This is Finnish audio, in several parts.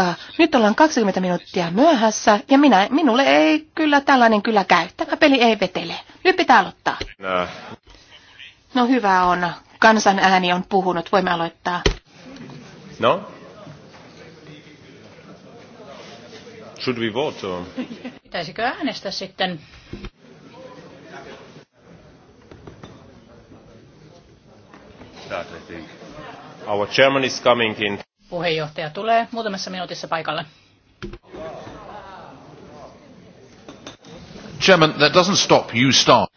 aikaa. Nyt ollaan 20 minuuttia myöhässä ja minä, minulle ei kyllä tällainen kyllä käy. Tämä peli ei vetele. Nyt pitää aloittaa. No, no hyvä on. Kansan ääni on puhunut. Voimme aloittaa. No? Should we vote? Or? Pitäisikö äänestää sitten? That I think. Our chairman is coming in. Puheenjohtaja tulee muutamassa minuutissa paikalle. Chairman, that doesn't stop you start.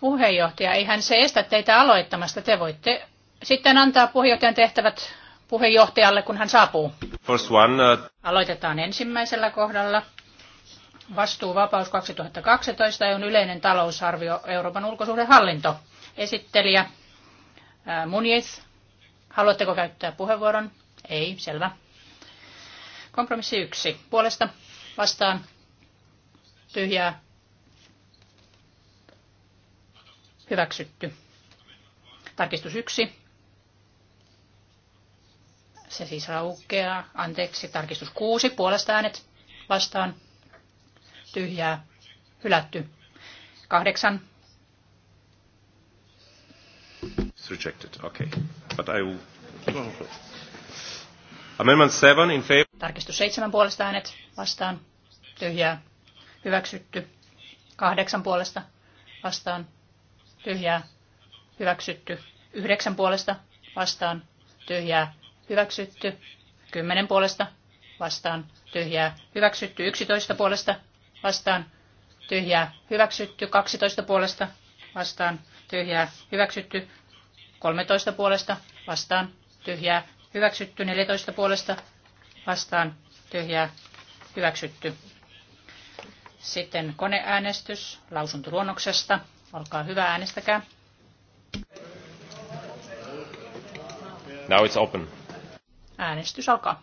Puheenjohtaja, eihän se estä teitä aloittamasta. Te voitte sitten antaa puheenjohtajan tehtävät puheenjohtajalle, kun hän saapuu. First one, uh... Aloitetaan ensimmäisellä kohdalla. Vastuuvapaus 2012 on yleinen talousarvio Euroopan ulkosuhdehallinto. Esittelijä uh, Muniz, haluatteko käyttää puheenvuoron? Ei, selvä. Kompromissi yksi. Puolesta vastaan tyhjää hyväksytty. Tarkistus yksi. Se siis raukeaa. Anteeksi, tarkistus kuusi. Puolesta äänet vastaan tyhjää hylätty. Kahdeksan. It's rejected. Okay. But I will... Amendment 7 in favor. Tarkistus 7 puolesta äänet vastaan. Tyhjää. Hyväksytty. 8 puolesta vastaan. Tyhjää. Hyväksytty. 9 puolesta vastaan. Tyhjää. Hyväksytty. 10 puolesta vastaan. Tyhjää. Hyväksytty. 11 puolesta vastaan. Tyhjää. Hyväksytty. 12 puolesta vastaan. Tyhjää. Hyväksytty. 13 puolesta vastaan. Tyhjää hyväksytty, 14 puolesta vastaan tyhjää hyväksytty. Sitten koneäänestys lausuntoluonnoksesta. Olkaa hyvä, äänestäkää. Now it's open. Äänestys alkaa.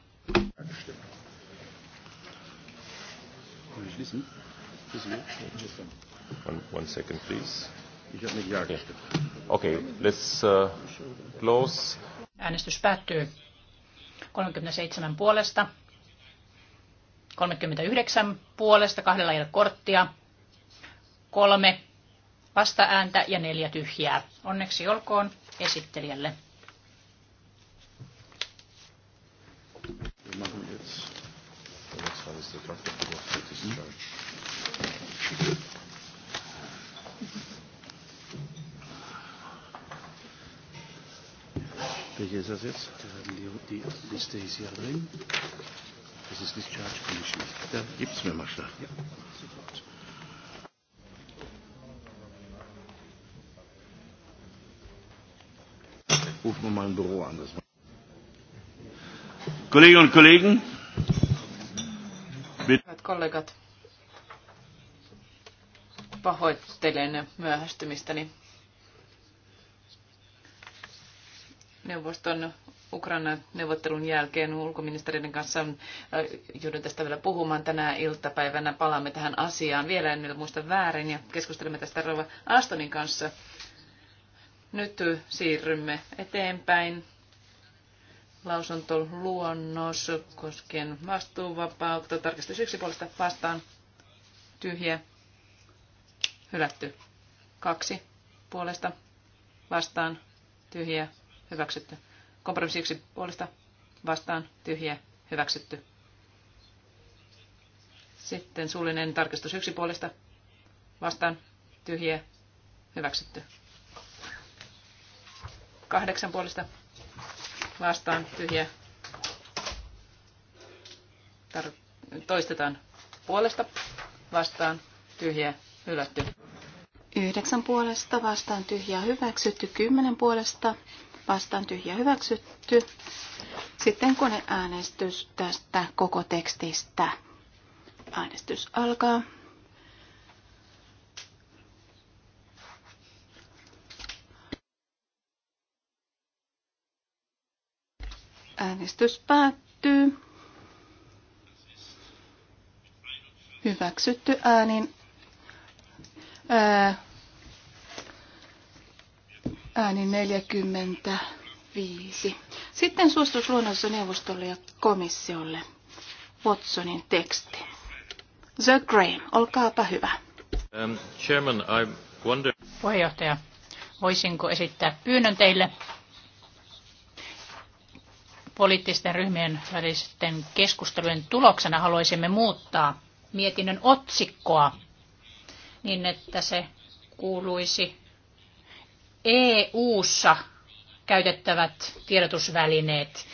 One, one second, please. Okay, let's uh, close. Äänestys päättyy 37 puolesta, 39 puolesta, kahdella ei korttia, kolme vastaääntä ja neljä tyhjää. Onneksi olkoon esittelijälle. Thank hmm? you. ist das jetzt? Die, die Liste ist hier drin. Das ist Discharge Commission. mir mal Ja, rufen wir mal ein Büro an. Das Kolleginnen und Kollegen, Hyvät kollegat, pahoittelen myöhästymistäni. neuvoston Ukrainan neuvottelun jälkeen ulkoministeriön kanssa äh, joudun tästä vielä puhumaan tänä iltapäivänä. Palaamme tähän asiaan vielä, en muista väärin, ja keskustelemme tästä Rova Astonin kanssa. Nyt siirrymme eteenpäin. Lausuntoluonnos koskien vastuuvapautta. Tarkistus yksi puolesta vastaan. Tyhjä. Hylätty. Kaksi puolesta vastaan. Tyhjä hyväksytty. Kompromissi yksi puolesta vastaan tyhjä hyväksytty. Sitten suullinen tarkistus yksi puolesta vastaan tyhjä hyväksytty. Kahdeksan puolesta vastaan tyhjä. Tar- toistetaan puolesta vastaan tyhjä hylätty. Yhdeksän puolesta vastaan tyhjä hyväksytty, kymmenen puolesta vastaan tyhjä hyväksytty. Sitten koneäänestys tästä koko tekstistä. Äänestys alkaa. Äänestys päättyy. Hyväksytty äänin. Ää, ääni 45. Sitten suositusluonnossa neuvostolle ja komissiolle Watsonin teksti. The Graham, olkaapa hyvä. Um, chairman, I wonder... Puheenjohtaja, voisinko esittää pyynnön teille poliittisten ryhmien välisten keskustelujen tuloksena haluaisimme muuttaa mietinnön otsikkoa niin, että se kuuluisi EU-ssa käytettävät tiedotusvälineet,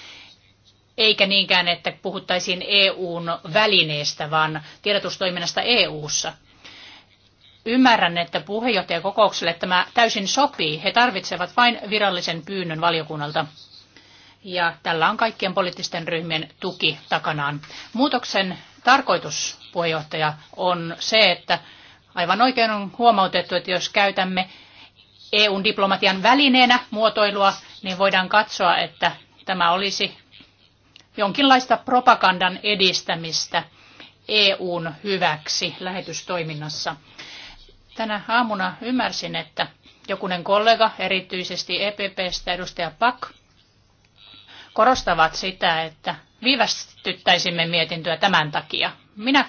eikä niinkään, että puhuttaisiin EUn välineestä, vaan tiedotustoiminnasta EU:ssa. Ymmärrän, että puheenjohtajakokoukselle tämä täysin sopii. He tarvitsevat vain virallisen pyynnön valiokunnalta. Ja tällä on kaikkien poliittisten ryhmien tuki takanaan. Muutoksen tarkoitus, puheenjohtaja, on se, että aivan oikein on huomautettu, että jos käytämme eu diplomatian välineenä muotoilua, niin voidaan katsoa, että tämä olisi jonkinlaista propagandan edistämistä EUn hyväksi lähetystoiminnassa. Tänä aamuna ymmärsin, että jokunen kollega, erityisesti EPPstä edustaja Pak, korostavat sitä, että viivästyttäisimme mietintöä tämän takia. Minä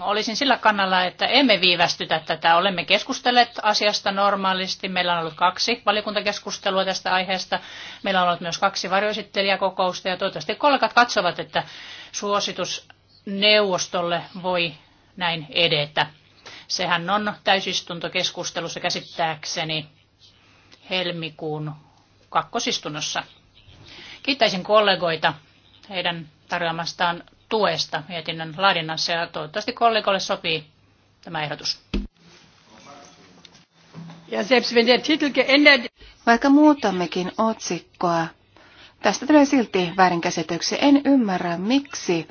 olisin sillä kannalla, että emme viivästytä tätä. Olemme keskustelleet asiasta normaalisti. Meillä on ollut kaksi valikuntakeskustelua tästä aiheesta. Meillä on ollut myös kaksi varjoesittelijäkokousta ja toivottavasti kollegat katsovat, että suositus neuvostolle voi näin edetä. Sehän on täysistuntokeskustelussa käsittääkseni helmikuun kakkosistunnossa. Kiittäisin kollegoita heidän tarjoamastaan tuesta mietinnön laadinnassa ja toivottavasti kollegoille sopii tämä ehdotus. Ja Vaikka muutammekin otsikkoa, tästä tulee silti väärinkäsityksi. En ymmärrä, miksi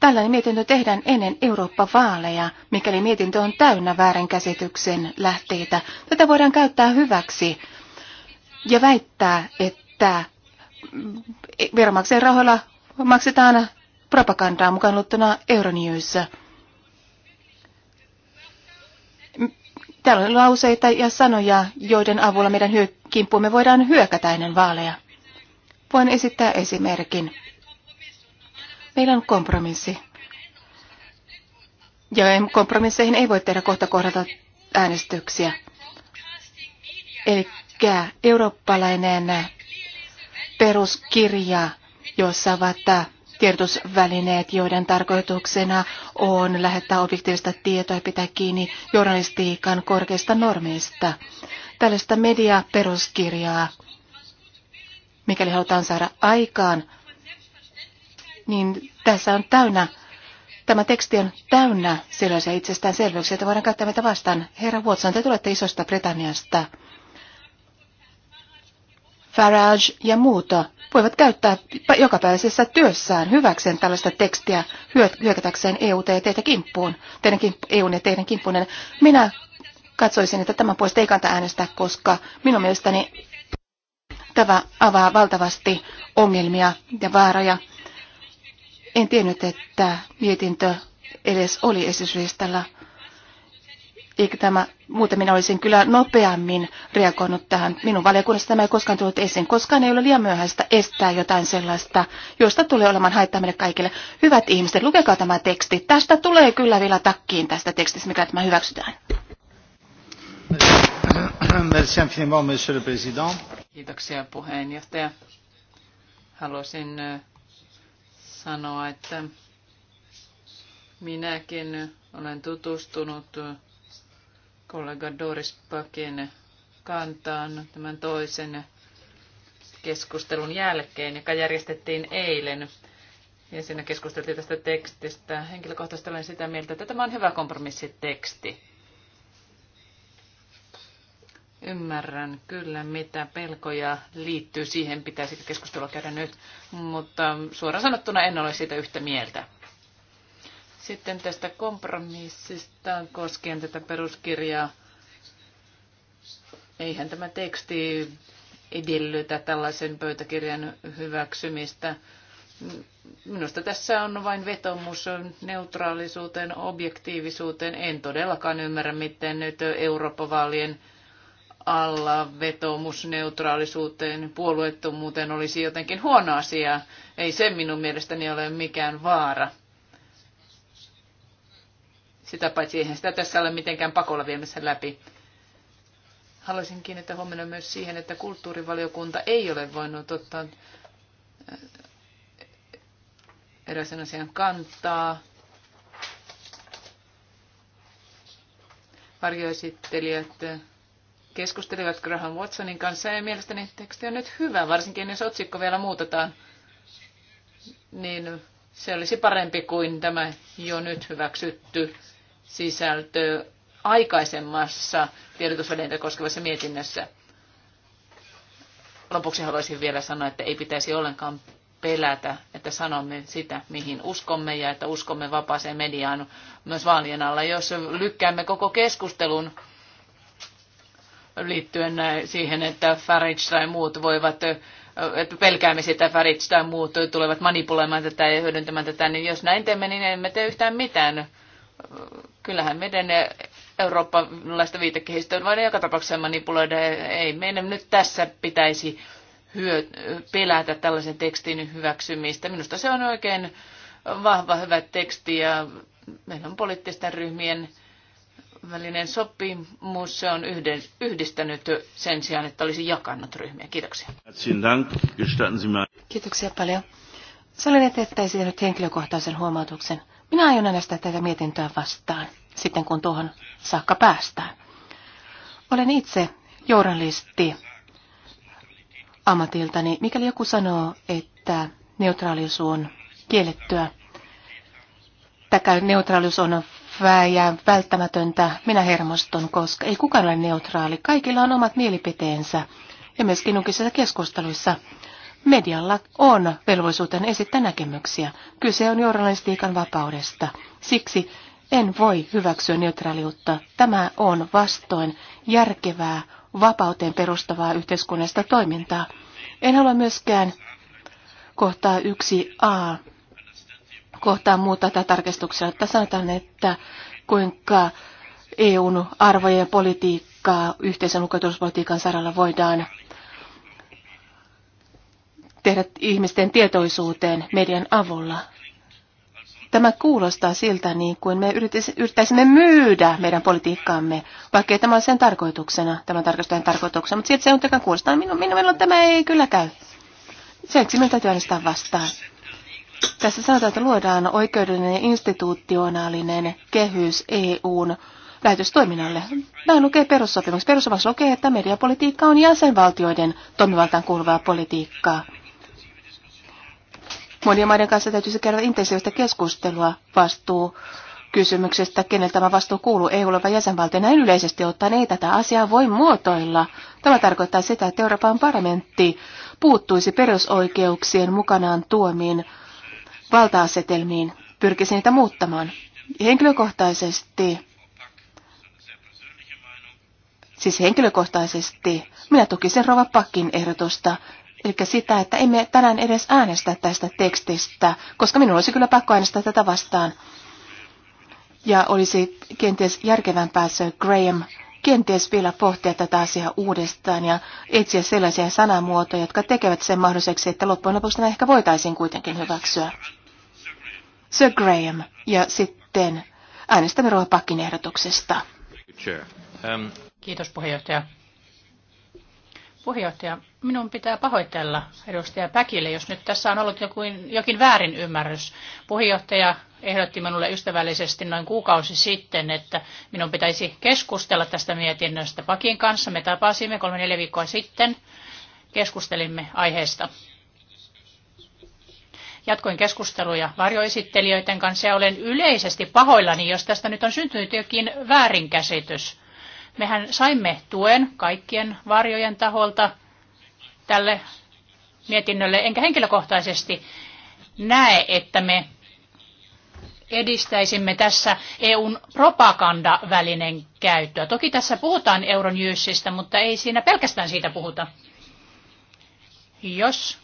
Tällainen mietintö tehdään ennen Eurooppa-vaaleja, mikäli mietintö on täynnä väärinkäsityksen lähteitä. Tätä voidaan käyttää hyväksi ja väittää, että veronmaksajien rahoilla maksetaan propagandaa mukaan luettuna Euronews. Täällä on lauseita ja sanoja, joiden avulla meidän hyö- kimppuumme voidaan hyökätä ennen vaaleja. Voin esittää esimerkin. Meillä on kompromissi. Ja kompromisseihin ei voi tehdä kohta kohdata äänestyksiä. Eli eurooppalainen peruskirja jossa ovat äh, tiedotusvälineet, joiden tarkoituksena on lähettää objektiivista tietoa ja pitää kiinni journalistiikan korkeista normeista. Tällaista mediaperuskirjaa, mikäli halutaan saada aikaan, niin tässä on täynnä Tämä teksti on täynnä sellaisia itsestäänselvyyksiä, että voidaan käyttää meitä vastaan. Herra Watson, te tulette isosta Britanniasta. Farage ja muuta voivat käyttää jokapäiväisessä työssään hyväkseen tällaista tekstiä hyökätäkseen EUta ja teitä kimppuun, teidän kimppu, e EUn ja teidän kimppuun. Minä katsoisin, että tämän puolesta ei kannata äänestää, koska minun mielestäni tämä avaa valtavasti ongelmia ja vaaroja. En tiennyt, että mietintö edes oli esityslistalla eikä tämä, muuten minä olisin kyllä nopeammin reagoinut tähän. Minun valiokunnassa tämä ei koskaan tullut esiin. Koskaan ei ole liian myöhäistä estää jotain sellaista, josta tulee olemaan haittaa meille kaikille. Hyvät ihmiset, lukekaa tämä teksti. Tästä tulee kyllä vielä takkiin tästä tekstistä, mikä tämä hyväksytään. Merci infiniment, monsieur le président. Kiitoksia puheenjohtaja. Haluaisin sanoa, että minäkin olen tutustunut kollega Doris Pakin kantaan tämän toisen keskustelun jälkeen, joka järjestettiin eilen. Ja siinä keskusteltiin tästä tekstistä. Henkilökohtaisesti olen sitä mieltä, että tämä on hyvä kompromissiteksti. Ymmärrän kyllä, mitä pelkoja liittyy siihen, pitäisikö keskustelua käydä nyt, mutta suoraan sanottuna en ole siitä yhtä mieltä. Sitten tästä kompromissista koskien tätä peruskirjaa. Eihän tämä teksti edellytä tällaisen pöytäkirjan hyväksymistä. Minusta tässä on vain vetomus neutraalisuuteen, objektiivisuuteen. En todellakaan ymmärrä, miten nyt Eurooppa-vaalien alla vetomus neutraalisuuteen, puolueettomuuteen olisi jotenkin huono asia. Ei se minun mielestäni ole mikään vaara. Sitä paitsi eihän sitä tässä ole mitenkään pakolla viemässä läpi. Haluaisin kiinnittää huomenna myös siihen, että kulttuurivaliokunta ei ole voinut ottaa eh, eräisen asian kantaa. Varjoesittelijät keskustelivat Graham Watsonin kanssa ja mielestäni teksti on nyt hyvä, varsinkin jos otsikko vielä muutetaan, niin se olisi parempi kuin tämä jo nyt hyväksytty sisältö aikaisemmassa tiedotusvälineitä koskevassa mietinnössä. Lopuksi haluaisin vielä sanoa, että ei pitäisi ollenkaan pelätä, että sanomme sitä, mihin uskomme ja että uskomme vapaaseen mediaan myös vaalien alla. Jos lykkäämme koko keskustelun liittyen siihen, että Farage tai muut voivat, että pelkäämme sitä, Farage tai muut tulevat manipuloimaan tätä ja hyödyntämään tätä, niin jos näin teemme, niin emme tee yhtään mitään kyllähän meidän eurooppalaista on vain joka tapauksessa manipuloida. Ei meidän nyt tässä pitäisi hyö, pelätä tällaisen tekstin hyväksymistä. Minusta se on oikein vahva, hyvä teksti ja meillä on poliittisten ryhmien välinen sopimus. Se on yhden, yhdistänyt sen sijaan, että olisi jakanut ryhmiä. Kiitoksia. Kiitoksia paljon. Sallin, että esittäisin nyt henkilökohtaisen huomautuksen. Minä aion äänestää tätä mietintöä vastaan, sitten kun tuohon saakka päästään. Olen itse journalisti ammatiltani. Mikäli joku sanoo, että neutraalius on kiellettyä, tai neutraalius on vääjää välttämätöntä, minä hermostun, koska ei kukaan ole neutraali. Kaikilla on omat mielipiteensä ja myöskin julkisissa keskusteluissa Medialla on velvollisuuteen esittää näkemyksiä. Kyse on journalistiikan vapaudesta. Siksi en voi hyväksyä neutraaliutta. Tämä on vastoin järkevää, vapauteen perustavaa yhteiskunnallista toimintaa. En halua myöskään kohtaa 1a kohtaa muuta tätä tarkistuksella, että sanotaan, että kuinka EUn arvojen politiikkaa yhteisen ulkoituspolitiikan saralla voidaan tehdä ihmisten tietoisuuteen median avulla. Tämä kuulostaa siltä, niin kuin me yrittäisimme myydä meidän politiikkaamme, vaikka tämä ole sen tarkoituksena, tämän tarkastajan tarkoituksena, mutta silti se on tekään kuulostaa, minun, minun, minun tämä ei kyllä käy. Seksi minun täytyy äänestää vastaan. Tässä sanotaan, että luodaan oikeudellinen ja institutionaalinen kehys EUn lähetystoiminnalle. Näin lukee perussopimus. Perussopimus lukee, että mediapolitiikka on jäsenvaltioiden toimivaltaan kuuluvaa politiikkaa. Monien maiden kanssa täytyisi käydä intensiivistä keskustelua vastuu kysymyksestä, kenellä tämä vastuu kuuluu eu vai jäsenvaltio. Näin yleisesti ottaen ei tätä asiaa voi muotoilla. Tämä tarkoittaa sitä, että Euroopan parlamentti puuttuisi perusoikeuksien mukanaan tuomiin valta-asetelmiin, pyrkisi niitä muuttamaan. Henkilökohtaisesti, siis henkilökohtaisesti, minä tukisin Rova Pakkin ehdotusta Eli sitä, että emme tänään edes äänestä tästä tekstistä, koska minun olisi kyllä pakko äänestää tätä vastaan. Ja olisi kenties järkevämpää Sir Graham kenties vielä pohtia tätä asiaa uudestaan ja etsiä sellaisia sanamuotoja, jotka tekevät sen mahdolliseksi, että loppujen lopuksi tämä ehkä voitaisiin kuitenkin hyväksyä. Sir Graham ja sitten äänestämme Ruopakin ehdotuksesta. Um, Kiitos puheenjohtaja. Puheenjohtaja, minun pitää pahoitella edustaja Päkille, jos nyt tässä on ollut jokin, jokin väärin ymmärrys. Puheenjohtaja ehdotti minulle ystävällisesti noin kuukausi sitten, että minun pitäisi keskustella tästä mietinnöstä Pakin kanssa. Me tapasimme kolme neljä viikkoa sitten, keskustelimme aiheesta. Jatkoin keskusteluja varjoesittelijöiden kanssa ja olen yleisesti pahoillani, jos tästä nyt on syntynyt jokin väärinkäsitys Mehän saimme tuen kaikkien varjojen taholta tälle mietinnölle, enkä henkilökohtaisesti näe, että me edistäisimme tässä EUn propagandavälinen käyttöä. Toki tässä puhutaan Euronewsista, mutta ei siinä pelkästään siitä puhuta. Jos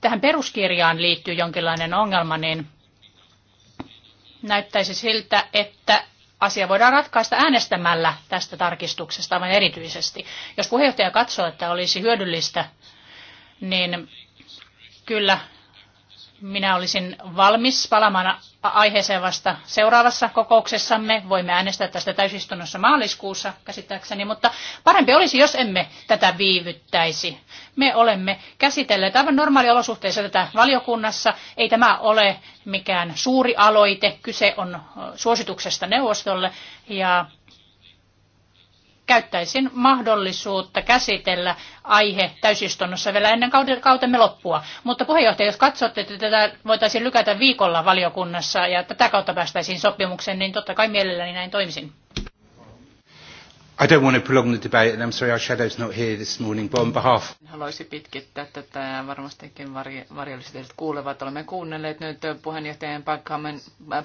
tähän peruskirjaan liittyy jonkinlainen ongelma, niin näyttäisi siltä, että asia voidaan ratkaista äänestämällä tästä tarkistuksesta aivan erityisesti. Jos puheenjohtaja katsoo, että olisi hyödyllistä, niin kyllä minä olisin valmis palaamaan aiheeseen vasta seuraavassa kokouksessamme. Voimme äänestää tästä täysistunnossa maaliskuussa käsittääkseni, mutta parempi olisi, jos emme tätä viivyttäisi. Me olemme käsitelleet aivan normaaliolosuhteissa tätä valiokunnassa. Ei tämä ole mikään suuri aloite. Kyse on suosituksesta neuvostolle ja käyttäisin mahdollisuutta käsitellä aihe täysistunnossa vielä ennen kautemme loppua. Mutta puheenjohtaja, jos katsotte, että tätä voitaisiin lykätä viikolla valiokunnassa ja tätä kautta päästäisiin sopimukseen, niin totta kai mielelläni näin toimisin. I don't want to prolong the debate, and I'm sorry our shadow's not here this morning, but on behalf... Haluaisin pitkittää tätä ja varmastikin varjolliset kuulevat. Olemme kuunnelleet nyt puheenjohtajan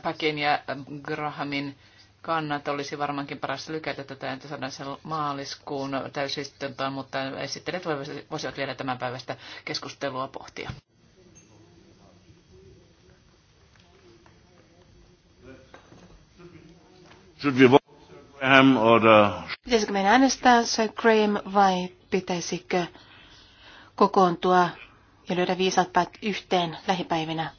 Packin ja Grahamin kannat olisi varmaankin paras lykätä tätä, että saadaan sen maaliskuun täysistuntoon, mutta esittelijät voisivat vielä tämän päivästä keskustelua pohtia. Pitäisikö meidän äänestää Sir Graham vai pitäisikö kokoontua ja löydä viisaat päät yhteen lähipäivinä?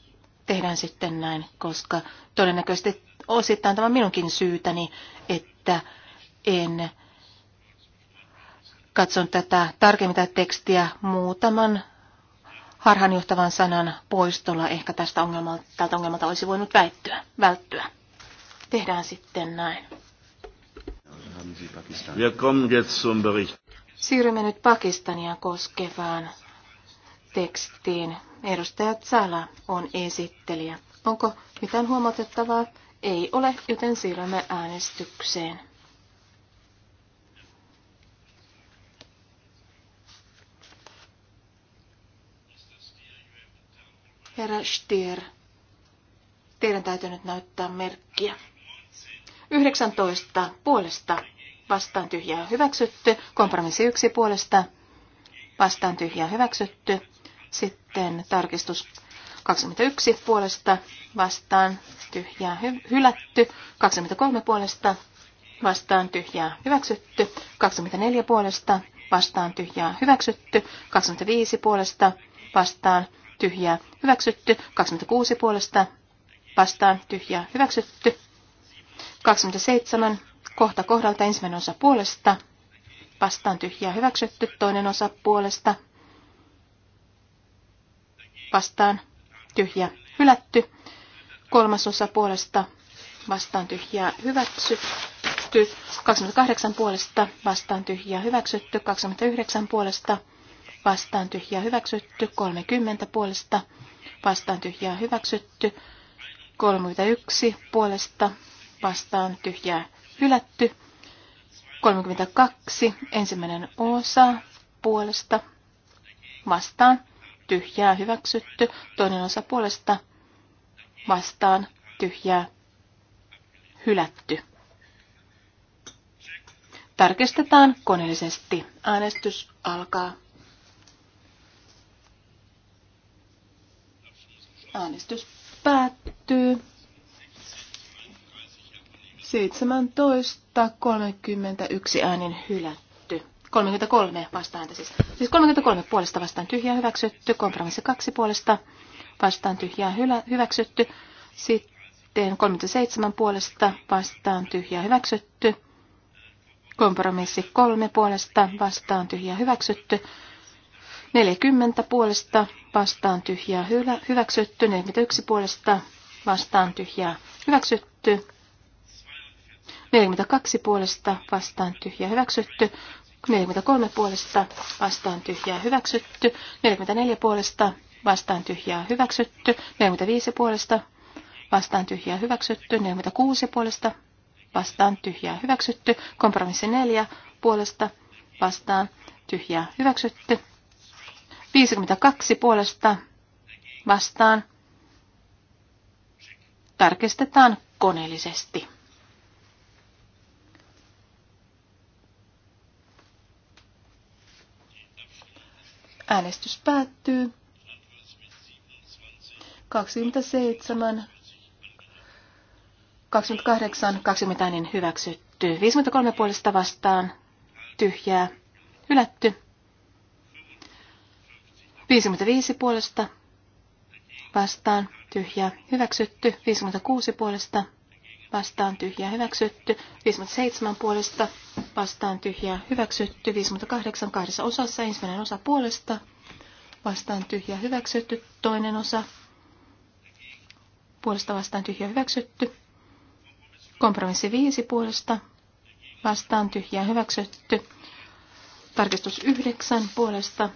Tehdään sitten näin, koska todennäköisesti osittain tämä minunkin syytäni, että en katson tätä tarkemmin tätä tekstiä muutaman harhanjohtavan sanan poistolla. Ehkä tästä ongelmalta, tältä ongelmalta olisi voinut väittyä, välttyä. Tehdään sitten näin. Siirrymme nyt Pakistania koskevaan tekstiin. Edustaja Zala on esittelijä. Onko mitään huomautettavaa? Ei ole, joten siirrymme äänestykseen. Herra Stier, teidän täytyy nyt näyttää merkkiä. 19 puolesta vastaan tyhjää hyväksytty. Kompromissi 1 puolesta vastaan tyhjää hyväksytty. Sitten tarkistus 21 puolesta vastaan tyhjää hy- hylätty. 23 puolesta vastaan tyhjää hyväksytty. 24 puolesta vastaan tyhjää hyväksytty. 25 puolesta vastaan tyhjää hyväksytty. 26 puolesta vastaan tyhjää hyväksytty. 27 kohta kohdalta ensimmäinen osa puolesta vastaan tyhjää hyväksytty. Toinen osa puolesta vastaan tyhjä hylätty. Kolmasosa puolesta vastaan tyhjä, hyväksytty. 28 puolesta vastaan tyhjä, hyväksytty. 29 puolesta vastaan tyhjä, hyväksytty. 30 puolesta vastaan tyhjä, hyväksytty. 31 puolesta vastaan tyhjää hylätty. 32 ensimmäinen osa puolesta vastaan tyhjää hyväksytty, toinen osa puolesta vastaan tyhjää hylätty. Tarkistetaan koneellisesti. Äänestys alkaa. Äänestys päättyy. 17.31 äänin hylätty. 33 vastaan siis. Siis 33 puolesta vastaan tyhjää hyväksytty, kompromissi 2 puolesta vastaan tyhjää hylä, hyväksytty. Sitten 37 puolesta vastaan tyhjää hyväksytty. Kompromissi 3 puolesta vastaan tyhjää hyväksytty. 40 puolesta vastaan tyhjää hylä, hyväksytty. 41 puolesta vastaan tyhjää hyväksytty. 42 puolesta vastaan tyhjä hyväksytty, 43 puolesta vastaan tyhjää hyväksytty. 44 puolesta vastaan tyhjää hyväksytty. 45 puolesta vastaan tyhjää hyväksytty. 46 puolesta vastaan tyhjää hyväksytty. Kompromissi 4 puolesta vastaan tyhjää hyväksytty. 52 puolesta vastaan tarkistetaan koneellisesti. Äänestys päättyy. 27, 28, 20 äänin hyväksytty. 53 puolesta vastaan, tyhjää, hylätty. 55 puolesta vastaan, tyhjää, hyväksytty. 56 puolesta vastaan tyhjää hyväksytty, 57 puolesta vastaan tyhjää hyväksytty, 58 kahdessa osassa, ensimmäinen osa puolesta vastaan tyhjää hyväksytty, toinen osa puolesta vastaan tyhjää hyväksytty, kompromissi 5 puolesta vastaan tyhjää hyväksytty, tarkistus 9 puolesta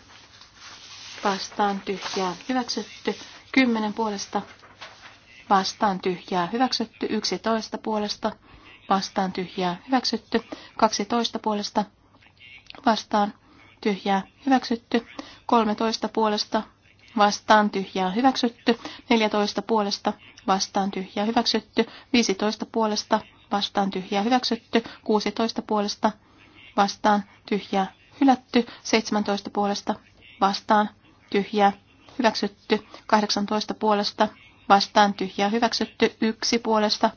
vastaan tyhjää hyväksytty, 10 puolesta vastaan tyhjää hyväksytty, 11 puolesta vastaan tyhjää hyväksytty, 12 puolesta vastaan tyhjää hyväksytty, 13 puolesta vastaan tyhjää hyväksytty, 14 puolesta vastaan tyhjää hyväksytty, 15 puolesta vastaan tyhjää hyväksytty, 16 puolesta vastaan tyhjää hylätty, 17 puolesta vastaan tyhjää hyväksytty, 18 puolesta vastaan tyhjää hyväksytty yksi puolesta,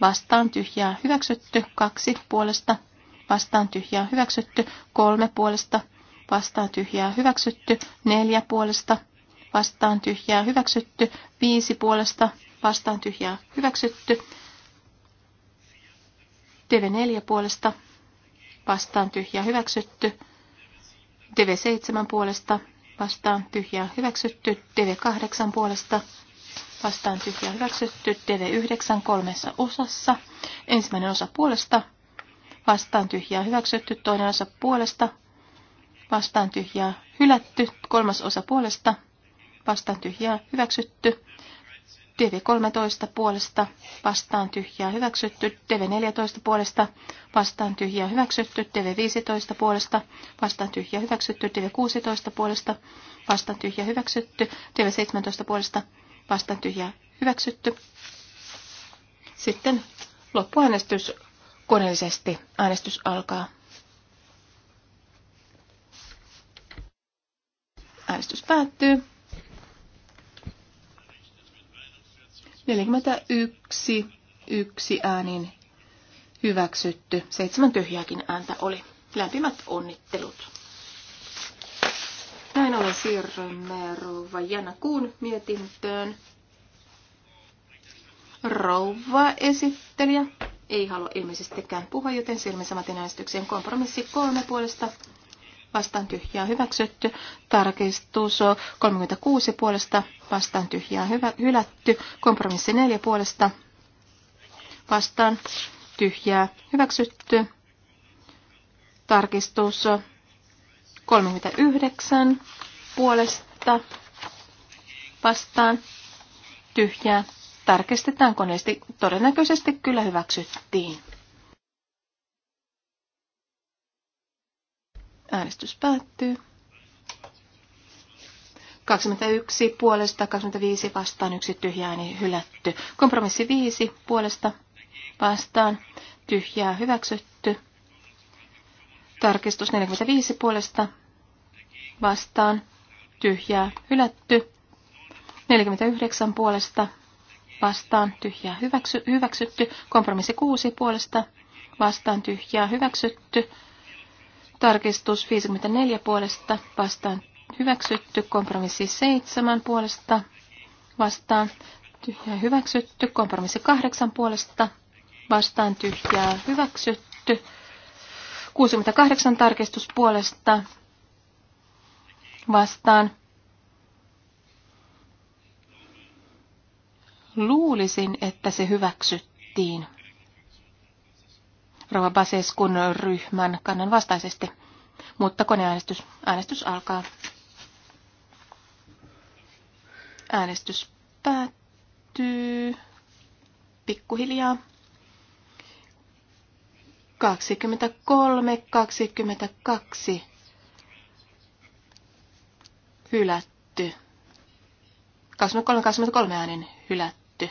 vastaan tyhjää hyväksytty kaksi puolesta, vastaan tyhjää hyväksytty kolme puolesta, vastaan tyhjää hyväksytty neljä puolesta, vastaan tyhjää hyväksytty viisi puolesta, vastaan tyhjää hyväksytty TV4 puolesta, vastaan tyhjää hyväksytty TV7 puolesta, vastaan tyhjää hyväksytty TV8 puolesta, vastaan tyhjää hyväksytty. TV9 kolmessa osassa. Ensimmäinen osa puolesta vastaan tyhjää hyväksytty. Toinen osa puolesta vastaan tyhjää hylätty. Kolmas osa puolesta vastaan tyhjää hyväksytty. TV13 puolesta vastaan tyhjää hyväksytty, TV14 puolesta vastaan tyhjää hyväksytty, TV15 puolesta vastaan tyhjää hyväksytty, TV16 puolesta vastaan tyhjää hyväksytty, TV17 puolesta vastaan tyhjää hyväksytty. Sitten loppuäänestys koneellisesti. Äänestys alkaa. Äänestys päättyy. 41 yksi äänin hyväksytty. Seitsemän tyhjääkin ääntä oli. Lämpimät onnittelut. Näin ollen siirrymme rouva Jana Kuun mietintöön. Rouva esittelijä ei halua ilmeisestikään puhua, joten silmin samaten äänestykseen kompromissi kolme puolesta. Vastaan tyhjää hyväksytty. Tarkistus 36 puolesta. Vastaan tyhjää hyvä, hylätty. Kompromissi 4 puolesta. Vastaan tyhjää hyväksytty. Tarkistus 39 puolesta vastaan tyhjää. Tarkistetaan koneesti. Todennäköisesti kyllä hyväksyttiin. Äänestys päättyy. 21 puolesta, 25 vastaan, yksi tyhjää niin hylätty. Kompromissi 5 puolesta vastaan, tyhjää hyväksytty. Tarkistus 45 puolesta vastaan, tyhjää, hylätty. 49 puolesta vastaan, tyhjää, hyväksy, hyväksytty. Kompromissi 6 puolesta vastaan, tyhjää, hyväksytty. Tarkistus 54 puolesta vastaan, hyväksytty. Kompromissi 7 puolesta vastaan, tyhjää, hyväksytty. Kompromissi 8 puolesta vastaan, tyhjää, hyväksytty. 68 tarkistus puolesta vastaan. Luulisin, että se hyväksyttiin. Rova Baseskun ryhmän kannan vastaisesti. Mutta koneäänestys äänestys alkaa. Äänestys päättyy pikkuhiljaa. 23, 22 hylätty. 23-23 äänen hylätty.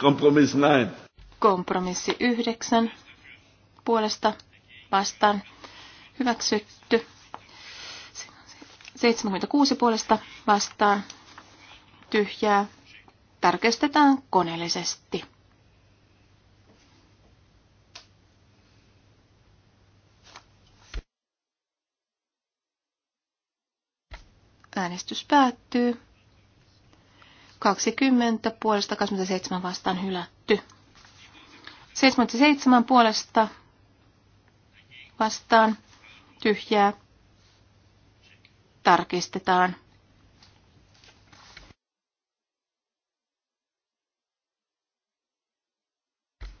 Kompromiss näin. Kompromissi yhdeksän puolesta vastaan hyväksytty. 76 puolesta vastaan tyhjää tarkistetaan koneellisesti. Äänestys päättyy. 20 puolesta 27 vastaan hylätty. 77 puolesta vastaan tyhjää tarkistetaan.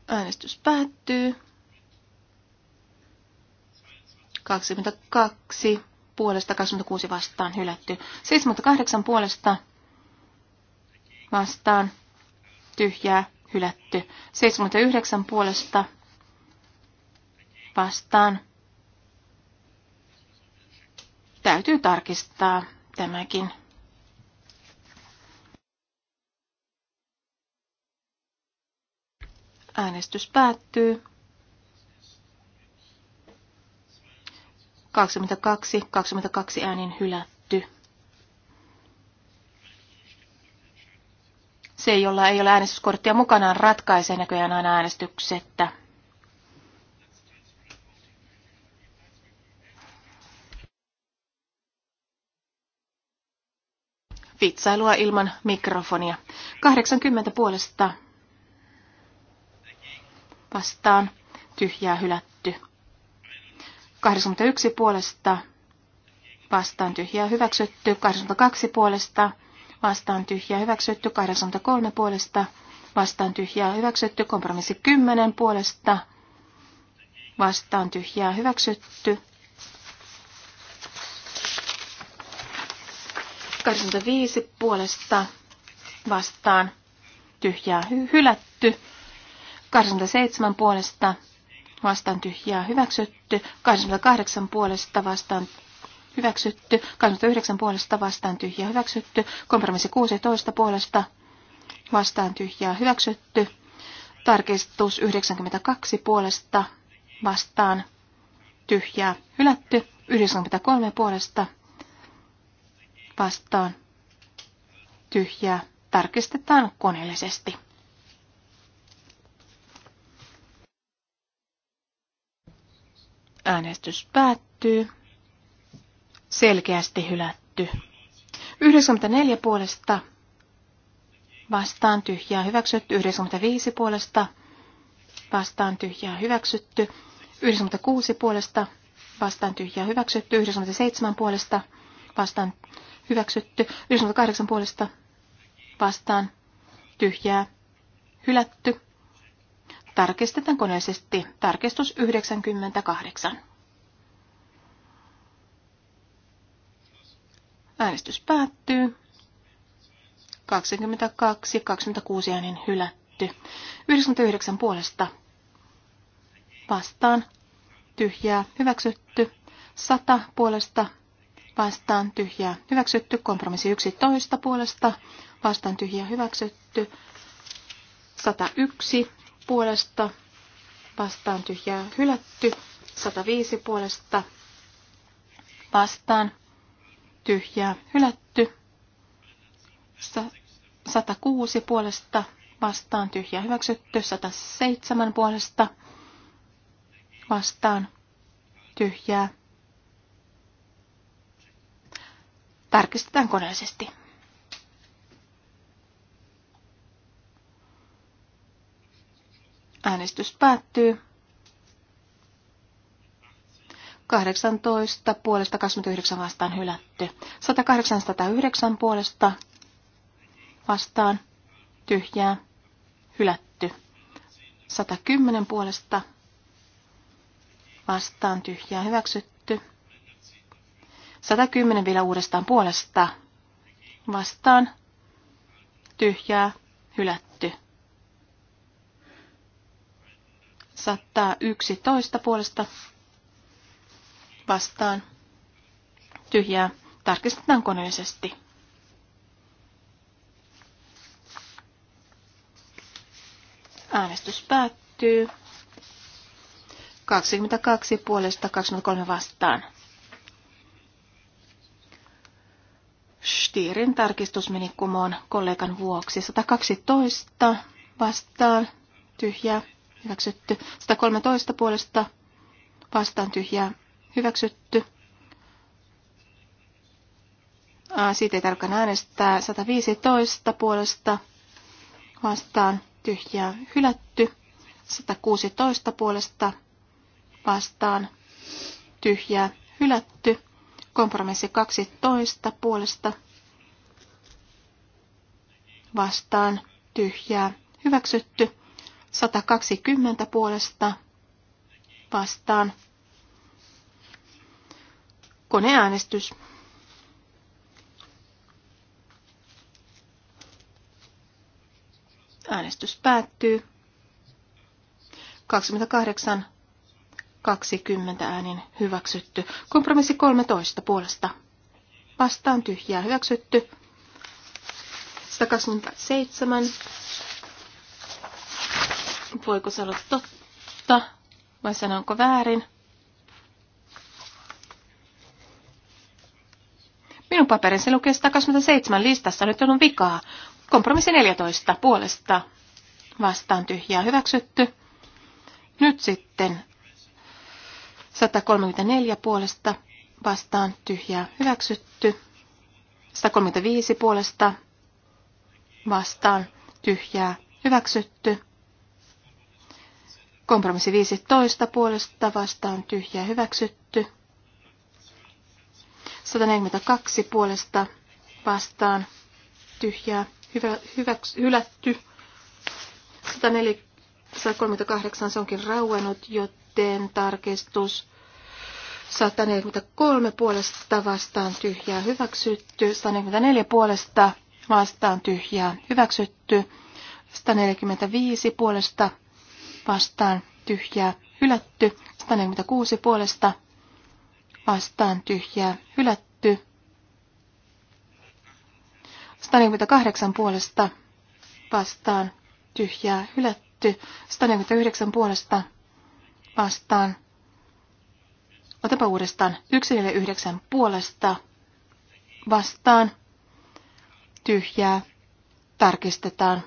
Äänestys päättyy. 22 puolesta, 26 vastaan hylätty. 78 puolesta vastaan tyhjää hylätty. 79 puolesta vastaan täytyy tarkistaa tämäkin. Äänestys päättyy. 22, 22 äänin hylätty. Se, jolla ei ole äänestyskorttia mukanaan, ratkaisee näköjään aina äänestyksettä. vitsailua ilman mikrofonia. 80 puolesta vastaan tyhjää hylätty. 81 puolesta vastaan tyhjää hyväksytty, 82 puolesta vastaan tyhjää hyväksytty, 83 puolesta vastaan tyhjää hyväksytty, kompromissi 10 puolesta vastaan tyhjää hyväksytty. 85 puolesta vastaan tyhjää hy- hylätty. 87 puolesta vastaan tyhjää hyväksytty, 28 puolesta vastaan hyväksytty, 29 puolesta vastaan tyhjää hyväksytty, kompromissi 16 puolesta vastaan tyhjää hyväksytty, tarkistus 92 puolesta vastaan tyhjää hylätty, 93 puolesta vastaan tyhjää tarkistetaan koneellisesti. Äänestys päättyy. Selkeästi hylätty. 94 puolesta vastaan tyhjää hyväksytty. 95 puolesta vastaan tyhjää hyväksytty. 96 puolesta vastaan tyhjää hyväksytty. 97 puolesta vastaan hyväksytty. 98 puolesta vastaan tyhjää hylätty. Tarkistetaan koneellisesti. Tarkistus 98. Äänestys päättyy. 22, 26 äänin hylätty. 99 puolesta vastaan tyhjää hyväksytty. 100 puolesta vastaan tyhjää hyväksytty. Kompromissi 11 puolesta vastaan tyhjää hyväksytty. 101 puolesta vastaan tyhjää hylätty. 105 puolesta vastaan tyhjää hylätty. 106 puolesta vastaan tyhjää hyväksytty. 107 puolesta vastaan tyhjää. Tarkistetaan koneellisesti. Äänestys päättyy. 18 puolesta 29 vastaan hylätty. 108 puolesta vastaan tyhjää hylätty. 110 puolesta vastaan tyhjää hyväksytty. 110 vielä uudestaan puolesta vastaan tyhjää hylätty. 111 puolesta vastaan tyhjää tarkistetaan koneellisesti. Äänestys päättyy. 22 puolesta 23 vastaan. Stierin tarkistus meni kumoon kollegan vuoksi. 112 vastaan tyhjää hyväksytty. 113 puolesta vastaan tyhjää, hyväksytty. Siitä ei tarkkaan äänestää. 115 puolesta vastaan tyhjää, hylätty. 116 puolesta vastaan tyhjää, hylätty. Kompromissi 12 puolesta vastaan tyhjää, hyväksytty. 120 puolesta vastaan. Koneäänestys. Äänestys päättyy. 28 20 äänin hyväksytty. Kompromissi 13 puolesta. Vastaan tyhjää hyväksytty. 127 voiko se olla totta vai sanonko väärin. Minun se lukee 127 listassa, nyt on vikaa. Kompromissi 14 puolesta vastaan tyhjää hyväksytty. Nyt sitten 134 puolesta vastaan tyhjää hyväksytty. 135 puolesta vastaan tyhjää hyväksytty. Kompromissi 15 puolesta vastaan tyhjä hyväksytty. 142 puolesta vastaan tyhjää hyvä, hyväks, hylätty. 138 se onkin rauennut, joten tarkistus 143 puolesta vastaan tyhjää hyväksytty. 144 puolesta vastaan tyhjää hyväksytty. 145 puolesta vastaan tyhjää hylätty. 146 puolesta vastaan tyhjää hylätty. 148 puolesta vastaan tyhjää hylätty. 149 puolesta vastaan. Otapa uudestaan. 149 puolesta vastaan tyhjää tarkistetaan.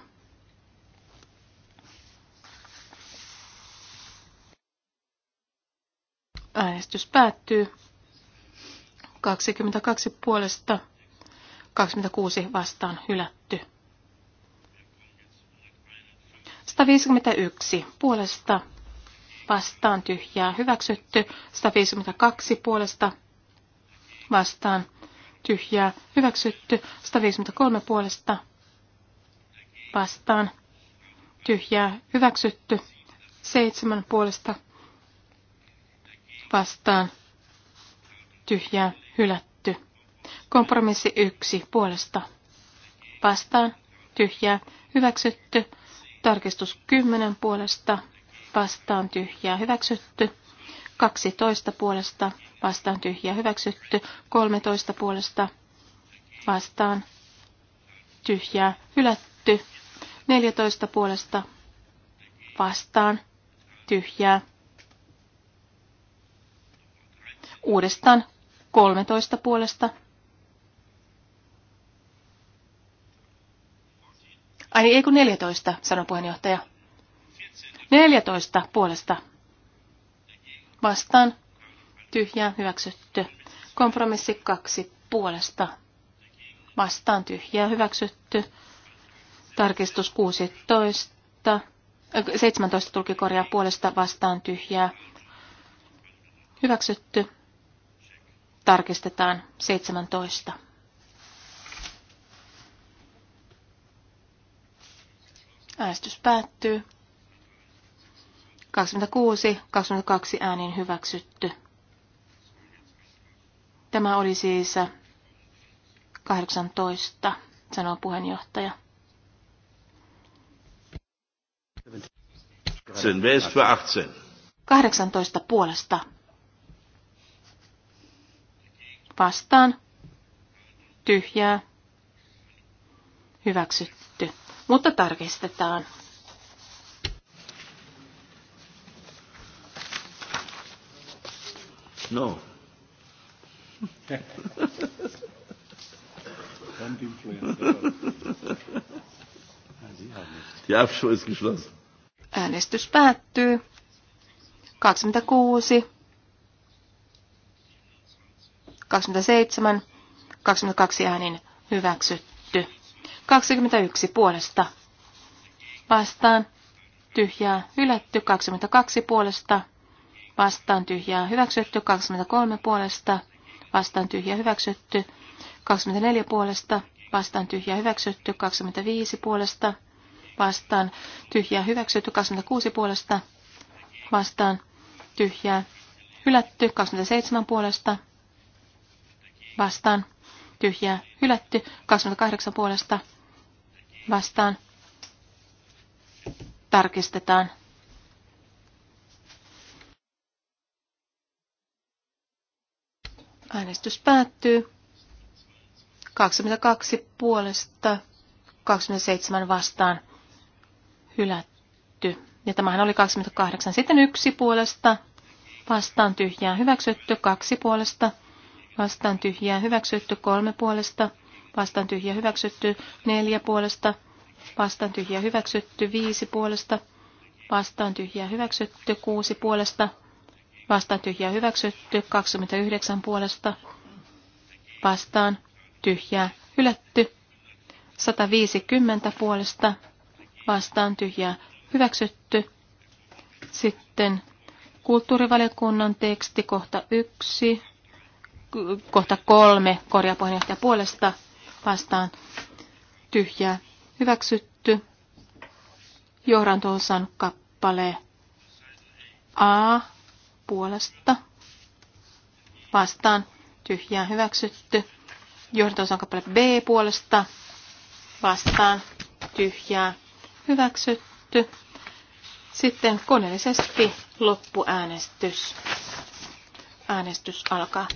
Äänestys päättyy. 22 puolesta, 26 vastaan hylätty. 151 puolesta vastaan tyhjää hyväksytty. 152 puolesta vastaan tyhjää hyväksytty. 153 puolesta vastaan tyhjää hyväksytty. 7 puolesta vastaan tyhjää hylätty. Kompromissi yksi puolesta vastaan tyhjää hyväksytty. Tarkistus kymmenen puolesta vastaan tyhjää hyväksytty. 12 puolesta vastaan tyhjää hyväksytty. 13 puolesta vastaan tyhjää hylätty. 14 puolesta vastaan tyhjää Uudestaan 13 puolesta. Ai ei kun 14, sanoi puheenjohtaja. 14 puolesta. Vastaan. Tyhjää hyväksytty. Kompromissi kaksi puolesta. Vastaan tyhjää hyväksytty. Tarkistus 16. 17 äh, tulkikorjaa puolesta vastaan tyhjää. Hyväksytty tarkistetaan 17. Äänestys päättyy. 26, 22 äänin hyväksytty. Tämä oli siis 18, sanoo puheenjohtaja. Sen 18? 18 puolesta vastaan tyhjää hyväksytty, mutta tarkistetaan. No. Äänestys päättyy. 26 27, 22 äänin hyväksytty. 21 puolesta vastaan tyhjää hylätty, 22 puolesta vastaan tyhjää hyväksytty, 23 puolesta vastaan tyhjää hyväksytty, 24 puolesta vastaan tyhjää hyväksytty, 25 puolesta vastaan tyhjää hyväksytty, 26 puolesta vastaan tyhjää hylätty, 27 puolesta vastaan, tyhjää, hylätty. 28 puolesta vastaan, tarkistetaan. Äänestys päättyy. 22 puolesta, 27 vastaan, hylätty. Ja tämähän oli 28. Sitten yksi puolesta, vastaan tyhjää hyväksytty, kaksi puolesta, vastaan tyhjää hyväksytty kolme puolesta, vastaan tyhjää hyväksytty neljä puolesta, vastaan tyhjää hyväksytty viisi puolesta, vastaan tyhjää hyväksytty kuusi puolesta, vastaan tyhjää hyväksytty 29 puolesta, vastaan tyhjää hylätty 150 puolesta, vastaan tyhjää hyväksytty. Sitten kulttuurivaliokunnan teksti kohta 1 kohta kolme korjaa puolesta vastaan tyhjää hyväksytty. Johdanto-osan kappale A puolesta vastaan tyhjää hyväksytty. Johdanto-osan kappale B puolesta vastaan tyhjää hyväksytty. Sitten koneellisesti loppuäänestys. Äänestys alkaa.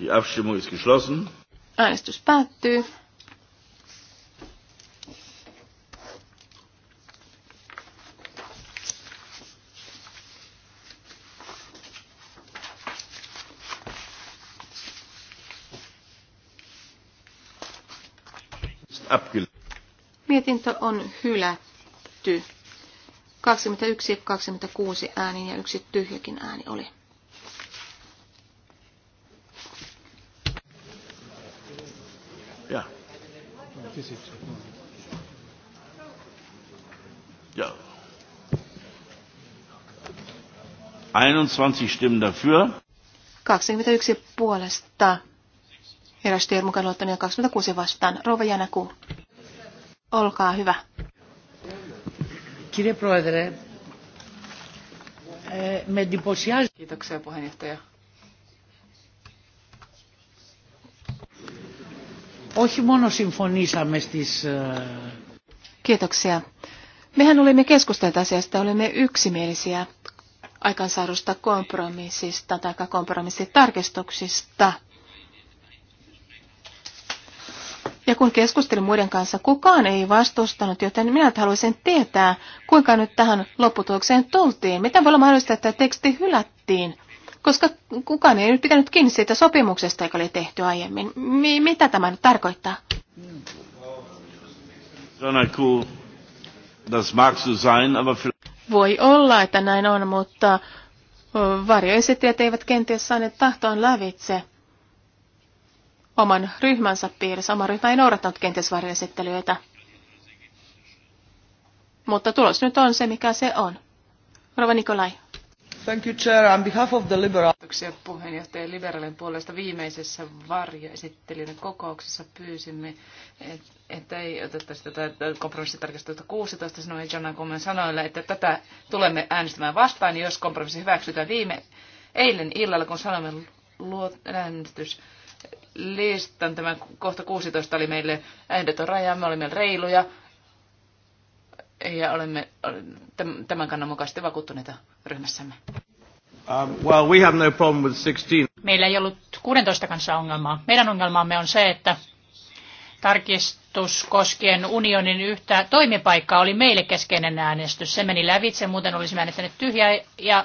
Die Abstimmung ist geschlossen. Äänestys päättyy. Mietintö on hylätty. 21-26 ääniin ja yksi tyhjäkin ääni oli. Ja. 21 Stimmen dafür. 21 puolesta. Herästien mukaan luottaminen 26 vastaan. Rova Janaku, olkaa hyvä. Kirje Proedere, eh, me Kiitoksia puheenjohtaja. όχι μόνο συμφωνήσαμε στις... Kiitoksia. Mehän olimme keskustelleet asiasta, olimme yksimielisiä aikaansaadusta kompromissista tai kompromissitarkistuksista. Ja kun keskustelin muiden kanssa, kukaan ei vastustanut, joten minä haluaisin tietää, kuinka nyt tähän lopputulokseen tultiin. Miten voi olla mahdollista, että teksti hylättiin? koska kukaan ei nyt pitänyt kiinni siitä sopimuksesta, joka oli tehty aiemmin. M- mitä tämä nyt tarkoittaa? Voi olla, että näin on, mutta varjoesittäjät eivät kenties saaneet tahtoon lävitse oman ryhmänsä piirissä. Oma ryhmä ei noudattanut kenties varjoesittelyitä. Mutta tulos nyt on se, mikä se on. Rova Nikolai, Thank you, Chair. On behalf of the Liberal... Kiitoksia puolesta viimeisessä varjoesittelijän kokouksessa pyysimme, että ei otettaisi tätä kompromissitarkistusta 16. Sanoin Jana Gomen sanoilla, että tätä tulemme äänestämään vastaan, jos kompromissi hyväksytään viime eilen illalla, kun sanoimme luot, äänestys listan. Tämä kohta 16 oli meille ehdoton raja, me olimme reiluja, ja olemme tämän kannan mukaisesti vakuuttuneita ryhmässämme. Um, well, we have no problem with 16. Meillä ei ollut 16 kanssa ongelmaa. Meidän ongelmamme on se, että tarkistus koskien unionin yhtä toimipaikkaa oli meille keskeinen äänestys. Se meni lävitse, muuten olisimme äänestäneet tyhjää ja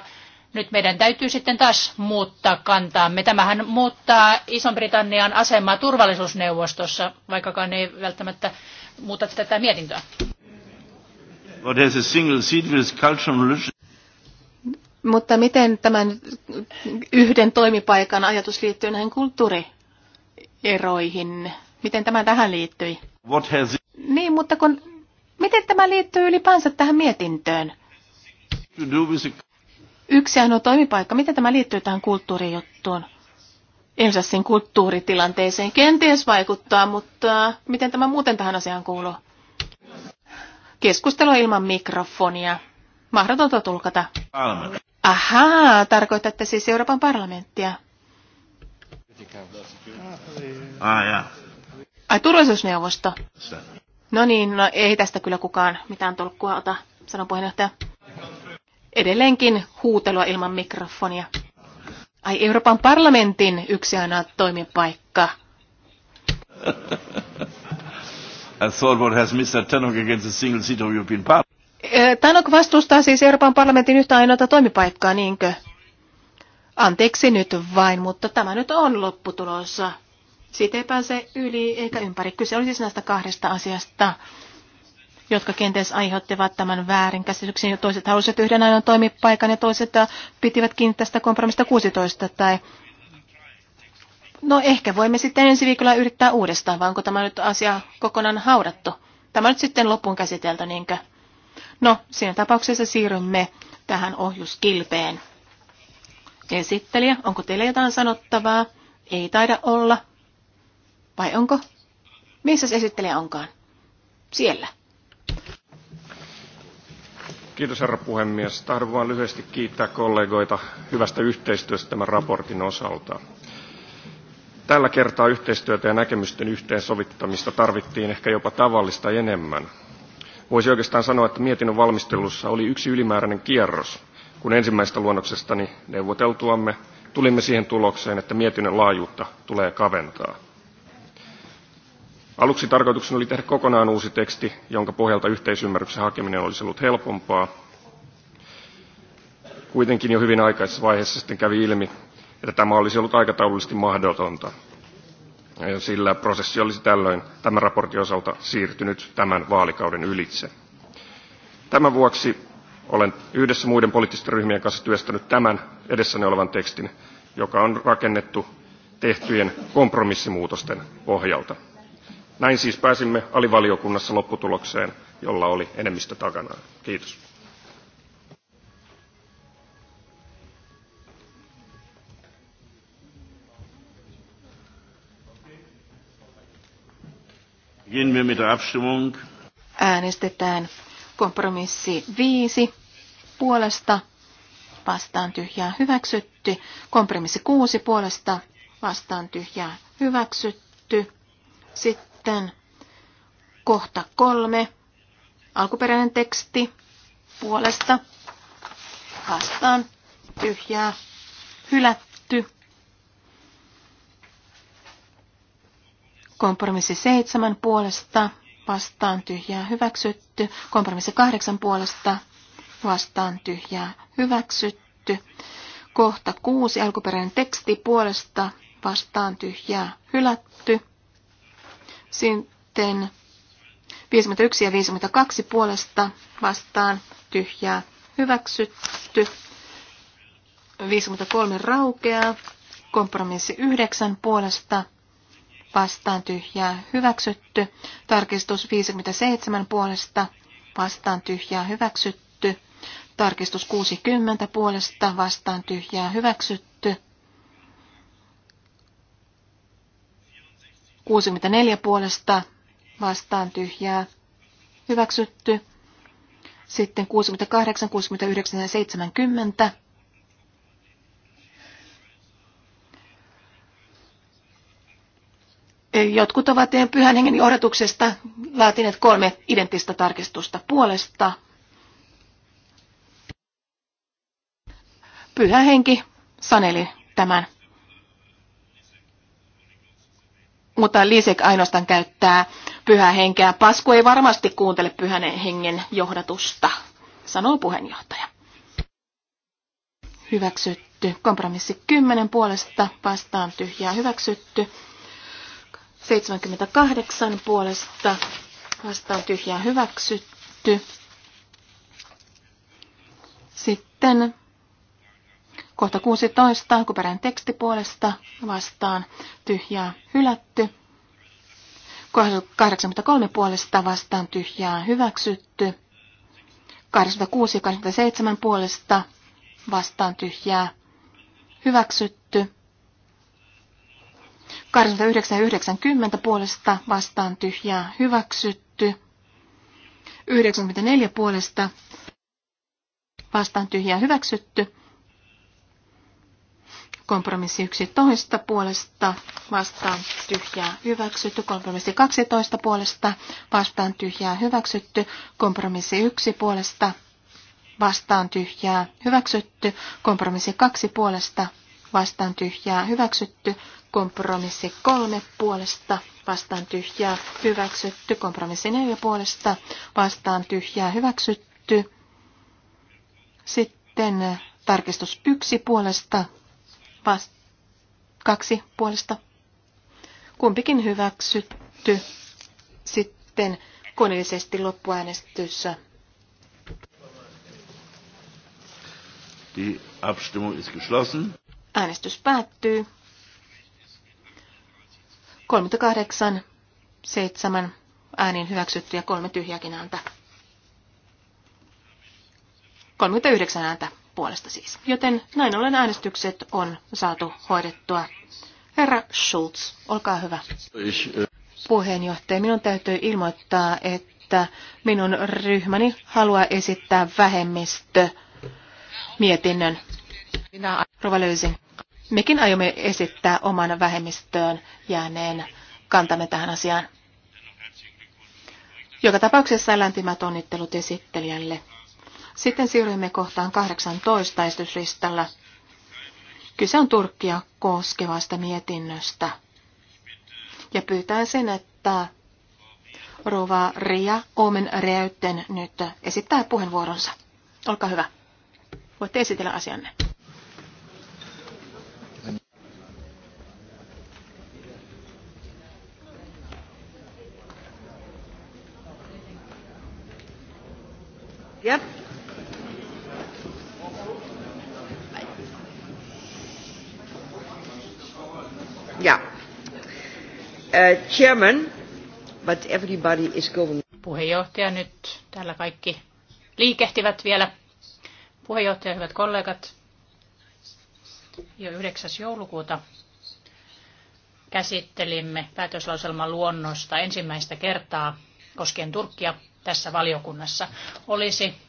nyt meidän täytyy sitten taas muuttaa kantaamme. Tämähän muuttaa Ison-Britannian asemaa turvallisuusneuvostossa, vaikkakaan ei välttämättä muuta tätä mietintöä. Mutta miten tämän yhden toimipaikan ajatus liittyy näihin kulttuurieroihin? Miten tämä tähän liittyi? What has it... Niin, mutta kun, miten tämä liittyy ylipäänsä tähän mietintöön? Yksi ainoa toimipaikka, miten tämä liittyy tähän kulttuurijuttuun? Elsassin kulttuuritilanteeseen kenties vaikuttaa, mutta miten tämä muuten tähän asiaan kuuluu? Keskustelua ilman mikrofonia. Mahdotonta tulkata. Ahaa, tarkoitatte siis Euroopan parlamenttia. Ah, Ai, turvallisuusneuvosto. No niin, no ei tästä kyllä kukaan mitään tolkkua ota, sanon puheenjohtaja. Edelleenkin huutelua ilman mikrofonia. Ai Euroopan parlamentin yksi ainoa toimipaikka. what has Mr. Tannock against the single seat of European Parliament. Tannock vastustaa siis Euroopan parlamentin yhtä ainoata toimipaikkaa, niinkö? Anteeksi nyt vain, mutta tämä nyt on lopputulossa. Siitä ei pääse yli eikä ympäri. Kyse oli siis näistä kahdesta asiasta, jotka kenties aiheuttivat tämän väärinkäsityksen. Toiset halusivat yhden ainoan toimipaikan ja toiset pitivät kiinni tästä kompromista 16 tai No ehkä voimme sitten ensi viikolla yrittää uudestaan, vaan onko tämä nyt asia kokonaan haudattu? Tämä nyt sitten loppuun käsitelty, niinkö? No, siinä tapauksessa siirrymme tähän ohjuskilpeen. Esittelijä, onko teillä jotain sanottavaa? Ei taida olla. Vai onko? Missä esittelijä onkaan? Siellä. Kiitos herra puhemies. Tahdon vain lyhyesti kiittää kollegoita hyvästä yhteistyöstä tämän raportin osalta. Tällä kertaa yhteistyötä ja näkemysten yhteensovittamista tarvittiin ehkä jopa tavallista enemmän. Voisi oikeastaan sanoa, että mietinnön valmistelussa oli yksi ylimääräinen kierros, kun ensimmäistä luonnoksestani neuvoteltuamme tulimme siihen tulokseen, että mietinnön laajuutta tulee kaventaa. Aluksi tarkoituksena oli tehdä kokonaan uusi teksti, jonka pohjalta yhteisymmärryksen hakeminen olisi ollut helpompaa. Kuitenkin jo hyvin aikaisessa vaiheessa sitten kävi ilmi, että tämä olisi ollut aikataulullisesti mahdotonta. Sillä prosessi olisi tällöin tämän raportin osalta siirtynyt tämän vaalikauden ylitse. Tämän vuoksi olen yhdessä muiden poliittisten ryhmien kanssa työstänyt tämän edessäni olevan tekstin, joka on rakennettu tehtyjen kompromissimuutosten pohjalta. Näin siis pääsimme alivaliokunnassa lopputulokseen, jolla oli enemmistö takanaan. Kiitos. wir mit der Abstimmung. Äänestetään kompromissi 5 puolesta vastaan tyhjää hyväksytty. Kompromissi 6 puolesta vastaan tyhjää hyväksytty. Sitten kohta kolme. Alkuperäinen teksti puolesta vastaan tyhjää hylätty. Kompromissi seitsemän puolesta vastaan tyhjää hyväksytty. Kompromissi kahdeksan puolesta vastaan tyhjää hyväksytty. Kohta kuusi alkuperäinen teksti puolesta vastaan tyhjää hylätty. Sitten 51 ja 52 puolesta vastaan tyhjää hyväksytty. 53 raukeaa. Kompromissi yhdeksän puolesta vastaan tyhjää hyväksytty. Tarkistus 57 puolesta vastaan tyhjää hyväksytty. Tarkistus 60 puolesta vastaan tyhjää hyväksytty. 64 puolesta vastaan tyhjää hyväksytty. Sitten 68, 69 ja 70 Jotkut ovat pyhän hengen johdatuksesta laatineet kolme identtistä tarkistusta puolesta. Pyhä henki saneli tämän. Mutta Lisek ainoastaan käyttää pyhää henkeä. Pasku ei varmasti kuuntele pyhän hengen johdatusta, sanoo puheenjohtaja. Hyväksytty. Kompromissi 10 puolesta vastaan tyhjää hyväksytty. 78 puolesta vastaan tyhjää hyväksytty. Sitten kohta 16 alkuperäinen teksti puolesta vastaan tyhjää hylätty. 83 puolesta vastaan tyhjää hyväksytty. 86 ja 87 puolesta vastaan tyhjää hyväksytty. 89,90 puolesta vastaan tyhjää hyväksytty. 94 puolesta vastaan tyhjää hyväksytty. Kompromissi 11 puolesta vastaan tyhjää hyväksytty. Kompromissi 12 puolesta vastaan tyhjää hyväksytty. Kompromissi 1 puolesta vastaan tyhjää hyväksytty. Kompromissi 2 puolesta vastaan tyhjää hyväksytty, kompromissi kolme puolesta vastaan tyhjää hyväksytty, kompromissi neljä puolesta vastaan tyhjää hyväksytty. Sitten eh, tarkistus yksi puolesta, vast, kaksi puolesta, kumpikin hyväksytty. Sitten koneellisesti loppuäänestys. Die Abstimmung ist geschlossen. Äänestys päättyy. 38, 7 äänin hyväksytty ja kolme tyhjäkin ääntä. 39 ääntä puolesta siis. Joten näin ollen äänestykset on saatu hoidettua. Herra Schulz, olkaa hyvä. Puheenjohtaja, minun täytyy ilmoittaa, että minun ryhmäni haluaa esittää vähemmistö mietinnön. Rova Löysin. Mekin aiomme esittää oman vähemmistöön jääneen kantamme tähän asiaan. Joka tapauksessa lämpimät onnittelut esittelijälle. Sitten siirrymme kohtaan 18 esityslistalla. Kyse on Turkkia koskevasta mietinnöstä. Ja pyytää sen, että Rova Ria Omen Reyten nyt esittää puheenvuoronsa. Olkaa hyvä. Voitte esitellä asianne. Yep. Yeah. Uh, chairman, but everybody is going. Puheenjohtaja nyt. Täällä kaikki liikehtivät vielä. Puheenjohtaja, hyvät kollegat. Jo 9. joulukuuta käsittelimme päätöslauselman luonnosta ensimmäistä kertaa koskien Turkkia – tässä valiokunnassa. Olisi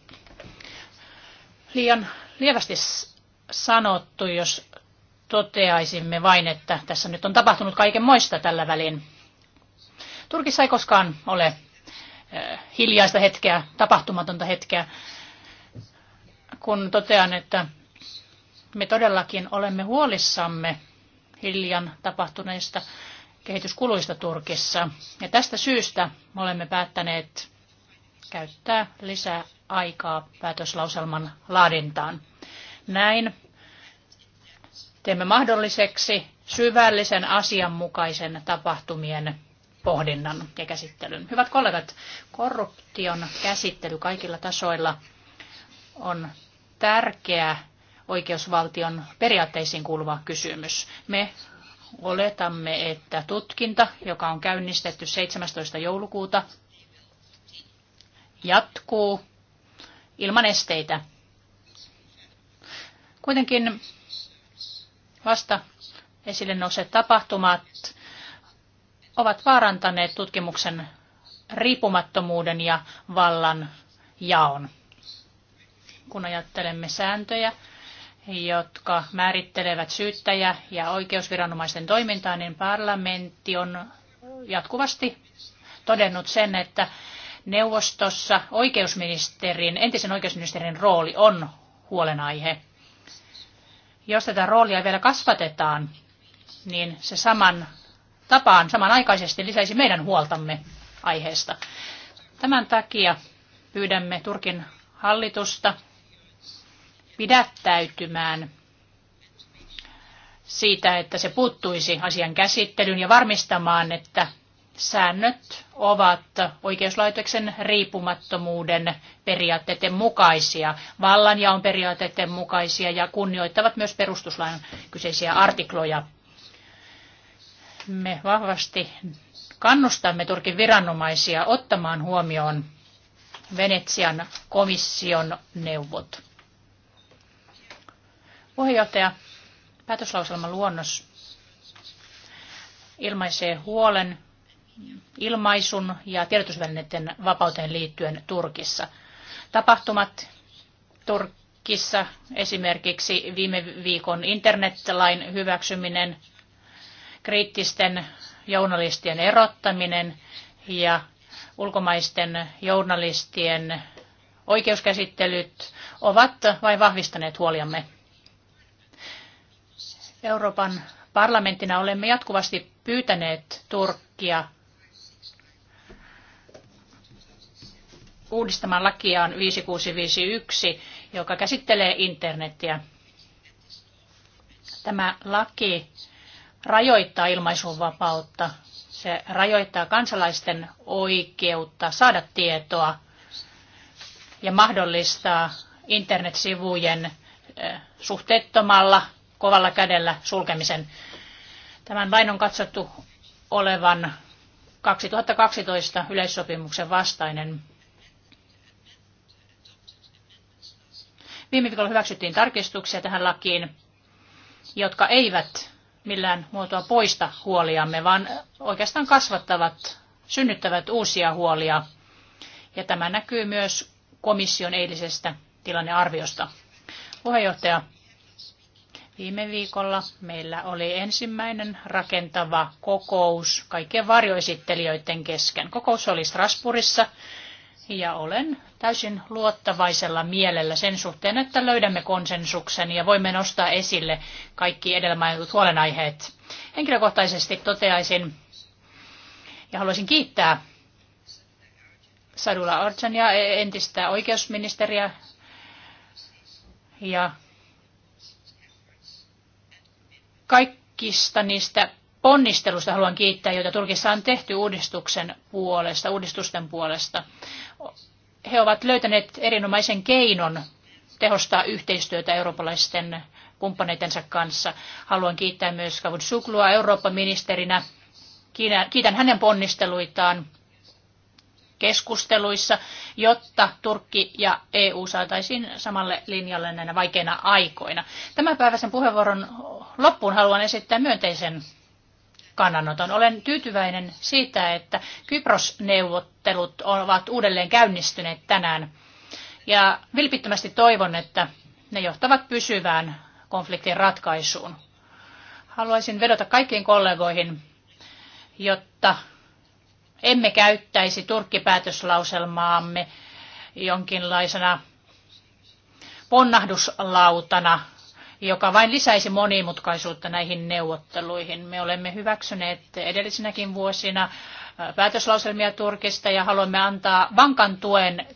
liian lievästi sanottu, jos toteaisimme vain, että tässä nyt on tapahtunut kaiken moista tällä välin. Turkissa ei koskaan ole hiljaista hetkeä, tapahtumatonta hetkeä, kun totean, että me todellakin olemme huolissamme hiljan tapahtuneista kehityskuluista Turkissa. Ja tästä syystä me olemme päättäneet käyttää lisää aikaa päätöslauselman laadintaan. Näin teemme mahdolliseksi syvällisen asianmukaisen tapahtumien pohdinnan ja käsittelyn. Hyvät kollegat, korruption käsittely kaikilla tasoilla on tärkeä oikeusvaltion periaatteisiin kuuluva kysymys. Me oletamme, että tutkinta, joka on käynnistetty 17. joulukuuta jatkuu ilman esteitä. Kuitenkin vasta esille nousseet tapahtumat ovat vaarantaneet tutkimuksen riippumattomuuden ja vallan jaon. Kun ajattelemme sääntöjä, jotka määrittelevät syyttäjä- ja oikeusviranomaisten toimintaa, niin parlamentti on jatkuvasti todennut sen, että neuvostossa oikeusministerin, entisen oikeusministerin rooli on huolenaihe. Jos tätä roolia vielä kasvatetaan, niin se saman tapaan samanaikaisesti lisäisi meidän huoltamme aiheesta. Tämän takia pyydämme Turkin hallitusta pidättäytymään siitä, että se puuttuisi asian käsittelyyn ja varmistamaan, että säännöt ovat oikeuslaitoksen riippumattomuuden periaatteiden mukaisia, vallanjaon periaatteiden mukaisia ja kunnioittavat myös perustuslain kyseisiä artikloja. Me vahvasti kannustamme Turkin viranomaisia ottamaan huomioon Venetsian komission neuvot. Puheenjohtaja, päätöslauselman luonnos ilmaisee huolen ilmaisun ja tiedotusvälineiden vapauteen liittyen Turkissa. Tapahtumat Turkissa, esimerkiksi viime viikon internetlain hyväksyminen, kriittisten journalistien erottaminen ja ulkomaisten journalistien oikeuskäsittelyt ovat vain vahvistaneet huoliamme. Euroopan parlamenttina olemme jatkuvasti pyytäneet Turkkia uudistamaan lakiaan 5651, joka käsittelee internetiä. Tämä laki rajoittaa ilmaisunvapautta. Se rajoittaa kansalaisten oikeutta saada tietoa ja mahdollistaa internetsivujen suhteettomalla kovalla kädellä sulkemisen. Tämän lain on katsottu olevan 2012 yleissopimuksen vastainen. Viime viikolla hyväksyttiin tarkistuksia tähän lakiin, jotka eivät millään muotoa poista huoliamme, vaan oikeastaan kasvattavat, synnyttävät uusia huolia. Ja tämä näkyy myös komission eilisestä tilannearviosta. Puheenjohtaja, viime viikolla meillä oli ensimmäinen rakentava kokous kaikkien varjoesittelijöiden kesken. Kokous oli Strasbourgissa ja olen täysin luottavaisella mielellä sen suhteen, että löydämme konsensuksen ja voimme nostaa esille kaikki edellä mainitut huolenaiheet. Henkilökohtaisesti toteaisin ja haluaisin kiittää Sadula Orjania, entistä oikeusministeriä ja kaikista niistä ponnistelusta haluan kiittää, joita Turkissa on tehty uudistuksen puolesta, uudistusten puolesta. He ovat löytäneet erinomaisen keinon tehostaa yhteistyötä eurooppalaisten kumppaneitensa kanssa. Haluan kiittää myös Kavut Suklua Eurooppa-ministerinä. Kiitän hänen ponnisteluitaan keskusteluissa, jotta Turkki ja EU saataisiin samalle linjalle näinä vaikeina aikoina. Tämän päiväisen puheenvuoron loppuun haluan esittää myönteisen kannanoton. Olen tyytyväinen siitä, että Kyprosneuvottelut ovat uudelleen käynnistyneet tänään. Ja vilpittömästi toivon, että ne johtavat pysyvään konfliktin ratkaisuun. Haluaisin vedota kaikkiin kollegoihin, jotta emme käyttäisi turkkipäätöslauselmaamme jonkinlaisena ponnahduslautana joka vain lisäisi monimutkaisuutta näihin neuvotteluihin. Me olemme hyväksyneet edellisinäkin vuosina äh, päätöslauselmia Turkista ja haluamme antaa vankan tuen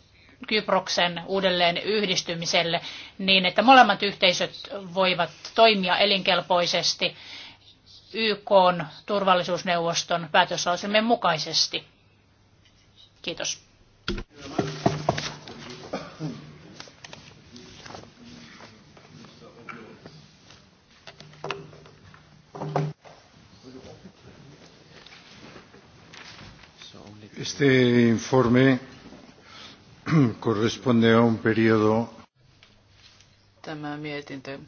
Kyproksen uudelleen yhdistymiselle niin, että molemmat yhteisöt voivat toimia elinkelpoisesti YK turvallisuusneuvoston päätöslauselmien mukaisesti. Kiitos. Este informe corresponde a un periodo. Tämä mietintö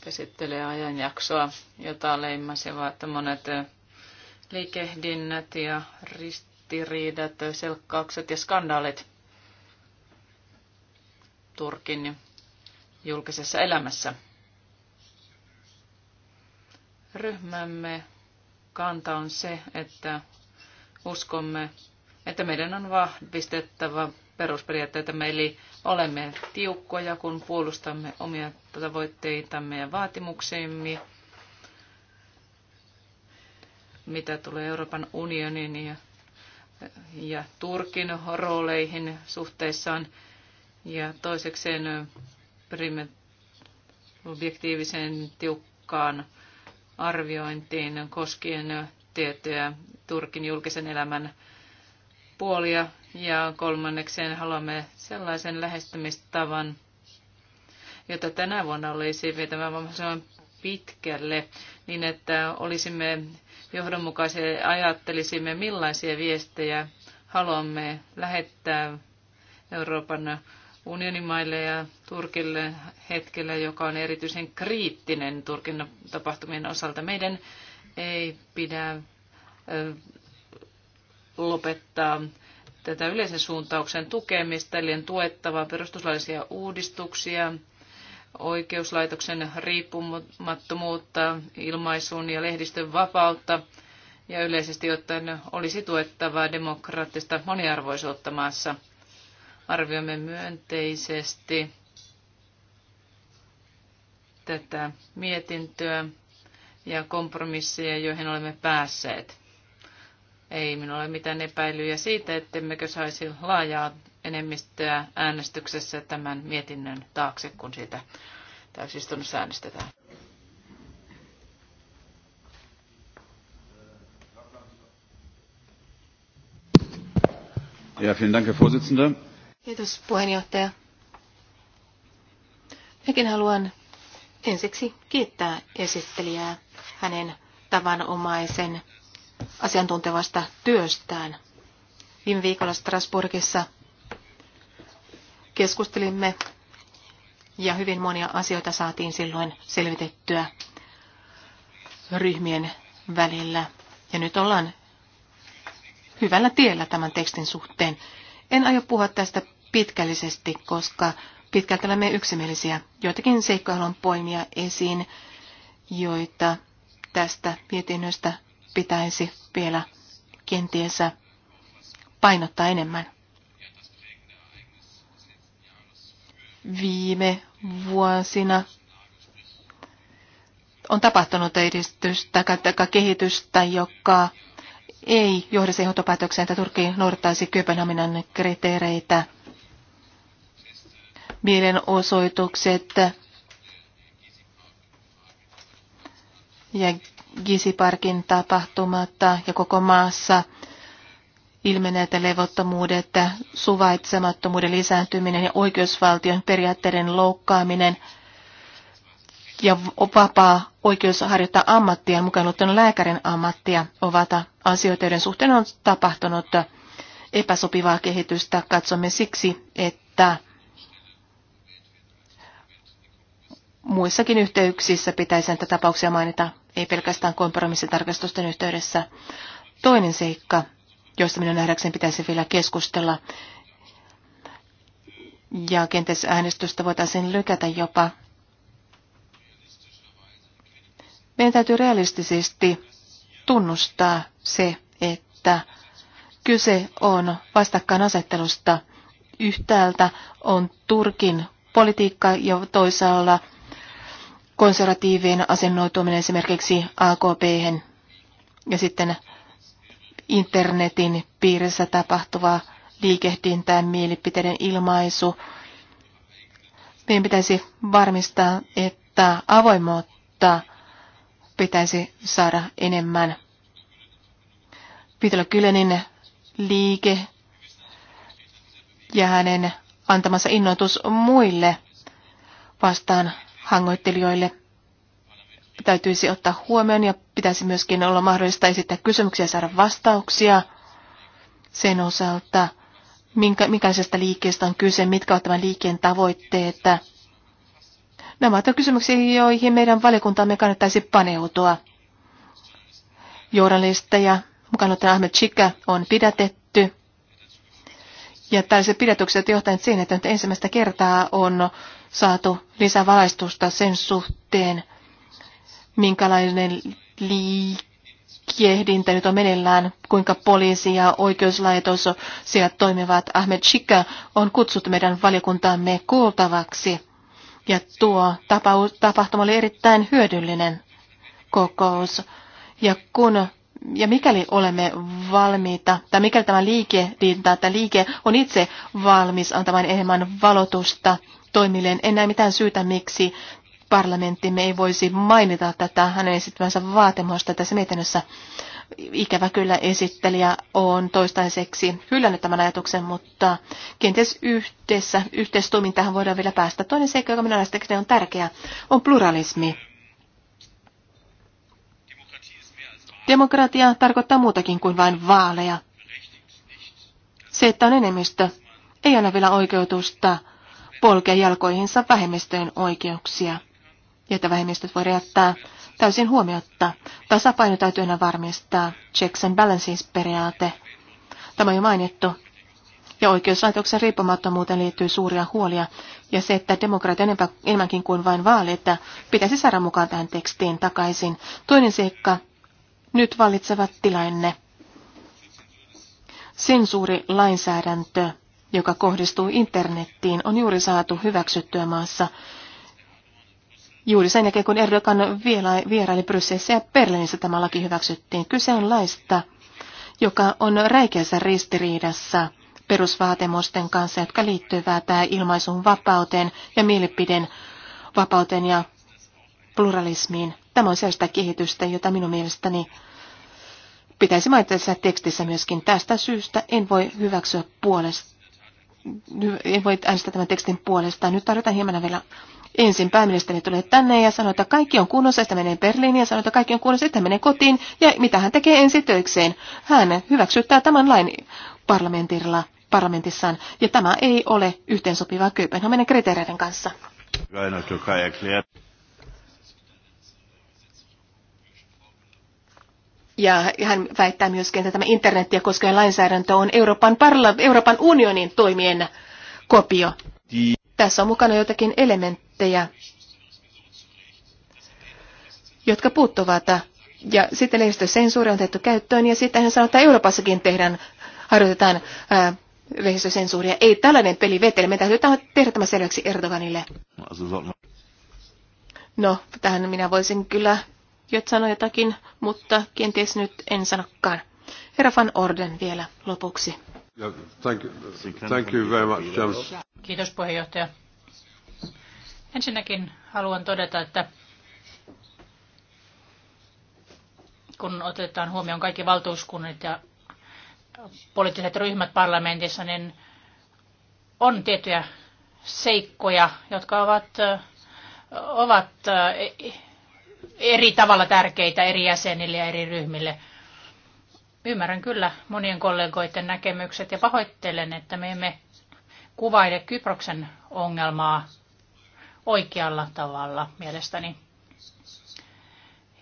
käsittelee ajanjaksoa, jota leimasivat monet liikehdinnät ja ristiriidat, selkkaukset ja skandaalit Turkin julkisessa elämässä. Ryhmämme kanta on se, että uskomme, että meidän on vahvistettava perusperiaatteitamme, eli olemme tiukkoja, kun puolustamme omia tavoitteitamme ja vaatimuksiimme, mitä tulee Euroopan unionin ja, ja Turkin rooleihin suhteessaan, Ja toisekseen pyrimme objektiiviseen tiukkaan arviointiin koskien tiettyjä Turkin julkisen elämän puolia. Ja kolmannekseen haluamme sellaisen lähestymistavan, jota tänä vuonna olisi vietävä mahdollisimman pitkälle, niin että olisimme johdonmukaisia ja ajattelisimme, millaisia viestejä haluamme lähettää Euroopan unionimaille ja Turkille hetkellä, joka on erityisen kriittinen Turkin tapahtumien osalta. Meidän ei pidä lopettaa tätä yleisen suuntauksen tukemista, eli on tuettava perustuslaillisia uudistuksia, oikeuslaitoksen riippumattomuutta, ilmaisun ja lehdistön vapautta, ja yleisesti ottaen olisi tuettava demokraattista moniarvoisuutta maassa. Arvioimme myönteisesti tätä mietintöä ja kompromisseja, joihin olemme päässeet. Ei minulla ole mitään epäilyjä siitä, ettemmekö saisi laajaa enemmistöä äänestyksessä tämän mietinnön taakse, kun siitä täysistunnossa äänestetään. Ja, vielen Dank, Herr Vorsitzender. Kiitos puheenjohtaja. Mäkin haluan ensiksi kiittää esittelijää hänen tavanomaisen asiantuntevasta työstään. Viime viikolla Strasburgissa keskustelimme ja hyvin monia asioita saatiin silloin selvitettyä ryhmien välillä. Ja nyt ollaan hyvällä tiellä tämän tekstin suhteen. En aio puhua tästä pitkällisesti, koska pitkältä olemme yksimielisiä. Joitakin seikkoja haluan poimia esiin, joita tästä mietinnöstä pitäisi vielä kenties painottaa enemmän. Viime vuosina on tapahtunut edistystä tai kehitystä, joka ei johda siihen johtopäätökseen, että Turkki noudattaisi Kööpenhaminan kriteereitä. Mielenosoitukset ja Gisiparkin tapahtumat ja koko maassa ilmeneet levottomuudet, suvaitsemattomuuden lisääntyminen ja oikeusvaltion periaatteiden loukkaaminen ja vapaa oikeus harjoittaa ammattia, mukaan ottanut lääkärin ammattia, ovat asioita, joiden suhteen on tapahtunut epäsopivaa kehitystä. Katsomme siksi, että muissakin yhteyksissä pitäisi näitä tapauksia mainita ei pelkästään kompromissitarkastusten yhteydessä. Toinen seikka, josta minun nähdäkseni pitäisi vielä keskustella, ja kenties äänestystä voitaisiin lykätä jopa. Meidän täytyy realistisesti tunnustaa se, että kyse on vastakkainasettelusta. Yhtäältä on Turkin politiikka ja toisaalla konservatiivien asennoituminen esimerkiksi akp ja sitten internetin piirissä tapahtuvaa liikehdintää, mielipiteiden ilmaisu. Meidän pitäisi varmistaa, että avoimuutta pitäisi saada enemmän. Pitelo Kylenin liike ja hänen antamansa innoitus muille vastaan hangoittelijoille täytyisi ottaa huomioon ja pitäisi myöskin olla mahdollista esittää kysymyksiä ja saada vastauksia sen osalta, minkä, minkäisestä liikkeestä on kyse, mitkä ovat tämän liikkeen tavoitteet. Nämä ovat kysymyksiä, joihin meidän valiokuntamme kannattaisi paneutua. Journalisteja, mukaan ottaen Ahmed Chika, on pidätetty. Ja tällaiset pidätykset johtavat siihen, että nyt ensimmäistä kertaa on saatu lisävalaistusta sen suhteen, minkälainen liikehdintä nyt on meneillään, kuinka poliisi ja oikeuslaitos siellä toimivat. Ahmed Shika on kutsuttu meidän valiokuntaamme kuultavaksi. Ja tuo tapahtuma oli erittäin hyödyllinen kokous. Ja kun ja mikäli olemme valmiita, tai mikäli tämä liike, tai liike on itse valmis antamaan enemmän valotusta toimilleen. En näe mitään syytä, miksi parlamenttimme ei voisi mainita tätä hänen esittämänsä vaatimusta tässä mietinnössä. Ikävä kyllä esittelijä on toistaiseksi hylännyt tämän ajatuksen, mutta kenties yhdessä, tähän voidaan vielä päästä. Toinen seikka, joka minun mielestäni on tärkeä, on pluralismi. Demokratia tarkoittaa muutakin kuin vain vaaleja. Se, että on enemmistö, ei anna vielä oikeutusta polkea jalkoihinsa vähemmistöjen oikeuksia ja että vähemmistöt voi jättää täysin huomiotta. Tasapaino täytyy aina varmistaa checks and balances periaate. Tämä on jo mainittu. Ja oikeuslaitoksen riippumattomuuteen liittyy suuria huolia, ja se, että demokratia on enemmänkin kuin vain vaali, että pitäisi saada mukaan tähän tekstiin takaisin. Toinen seikka, nyt vallitsevat tilanne. lainsäädäntö joka kohdistuu internettiin, on juuri saatu hyväksyttyä maassa. Juuri sen jälkeen, kun Erdogan vieraili Brysselissä ja Berliinissä tämä laki hyväksyttiin, kyse on laista, joka on räikeässä ristiriidassa perusvaatimusten kanssa, jotka liittyvät ilmaisun vapauteen ja mielipiden vapauteen ja pluralismiin. Tämä on sellaista kehitystä, jota minun mielestäni pitäisi mainita tässä tekstissä myöskin. Tästä syystä en voi hyväksyä puolesta en voi äänestää tämän tekstin puolesta. Nyt tarvitaan hieman vielä ensin pääministeri tulee tänne ja sanoo, että kaikki on kunnossa, että menee Berliiniin ja sanoo, että kaikki on kunnossa, että menee kotiin. Ja mitä hän tekee ensi töikseen? Hän hyväksyttää tämän lain parlamentilla, parlamentissaan. Ja tämä ei ole yhteensopivaa Kööpenhaminen kriteereiden kanssa. Ja hän väittää myöskin, että tämä internetiä koskeva lainsäädäntö on Euroopan, parla- Euroopan unionin toimien kopio. Tässä on mukana jotakin elementtejä, jotka puuttuvat. Ja sitten lehdistösensuuri on tehty käyttöön ja sitten hän sanoo, että Euroopassakin tehdään, harjoitetaan ää, lehdistösensuuria. Ei tällainen peli vetele. Me täytyy tehdä tämä selväksi Erdoganille. No, no tähän minä voisin kyllä Jot sanoi jotakin, mutta kenties nyt en sanokaan. Herra Van Orden vielä lopuksi. Kiitos puheenjohtaja. Ensinnäkin haluan todeta, että kun otetaan huomioon kaikki valtuuskunnat ja poliittiset ryhmät parlamentissa, niin on tiettyjä seikkoja, jotka ovat, ovat eri tavalla tärkeitä eri jäsenille ja eri ryhmille. Ymmärrän kyllä monien kollegoiden näkemykset ja pahoittelen, että me emme kuvaile Kyproksen ongelmaa oikealla tavalla mielestäni.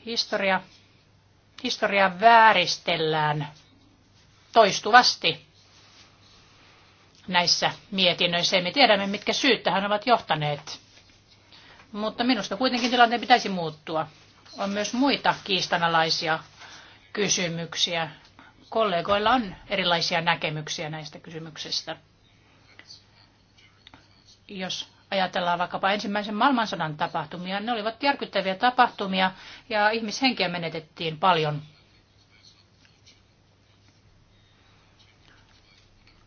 Historia, historia vääristellään toistuvasti näissä mietinnöissä. Me tiedämme, mitkä syyt tähän ovat johtaneet. Mutta minusta kuitenkin tilanteen pitäisi muuttua. On myös muita kiistanalaisia kysymyksiä. Kollegoilla on erilaisia näkemyksiä näistä kysymyksistä. Jos ajatellaan vaikkapa ensimmäisen maailmansodan tapahtumia, ne olivat järkyttäviä tapahtumia ja ihmishenkiä menetettiin paljon.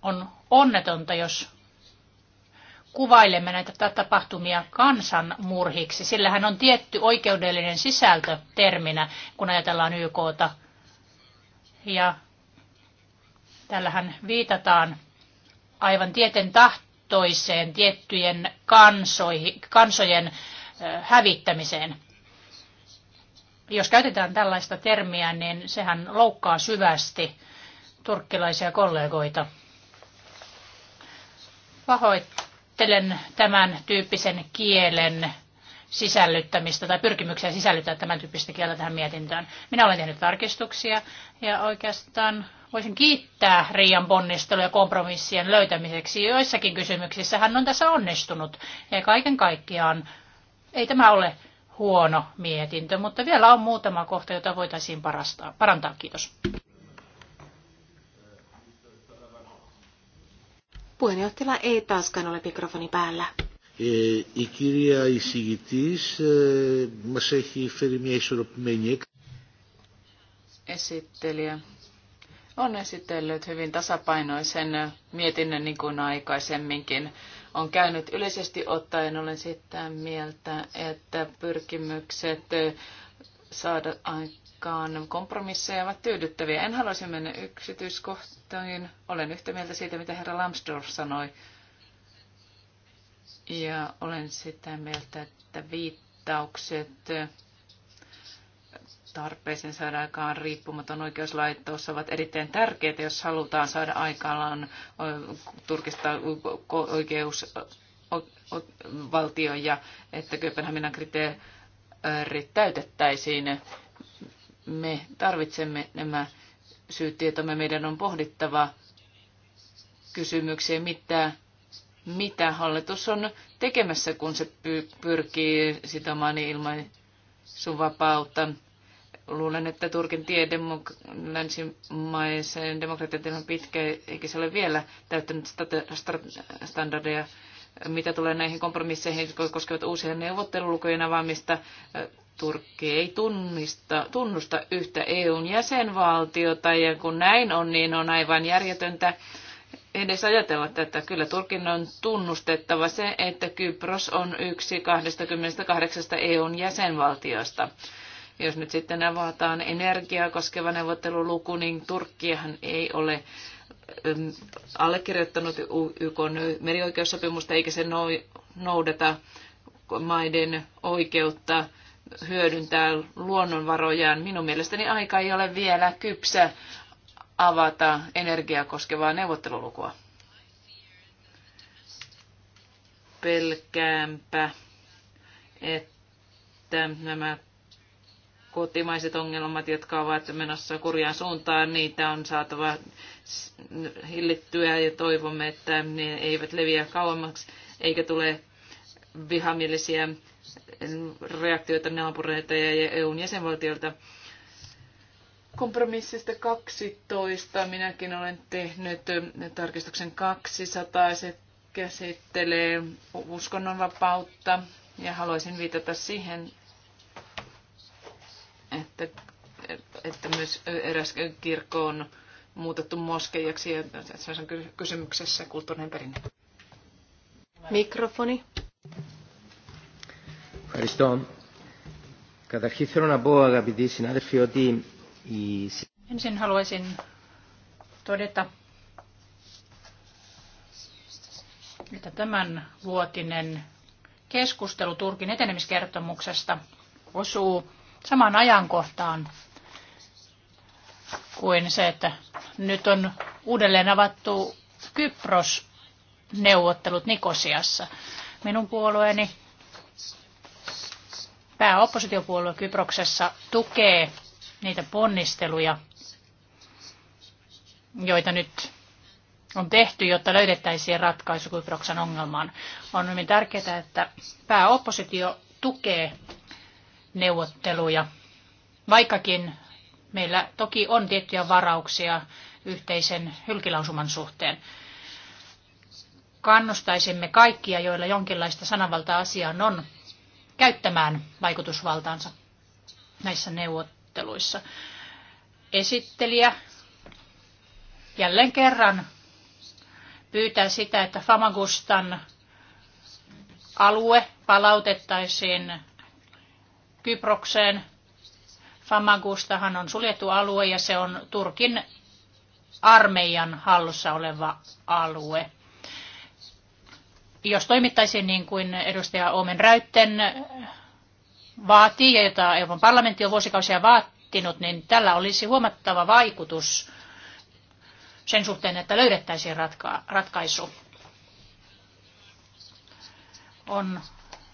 On onnetonta, jos kuvailemme näitä tapahtumia kansanmurhiksi. Sillähän on tietty oikeudellinen sisältö terminä, kun ajatellaan YKta. Ja tällähän viitataan aivan tieten tahtoiseen tiettyjen kansoihin, kansojen hävittämiseen. Jos käytetään tällaista termiä, niin sehän loukkaa syvästi turkkilaisia kollegoita. Pahoittelen pahoittelen tämän tyyppisen kielen sisällyttämistä tai pyrkimyksiä sisällyttää tämän tyyppistä kieltä tähän mietintöön. Minä olen tehnyt tarkistuksia ja oikeastaan voisin kiittää Riian ja kompromissien löytämiseksi. Joissakin kysymyksissä hän on tässä onnistunut ja kaiken kaikkiaan ei tämä ole huono mietintö, mutta vielä on muutama kohta, jota voitaisiin parantaa. Kiitos. Puheenjohtajalla ei taaskaan ole mikrofoni päällä. Esittelijä on esitellyt hyvin tasapainoisen mietinnön niin kuin aikaisemminkin on käynyt yleisesti ottaen. Olen sitä mieltä, että pyrkimykset saada aikaan aikaan kompromisseja ovat tyydyttäviä. En haluaisi mennä yksityiskohtiin. Olen yhtä mieltä siitä, mitä herra Lambsdorff sanoi. Ja olen sitä mieltä, että viittaukset tarpeeseen saada aikaan riippumaton oikeuslaitos ovat erittäin tärkeitä, jos halutaan saada aikaan Turkista oikeus valtio ja että Kööpenhaminan kriteerit täytettäisiin me tarvitsemme nämä syyttietomme. Meidän on pohdittava kysymykseen, mitä, mitä hallitus on tekemässä, kun se pyrkii sitomaan sun vapautta. Luulen, että Turkin tie demok- länsimaisen demokratian on pitkä, eikä se ole vielä täyttänyt standardeja mitä tulee näihin kompromisseihin, jotka koskevat uusien neuvottelulukujen avaamista, Turkki ei tunnista, tunnusta yhtä EUn jäsenvaltiota ja kun näin on, niin on aivan järjetöntä edes ajatella tätä. Kyllä Turkin on tunnustettava se, että Kypros on yksi 28 EUn jäsenvaltiosta. Jos nyt sitten avataan energiaa koskeva neuvotteluluku, niin Turkkihan ei ole ähm, allekirjoittanut YK merioikeussopimusta eikä se noudata maiden oikeutta hyödyntää luonnonvarojaan. Minun mielestäni aika ei ole vielä kypsä avata energiaa koskevaa neuvottelulukua. Pelkäämpä, että nämä kotimaiset ongelmat, jotka ovat menossa kurjaan suuntaan, niitä on saatava hillittyä ja toivomme, että ne eivät leviä kauemmaksi eikä tule vihamielisiä reaktioita naapureita ja EUn jäsenvaltioilta. Kompromissista 12 minäkin olen tehnyt tarkistuksen 200. Se käsittelee uskonnonvapautta ja haluaisin viitata siihen, että, että myös eräs kirkko on muutettu moskeijaksi ja tässä on kysymyksessä kulttuurinen perinne. Mikrofoni. Ευχαριστώ. Καταρχήν θέλω να πω αγαπητοί συνάδελφοι ότι η... Ensin haluaisin todeta, että tämän vuotinen keskustelu Turkin etenemiskertomuksesta osuu samaan ajankohtaan kuin se, että nyt on uudelleen avattu Kypros-neuvottelut Nikosiassa. Minun puolueeni pääoppositiopuolue Kyproksessa tukee niitä ponnisteluja, joita nyt on tehty, jotta löydettäisiin ratkaisu Kyproksen ongelmaan. On hyvin tärkeää, että pääoppositio tukee neuvotteluja, vaikkakin meillä toki on tiettyjä varauksia yhteisen hylkilausuman suhteen. Kannustaisimme kaikkia, joilla jonkinlaista sanavalta asiaan on, käyttämään vaikutusvaltaansa näissä neuvotteluissa. Esittelijä jälleen kerran pyytää sitä, että Famagustan alue palautettaisiin Kyprokseen. Famagustahan on suljettu alue ja se on Turkin armeijan hallussa oleva alue. Jos toimittaisiin niin kuin edustaja Omen Räytten vaatii ja jota Euroopan parlamentti on vuosikausia vaattinut, niin tällä olisi huomattava vaikutus sen suhteen, että löydettäisiin ratka- ratkaisu. On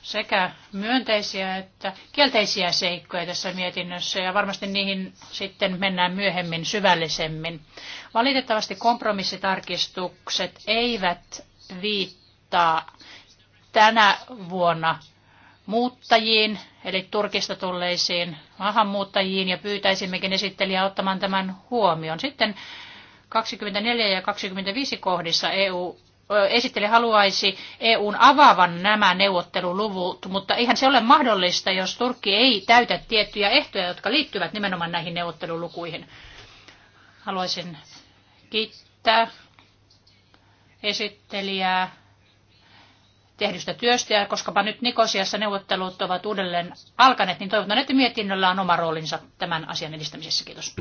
sekä myönteisiä että kielteisiä seikkoja tässä mietinnössä ja varmasti niihin sitten mennään myöhemmin syvällisemmin. Valitettavasti kompromissitarkistukset eivät viittaa vaikuttaa tänä vuonna muuttajiin, eli Turkista tulleisiin maahanmuuttajiin, ja pyytäisimmekin esittelijää ottamaan tämän huomioon. Sitten 24 ja 25 kohdissa EU esittelijä haluaisi EUn avaavan nämä neuvotteluluvut, mutta eihän se ole mahdollista, jos Turkki ei täytä tiettyjä ehtoja, jotka liittyvät nimenomaan näihin neuvottelulukuihin. Haluaisin kiittää esittelijää tehdystä työstä. Ja koskapa nyt Nikosiassa neuvottelut ovat uudelleen alkaneet, niin toivotan, että mietinnöllä on oma roolinsa tämän asian edistämisessä. Kiitos.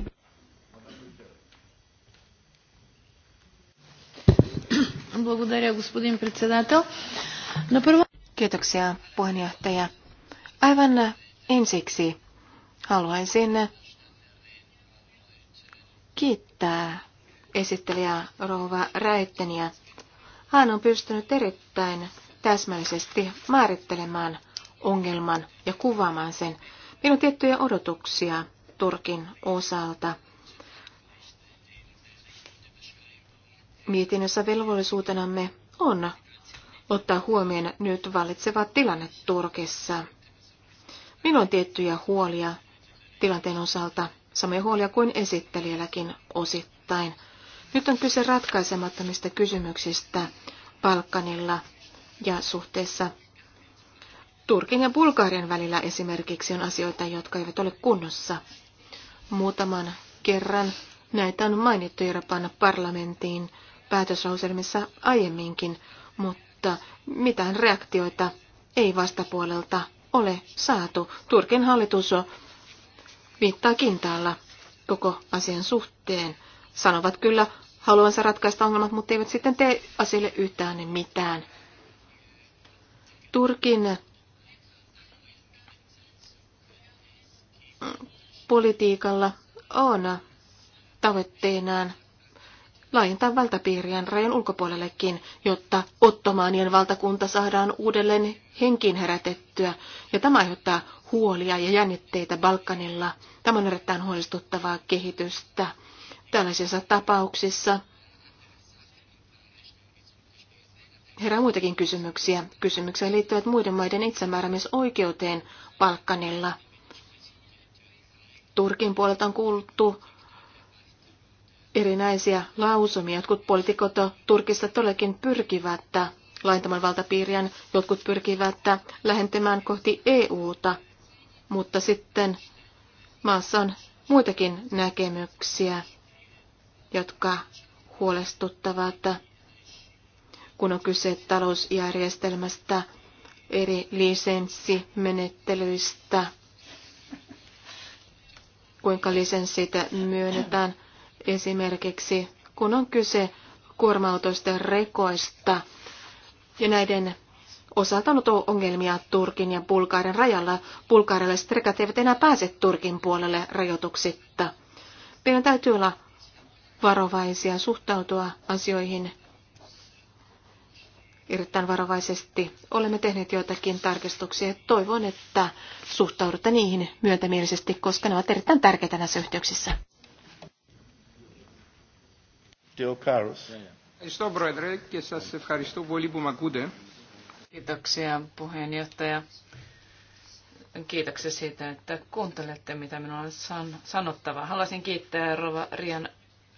Kiitoksia, puheenjohtaja. Aivan ensiksi haluaisin kiittää esittelijä Rouva Räitteniä. Hän on pystynyt erittäin täsmällisesti määrittelemään ongelman ja kuvaamaan sen. Meillä on tiettyjä odotuksia Turkin osalta. Mietinnössä velvollisuutenamme on ottaa huomioon nyt vallitseva tilanne Turkissa. Meillä on tiettyjä huolia tilanteen osalta, samoja huolia kuin esittelijälläkin osittain. Nyt on kyse ratkaisemattomista kysymyksistä Balkanilla – ja suhteessa Turkin ja Bulgarian välillä esimerkiksi on asioita, jotka eivät ole kunnossa. Muutaman kerran näitä on mainittu Euroopan parlamentin päätöslauselmissa aiemminkin, mutta mitään reaktioita ei vastapuolelta ole saatu. Turkin hallitus viittaa kintaalla koko asian suhteen. Sanovat kyllä haluansa ratkaista ongelmat, mutta eivät sitten tee asialle yhtään mitään. Turkin politiikalla on tavoitteenaan laajentaa valtapiirien rajan ulkopuolellekin, jotta ottomaanien valtakunta saadaan uudelleen henkiin herätettyä, ja tämä aiheuttaa huolia ja jännitteitä Balkanilla. Tämä on erittäin huolestuttavaa kehitystä. Tällaisissa tapauksissa herää muitakin kysymyksiä. Kysymyksiä liittyvät muiden maiden itsemääräämisoikeuteen Balkanilla. Turkin puolelta on kuultu erinäisiä lausumia. Jotkut poliitikot Turkista todellakin pyrkivät laintamaan valtapiirien, jotkut pyrkivät lähentämään kohti EUta, mutta sitten maassa on muitakin näkemyksiä, jotka huolestuttavat kun on kyse talousjärjestelmästä, eri lisenssimenettelyistä, kuinka lisenssit myönnetään esimerkiksi, kun on kyse kuorma-autoisten rekoista. Ja näiden osalta on ongelmia Turkin ja Bulgarian rajalla. Bulgarialaiset rekat eivät enää pääse Turkin puolelle rajoituksitta. Meidän täytyy olla varovaisia suhtautua asioihin erittäin varovaisesti. Olemme tehneet joitakin tarkistuksia. Toivon, että suhtaudutte niihin myöntämielisesti, koska ne ovat erittäin tärkeitä näissä yhteyksissä. Kiitoksia puheenjohtaja. Kiitoksia siitä, että kuuntelette, mitä minulla on sanottava. Haluaisin kiittää Rova Rian,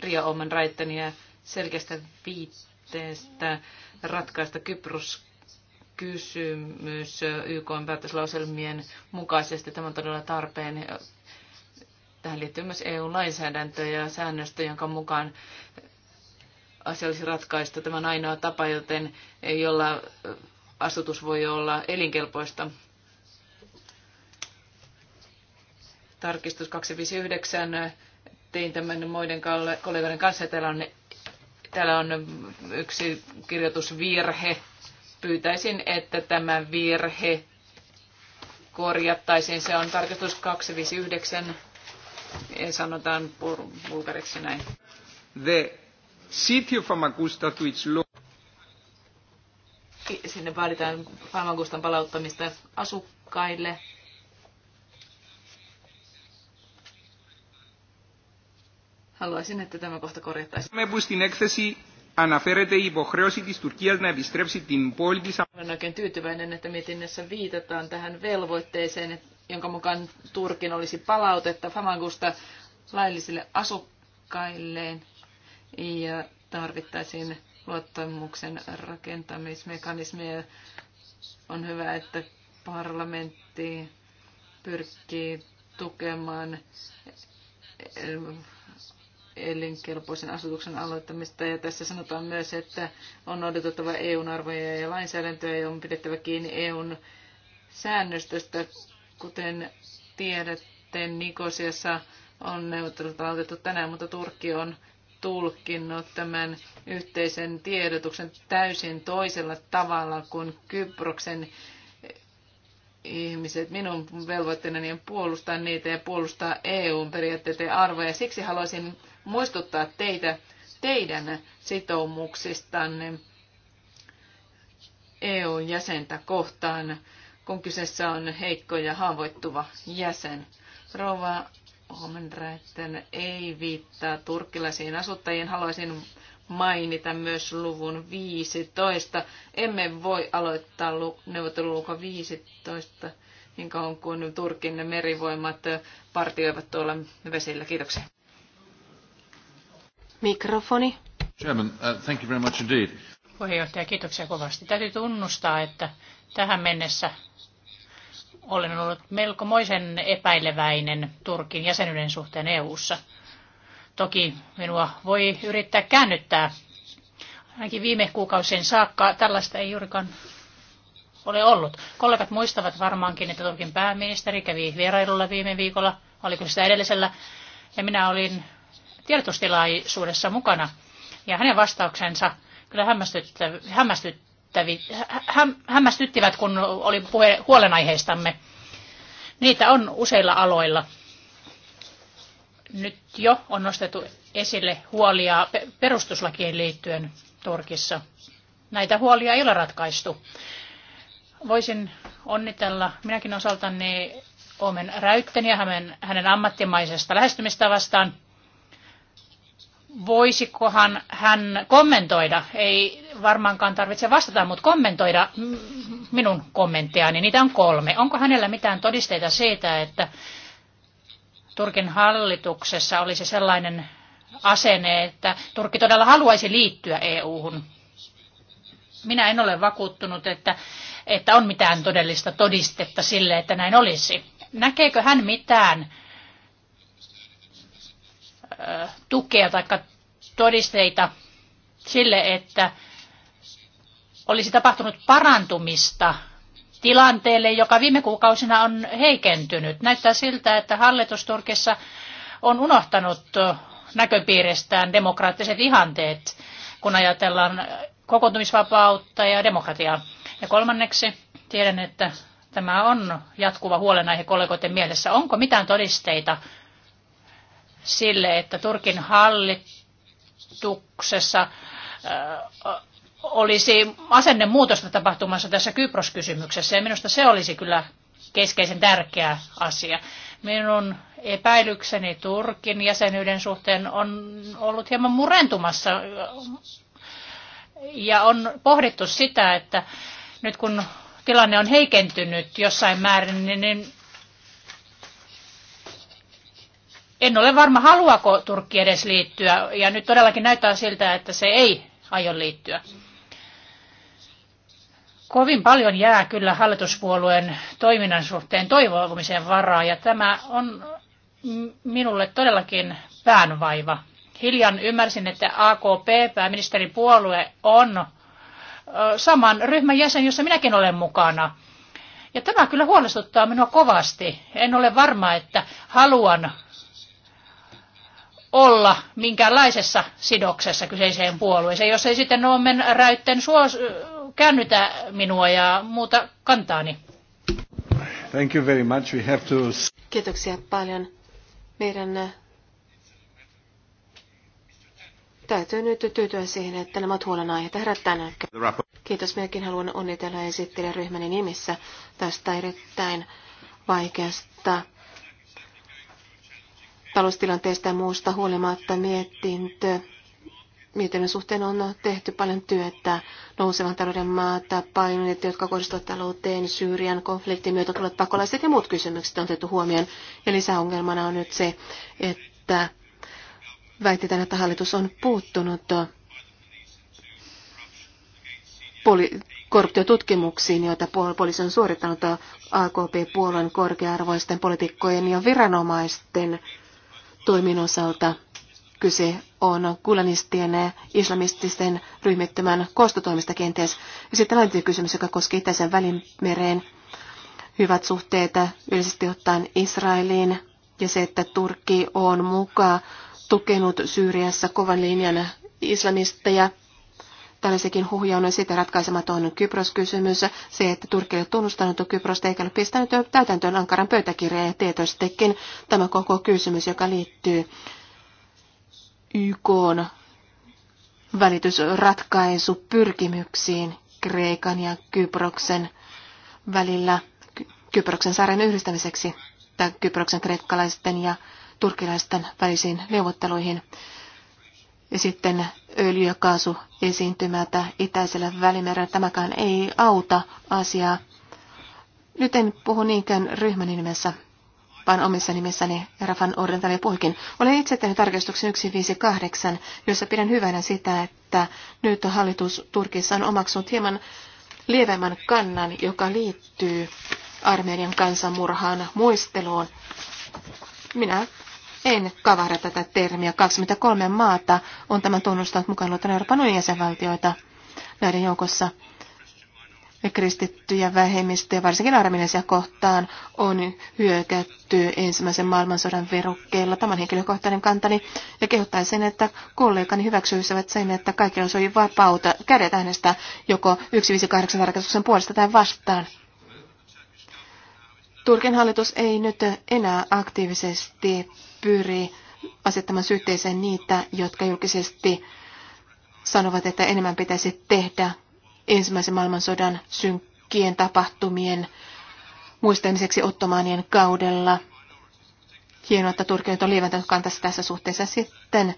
Ria Omen Raittania selkeästä velvoitteesta ratkaista Kypros kysymys YK päätöslauselmien mukaisesti. Tämä on todella tarpeen. Tähän liittyy myös EU-lainsäädäntö ja säännöstö, jonka mukaan asia olisi ratkaista. Tämä on ainoa tapa, joten jolla asutus voi olla elinkelpoista. Tarkistus 259. Tein tämän muiden kollegoiden kanssa. Täällä on Täällä on yksi kirjoitusvirhe. Pyytäisin, että tämä virhe korjattaisiin. Se on tarkistus 259, sanotaan bulgariksi näin. The city of Famagusta to its law. Sinne vaaditaan Famagustan palauttamista asukkaille. Haluaisin, että tämä kohta korjattaisiin. Me puistin ekthesi αναφέρεται η υποχρέωση της Τουρκίας να επιστρέψει την πόλη της... Olen oikein tyytyväinen, että mietinnössä viitataan tähän velvoitteeseen, jonka mukaan Turkin olisi palautetta Famagusta laillisille asukkailleen ja tarvittaisiin luottamuksen rakentamismekanismeja. On hyvä, että parlamentti pyrkii tukemaan elinkelpoisen asutuksen aloittamista. Ja tässä sanotaan myös, että on odotettava EUn arvoja ja lainsäädäntöä ja on pidettävä kiinni EUn säännöstöstä. Kuten tiedätte, Nikosiassa on neuvottelut aloitettu tänään, mutta Turkki on tulkinnut tämän yhteisen tiedotuksen täysin toisella tavalla kuin Kyproksen ihmiset. Minun velvoitteenani on puolustaa niitä ja puolustaa EUn periaatteita ja arvoja. Siksi haluaisin muistuttaa teitä teidän sitoumuksistanne EUn jäsentä kohtaan, kun kyseessä on heikko ja haavoittuva jäsen. Rova Homenreitten ei viittaa turkkilaisiin asuttajien. Haluaisin mainita myös luvun 15. Emme voi aloittaa neuvotteluluku 15 niin kauan kuin Turkin merivoimat partioivat tuolla vesillä. Kiitoksia. Mikrofoni. Chairman, uh, thank you very much indeed. Puheenjohtaja, kiitoksia kovasti. Täytyy tunnustaa, että tähän mennessä olen ollut melkomoisen epäileväinen Turkin jäsenyyden suhteen EU:ssa. ssa Toki minua voi yrittää käännyttää. Ainakin viime kuukausien saakka tällaista ei juurikaan ole ollut. Kollegat muistavat varmaankin, että Turkin pääministeri kävi vierailulla viime viikolla, oliko sitä edellisellä, ja minä olin tiedotustilaisuudessa mukana. Ja hänen vastauksensa kyllä hämmästyttävi, hä, hämmästyttivät, kun oli puhe huolenaiheistamme. Niitä on useilla aloilla nyt jo on nostettu esille huolia perustuslakien liittyen Turkissa. Näitä huolia ei ole ratkaistu. Voisin onnitella minäkin osaltani Omen Räytten ja hänen, hänen ammattimaisesta lähestymistavastaan. Voisikohan hän kommentoida, ei varmaankaan tarvitse vastata, mutta kommentoida minun kommenttiani, niitä on kolme. Onko hänellä mitään todisteita siitä, että Turkin hallituksessa olisi sellainen asenne, että Turkki todella haluaisi liittyä EU-hun. Minä en ole vakuuttunut, että, että on mitään todellista todistetta sille, että näin olisi. Näkeekö hän mitään tukea tai todisteita sille, että olisi tapahtunut parantumista tilanteelle, joka viime kuukausina on heikentynyt. Näyttää siltä, että hallitus Turkissa on unohtanut näköpiiristään demokraattiset ihanteet, kun ajatellaan kokoontumisvapautta ja demokratiaa. Ja kolmanneksi tiedän, että tämä on jatkuva huolenaihe kollegoiden mielessä. Onko mitään todisteita sille, että Turkin hallituksessa äh, olisi asennemuutosta tapahtumassa tässä Kypros-kysymyksessä ja minusta se olisi kyllä keskeisen tärkeä asia. Minun epäilykseni Turkin jäsenyyden suhteen on ollut hieman murentumassa ja on pohdittu sitä, että nyt kun tilanne on heikentynyt jossain määrin, niin, niin en ole varma, haluaako Turkki edes liittyä, ja nyt todellakin näyttää siltä, että se ei aio liittyä. Kovin paljon jää kyllä hallituspuolueen toiminnan suhteen toivomisen varaa ja tämä on minulle todellakin päänvaiva. Hiljan ymmärsin, että AKP, pääministeripuolue, on saman ryhmän jäsen, jossa minäkin olen mukana. Ja tämä kyllä huolestuttaa minua kovasti. En ole varma, että haluan olla minkäänlaisessa sidoksessa kyseiseen puolueeseen, jos ei sitten Noomen räytten suos- käännytä minua ja muuta kantaani. Thank you very much. We have to... Kiitoksia paljon. Meidän äh, täytyy nyt tyytyä siihen, että nämä huolenaiheita herättää Kiitos. Minäkin haluan onnitella esittelijä ryhmäni nimissä tästä erittäin vaikeasta taloustilanteesta ja muusta huolimatta mietintö. Mietinnön suhteen on tehty paljon työtä nousevan talouden maata, paineet, jotka kohdistuvat talouteen, Syyrian konfliktin myötä tulevat pakolaiset ja muut kysymykset on otettu huomioon. Ja lisäongelmana on nyt se, että väitetään, että hallitus on puuttunut poli- korruptiotutkimuksiin, joita poliisi on suorittanut AKP-puolueen korkearvoisten poliitikkojen ja viranomaisten toimin osalta – Kyse on kulanistien ja islamististen ryhmittymän koostotoimista kenties. Ja sitten laajempi kysymys, joka koskee Itäisen välimereen hyvät suhteet yleisesti ottaen Israeliin ja se, että Turkki on mukaan tukenut Syyriassa kovan linjan islamisteja. Tällaisekin huhja on sitä ratkaisematon Kypros-kysymys. Se, että Turkki ei ole tunnustanut Kyprosta eikä ole pistänyt täytäntöön Ankaran pöytäkirjaa ja tietoistekin tämä koko kysymys, joka liittyy YK pyrkimyksiin Kreikan ja Kyproksen välillä Kyproksen saaren yhdistämiseksi tai Kyproksen kreikkalaisten ja turkilaisten välisiin neuvotteluihin. Ja sitten öljy- ja kaasu esiintymätä itäisellä välimerellä. Tämäkään ei auta asiaa. Nyt en puhu niinkään ryhmän nimessä, vaan omissa nimissäni Rafan Ordentalia puhukin. Olen itse tehnyt tarkistuksen 158, jossa pidän hyvänä sitä, että nyt hallitus Turkissa on omaksunut hieman lievemmän kannan, joka liittyy Armenian kansanmurhaan muisteluun. Minä en kavara tätä termiä. 23 maata on tämän tunnustanut mukaan luotan Euroopan unionin jäsenvaltioita näiden joukossa kristittyjä vähemmistöjä, varsinkin armeenisia kohtaan, on hyökätty ensimmäisen maailmansodan verukkeilla. on henkilökohtainen kantani ja kehottaisin, että kollegani hyväksyisivät sen, että kaikilla olisi vapauta kädet äänestää joko 158 tarkastuksen puolesta tai vastaan. Turkin hallitus ei nyt enää aktiivisesti pyri asettamaan syytteeseen niitä, jotka julkisesti sanovat, että enemmän pitäisi tehdä ensimmäisen maailmansodan synkkien tapahtumien muistamiseksi ottomaanien kaudella. Hienoa, että Turkki on lieventänyt kantansa tässä suhteessa sitten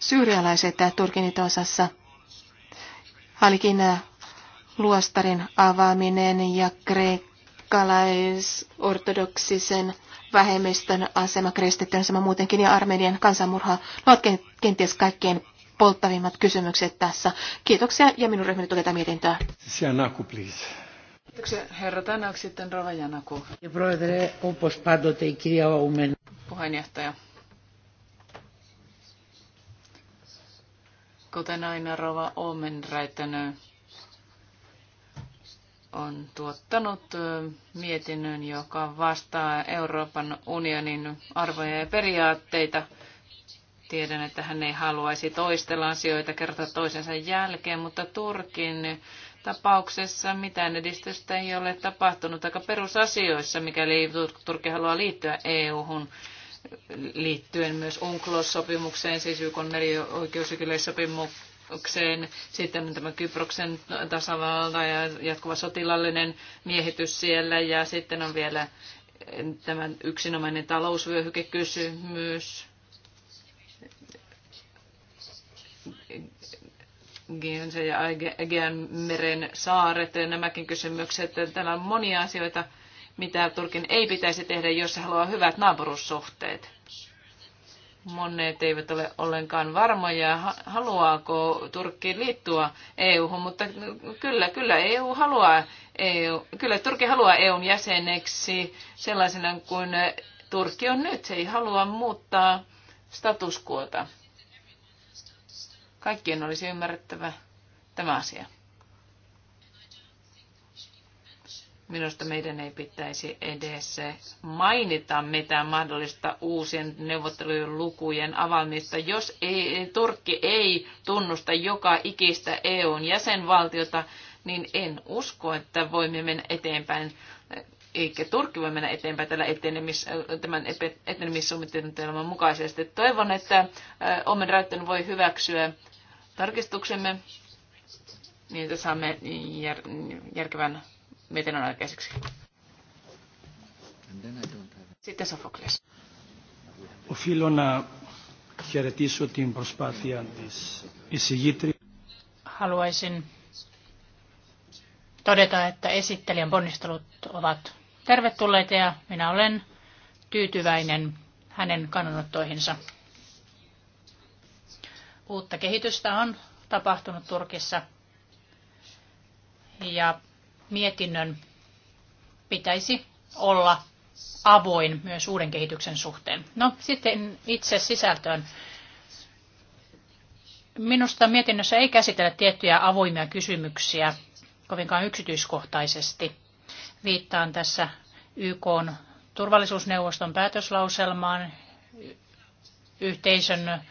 syyrialaiset Turkin osassa. Halikin äh, luostarin avaaminen ja kreikkalaisortodoksisen vähemmistön asema kristittynä sama muutenkin ja Armenian kansanmurha ovat kenties kaikkein polttavimmat kysymykset tässä. Kiitoksia ja minun ryhmäni tulee tätä mietintöä. Sianaku, please. Kiitoksia herra Tanak, sitten Rova Janaku. Ja proedere, opos padote kirja Omen. Puheenjohtaja. Kuten aina Rova Omen Räitänö on tuottanut mietinnön, joka vastaa Euroopan unionin arvoja ja periaatteita – Tiedän, että hän ei haluaisi toistella asioita kerta toisensa jälkeen, mutta Turkin tapauksessa mitään edistystä ei ole tapahtunut aika perusasioissa, mikäli Turkki haluaa liittyä EU-hun liittyen myös UNCLOS-sopimukseen, siis YK merioikeusykyleissopimukseen, sitten tämä Kyproksen tasavalta ja jatkuva sotilallinen miehitys siellä ja sitten on vielä tämä yksinomainen talousvyöhykekysymys Egeanse ja Egean meren saaret ja nämäkin kysymykset. Täällä on monia asioita, mitä Turkin ei pitäisi tehdä, jos se haluaa hyvät naapurussuhteet. Monet eivät ole ollenkaan varmoja, haluaako Turkki liittua EU-hun, mutta kyllä, kyllä EU haluaa, EU, kyllä Turkki haluaa EUn jäseneksi sellaisena kuin Turkki on nyt. Se ei halua muuttaa statuskuota. Kaikkien olisi ymmärrettävä tämä asia. Minusta meidän ei pitäisi edes mainita mitään mahdollista uusien neuvottelujen lukujen avaamista, jos ei, Turkki ei tunnusta joka ikistä EUn jäsenvaltiota, niin en usko, että voimme mennä eteenpäin, eikä Turkki voi mennä eteenpäin tällä etenemis, tämän etenemissuunnitelman mukaisesti. Toivon, että Omen Raitten voi hyväksyä tarkistuksemme, niin että saamme jär, järkevän mietinnön aikaiseksi. Sitten Sofokles. Οφείλω χαιρετήσω την προσπάθεια της εισηγήτρια. Haluaisin todeta, että esittelijän ponnistelut ovat tervetulleita ja minä olen tyytyväinen hänen kannanottoihinsa. Uutta kehitystä on tapahtunut Turkissa ja mietinnön pitäisi olla avoin myös uuden kehityksen suhteen. No sitten itse sisältöön. Minusta mietinnössä ei käsitellä tiettyjä avoimia kysymyksiä kovinkaan yksityiskohtaisesti. Viittaan tässä YK turvallisuusneuvoston päätöslauselmaan, yhteisön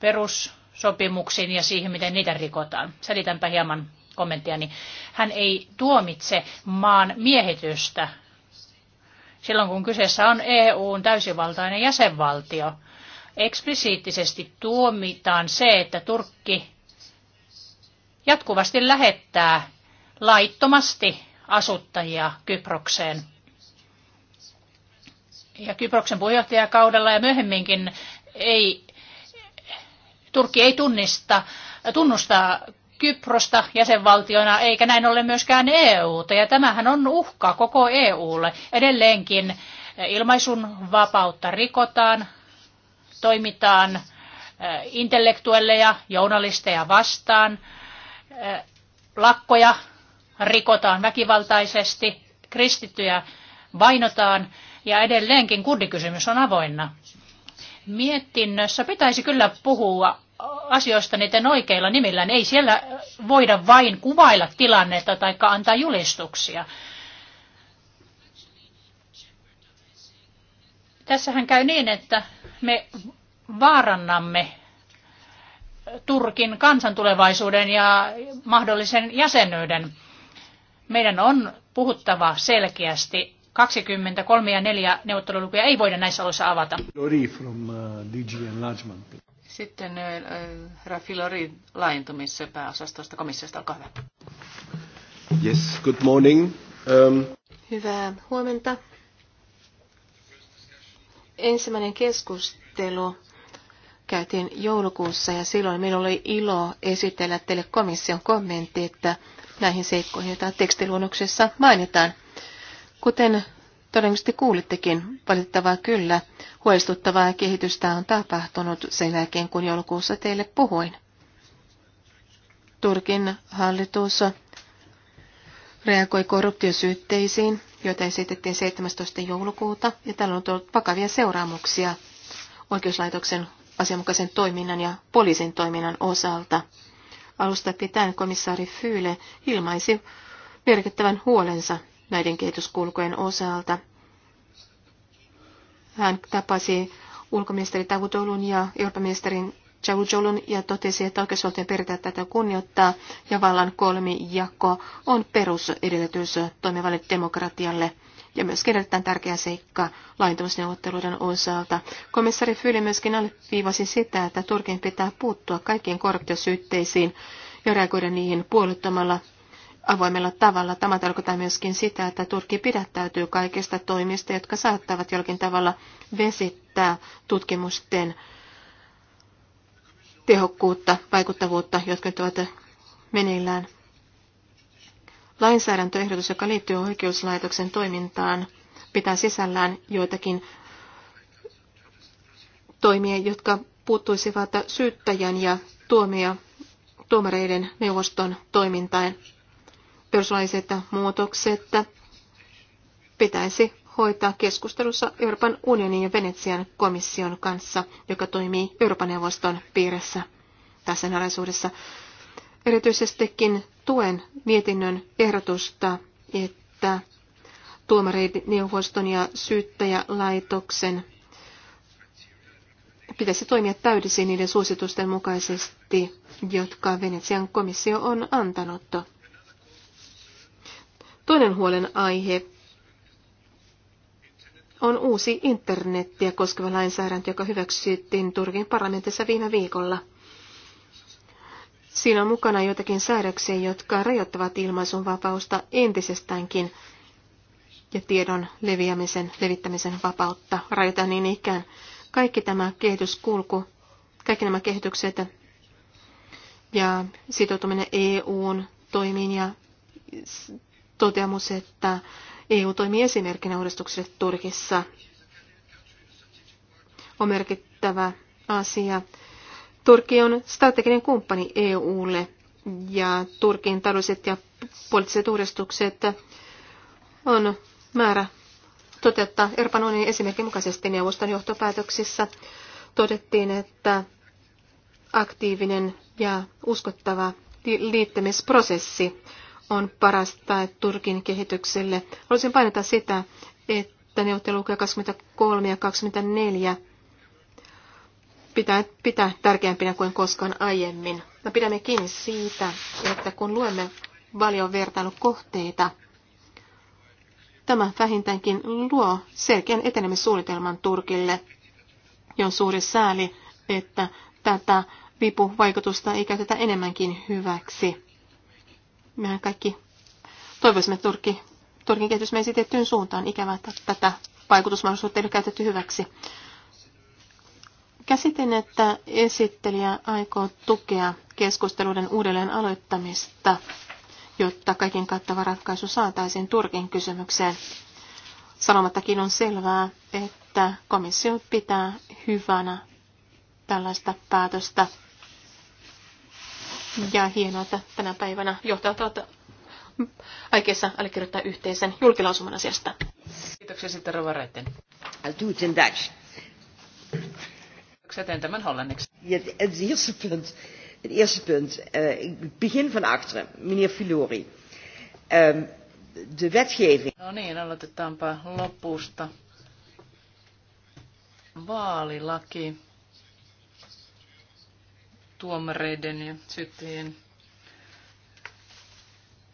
perussopimuksiin ja siihen, miten niitä rikotaan. Selitänpä hieman kommenttiani. Hän ei tuomitse maan miehitystä silloin, kun kyseessä on EUn täysivaltainen jäsenvaltio. Eksplisiittisesti tuomitaan se, että Turkki jatkuvasti lähettää laittomasti asuttajia Kyprokseen. Ja Kyproksen puheenjohtajakaudella ja myöhemminkin ei Turkki ei tunnista, tunnusta Kyprosta jäsenvaltiona, eikä näin ole myöskään EUta. Ja tämähän on uhka koko EUlle. Edelleenkin ilmaisun vapautta rikotaan, toimitaan eh, intellektuelleja, journalisteja vastaan, eh, lakkoja rikotaan väkivaltaisesti, kristittyjä vainotaan ja edelleenkin kurdikysymys on avoinna. Mietinnössä pitäisi kyllä puhua asioista niiden oikeilla nimillä. Niin ei siellä voida vain kuvailla tilannetta tai antaa julistuksia. Tässähän käy niin, että me vaarannamme Turkin kansan tulevaisuuden ja mahdollisen jäsenyyden. Meidän on puhuttava selkeästi 23 ja 4 neuvottelulukuja ei voida näissä oloissa avata. Sitten herra Filori laajentumissa pääosastosta komissiosta, olkaa hyvä. Yes, good morning. Um... Hyvää huomenta. Ensimmäinen keskustelu käytiin joulukuussa ja silloin meillä oli ilo esitellä teille komission kommentti, että näihin seikkoihin, joita tekstiluonnoksessa mainitaan. Kuten Todennäköisesti kuulittekin, valitettavaa kyllä, huolestuttavaa kehitystä on tapahtunut sen jälkeen, kun joulukuussa teille puhuin. Turkin hallitus reagoi korruptiosyytteisiin, joita esitettiin 17. joulukuuta, ja täällä on tullut vakavia seuraamuksia oikeuslaitoksen asianmukaisen toiminnan ja poliisin toiminnan osalta. Alusta pitäen komissaari Fyyle ilmaisi merkittävän huolensa näiden kehityskulkojen osalta. Hän tapasi ulkoministeri Tavutolun ja Euroopan ministerin Chavujolun ja totesi, että oikeusvaltion periaatteet tätä kunnioittaa ja vallan kolmijako on perusedellytys toimivalle demokratialle ja myös erittäin tärkeä seikka laajentumisneuvotteluiden osalta. Komissari Fyli myöskin alleviivasi sitä, että Turkin pitää puuttua kaikkiin korruptiosyytteisiin ja reagoida niihin puolittamalla avoimella tavalla. Tämä tarkoittaa myöskin sitä, että Turkki pidättäytyy kaikista toimista, jotka saattavat jollakin tavalla vesittää tutkimusten tehokkuutta, vaikuttavuutta, jotka nyt ovat meneillään. Lainsäädäntöehdotus, joka liittyy oikeuslaitoksen toimintaan, pitää sisällään joitakin toimia, jotka puuttuisivat syyttäjän ja tuomia, tuomareiden neuvoston toimintaan persoonalliset muutokset pitäisi hoitaa keskustelussa Euroopan unionin ja Venetsian komission kanssa, joka toimii Euroopan neuvoston piirissä tässä alaisuudessa. Erityisestikin tuen mietinnön ehdotusta, että tuomarineuvoston ja syyttäjälaitoksen pitäisi toimia täydisiin niiden suositusten mukaisesti, jotka Venetsian komissio on antanut. Toinen huolen aihe on uusi internettiä koskeva lainsäädäntö, joka hyväksyttiin Turkin parlamentissa viime viikolla. Siinä on mukana joitakin säädöksiä, jotka rajoittavat ilmaisun vapausta entisestäänkin ja tiedon leviämisen, levittämisen vapautta rajoitetaan niin ikään. Kaikki tämä kehityskulku, kaikki nämä kehitykset ja sitoutuminen EUn toimiin ja toteamus, että EU toimii esimerkkinä uudistukselle Turkissa. On merkittävä asia. Turkki on strateginen kumppani EUlle ja Turkin taloudelliset ja poliittiset uudistukset on määrä toteuttaa Euroopan unionin esimerkin mukaisesti neuvoston johtopäätöksissä. Todettiin, että aktiivinen ja uskottava liittymisprosessi on paras tae Turkin kehitykselle. Haluaisin painata sitä, että neuvottelukuja 23 ja 24 pitää, pitää tärkeämpinä kuin koskaan aiemmin. Me pidämme kiinni siitä, että kun luemme valion vertailukohteita, tämä vähintäänkin luo selkeän etenemissuunnitelman Turkille. Ja on suuri sääli, että tätä vipuvaikutusta ei käytetä enemmänkin hyväksi mehän kaikki toivoisimme, että Turkki, Turkin kehitys menisi tiettyyn suuntaan. Ikävää, että tätä vaikutusmahdollisuutta ei ole käytetty hyväksi. Käsitin, että esittelijä aikoo tukea keskusteluiden uudelleen aloittamista, jotta kaiken kattava ratkaisu saataisiin Turkin kysymykseen. Sanomattakin on selvää, että komissio pitää hyvänä tällaista päätöstä ja hienoa, että tänä päivänä johtajat ovat aikeissa allekirjoittaa yhteisen julkilausuman asiasta. Kiitoksia sitten Rova Raitten. I'll do it in Dutch. Kiitoksia teen tämän hollanniksi. Ja, ensimmäinen, eerste punt. Het eerste punt. Eh, begin van achteren, meneer Filori. Ehm, de wetgeving. No niin, aloitetaanpa lopusta. Vaalilaki tuomareiden ja syyttäjien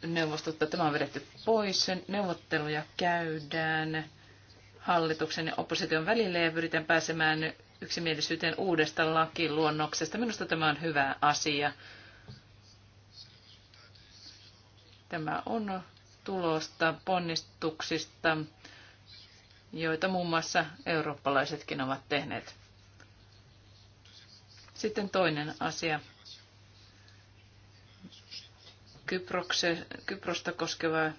neuvostot Tämä on vedetty pois. Sen neuvotteluja käydään hallituksen ja opposition välillä ja pyritään pääsemään yksimielisyyteen uudesta lakiluonnoksesta. Minusta tämä on hyvä asia. Tämä on tulosta ponnistuksista, joita muun muassa eurooppalaisetkin ovat tehneet. Sitten toinen asia. Kyprokse, Kyprosta koskeva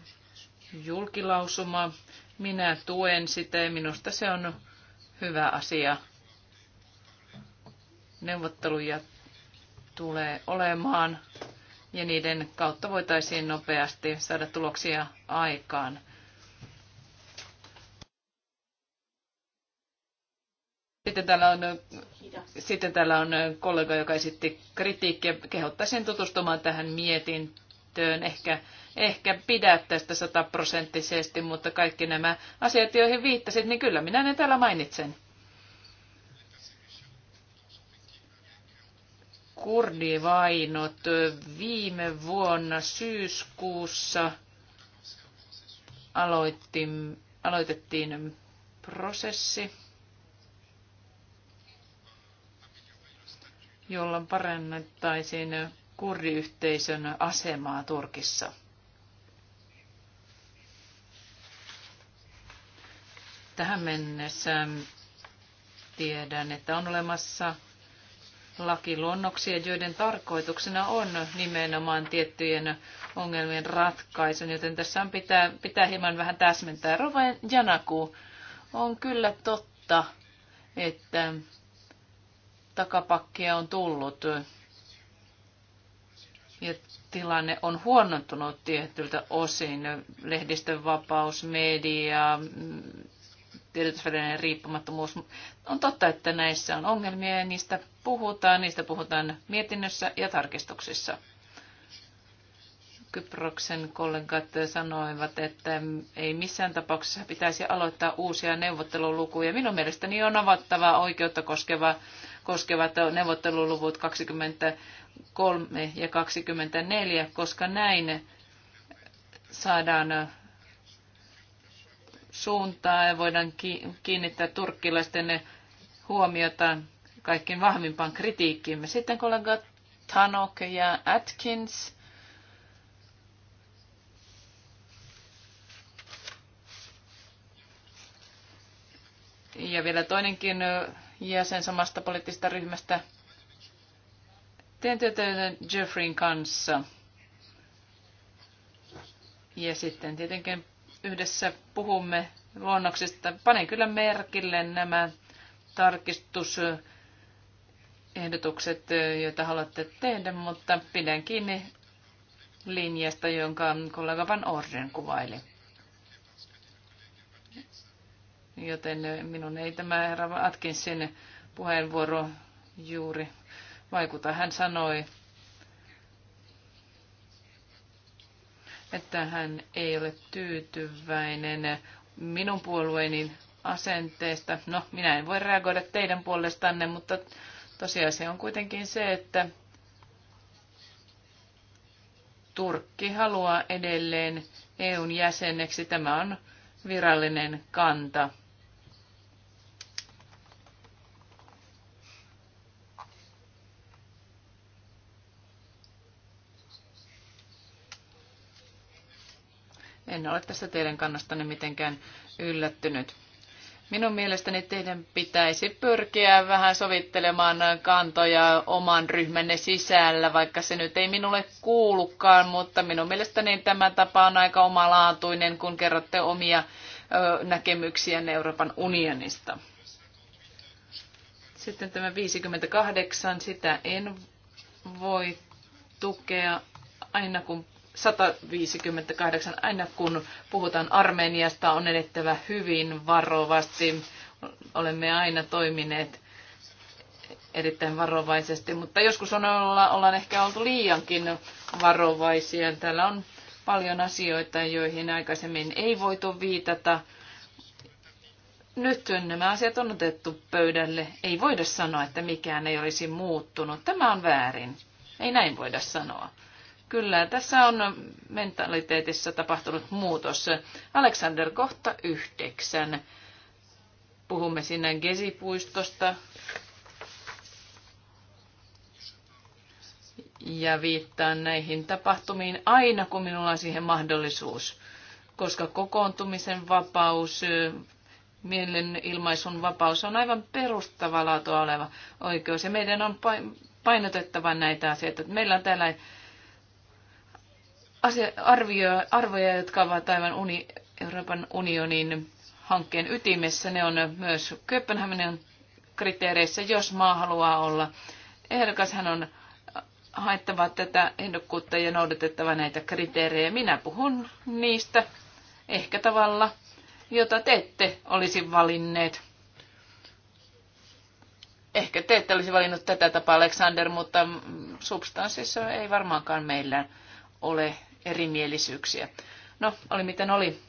julkilausuma. Minä tuen sitä ja minusta se on hyvä asia. Neuvotteluja tulee olemaan ja niiden kautta voitaisiin nopeasti saada tuloksia aikaan. Sitten täällä on sitten täällä on kollega, joka esitti kritiikkiä. Kehottaisin tutustumaan tähän mietintöön. Ehkä, ehkä pidä tästä sataprosenttisesti, mutta kaikki nämä asiat, joihin viittasit, niin kyllä minä ne täällä mainitsen. kurdivainot viime vuonna syyskuussa aloitettiin prosessi. jolla parannettaisiin kurdiyhteisön asemaa Turkissa. Tähän mennessä tiedän, että on olemassa lakiluonnoksia, joiden tarkoituksena on nimenomaan tiettyjen ongelmien ratkaisun, joten tässä on pitää, pitää hieman vähän täsmentää. Rova Janaku, on kyllä totta, että takapakkia on tullut ja tilanne on huonontunut tietyiltä osin. Lehdistön vapaus, media, tiedotusvälineen riippumattomuus. On totta, että näissä on ongelmia ja niistä puhutaan. Niistä puhutaan mietinnössä ja tarkistuksissa. Kyproksen kollegat sanoivat, että ei missään tapauksessa pitäisi aloittaa uusia neuvottelulukuja. Minun mielestäni on avattava oikeutta koskeva koskevat neuvotteluluvut 23 ja 24, koska näin saadaan suuntaa ja voidaan kiinnittää turkkilaisten huomiota kaikkein vahvimpaan kritiikkiimme. Sitten kollegat Tanok ja Atkins. Ja vielä toinenkin jäsen samasta poliittisesta ryhmästä. Teen työtä Jeffreyn kanssa. Ja sitten tietenkin yhdessä puhumme luonnoksista. Panen kyllä merkille nämä tarkistusehdotukset, joita haluatte tehdä, mutta pidän kiinni linjasta, jonka kollega Van Orden kuvaili joten minun ei tämä herra Atkinsin puheenvuoro juuri vaikuta. Hän sanoi, että hän ei ole tyytyväinen minun puolueeni asenteesta. No, minä en voi reagoida teidän puolestanne, mutta tosiasia on kuitenkin se, että Turkki haluaa edelleen EUn jäseneksi. Tämä on virallinen kanta. En ole tässä teidän kannastanne mitenkään yllättynyt. Minun mielestäni teidän pitäisi pyrkiä vähän sovittelemaan kantoja oman ryhmänne sisällä, vaikka se nyt ei minulle kuulukaan, mutta minun mielestäni tämä tapa on aika omalaatuinen, kun kerrotte omia näkemyksiä Euroopan unionista. Sitten tämä 58, sitä en voi tukea aina kun 158 aina kun puhutaan Armeniasta on edettävä hyvin varovasti. Olemme aina toimineet erittäin varovaisesti, mutta joskus on olla, ollaan ehkä oltu liiankin varovaisia. Täällä on paljon asioita, joihin aikaisemmin ei voitu viitata. Nyt nämä asiat on otettu pöydälle. Ei voida sanoa, että mikään ei olisi muuttunut. Tämä on väärin. Ei näin voida sanoa. Kyllä, tässä on mentaliteetissa tapahtunut muutos. Alexander kohta yhdeksän. Puhumme sinne Gesipuistosta. Ja viittaan näihin tapahtumiin aina, kun minulla on siihen mahdollisuus. Koska kokoontumisen vapaus, mielenilmaisun vapaus on aivan perustavaa laatua oleva oikeus. Ja meidän on painotettava näitä asioita. Meillä on täällä asia, arvio, arvoja, jotka ovat aivan uni, Euroopan unionin hankkeen ytimessä. Ne on myös Kööpenhaminan kriteereissä, jos maa haluaa olla ehdokas, hän on haettava tätä ehdokkuutta ja noudatettava näitä kriteerejä. Minä puhun niistä ehkä tavalla, jota te ette olisi valinneet. Ehkä te ette olisi valinnut tätä tapaa, Alexander, mutta substanssissa ei varmaankaan meillä ole erimielisyyksiä. No, oli miten oli.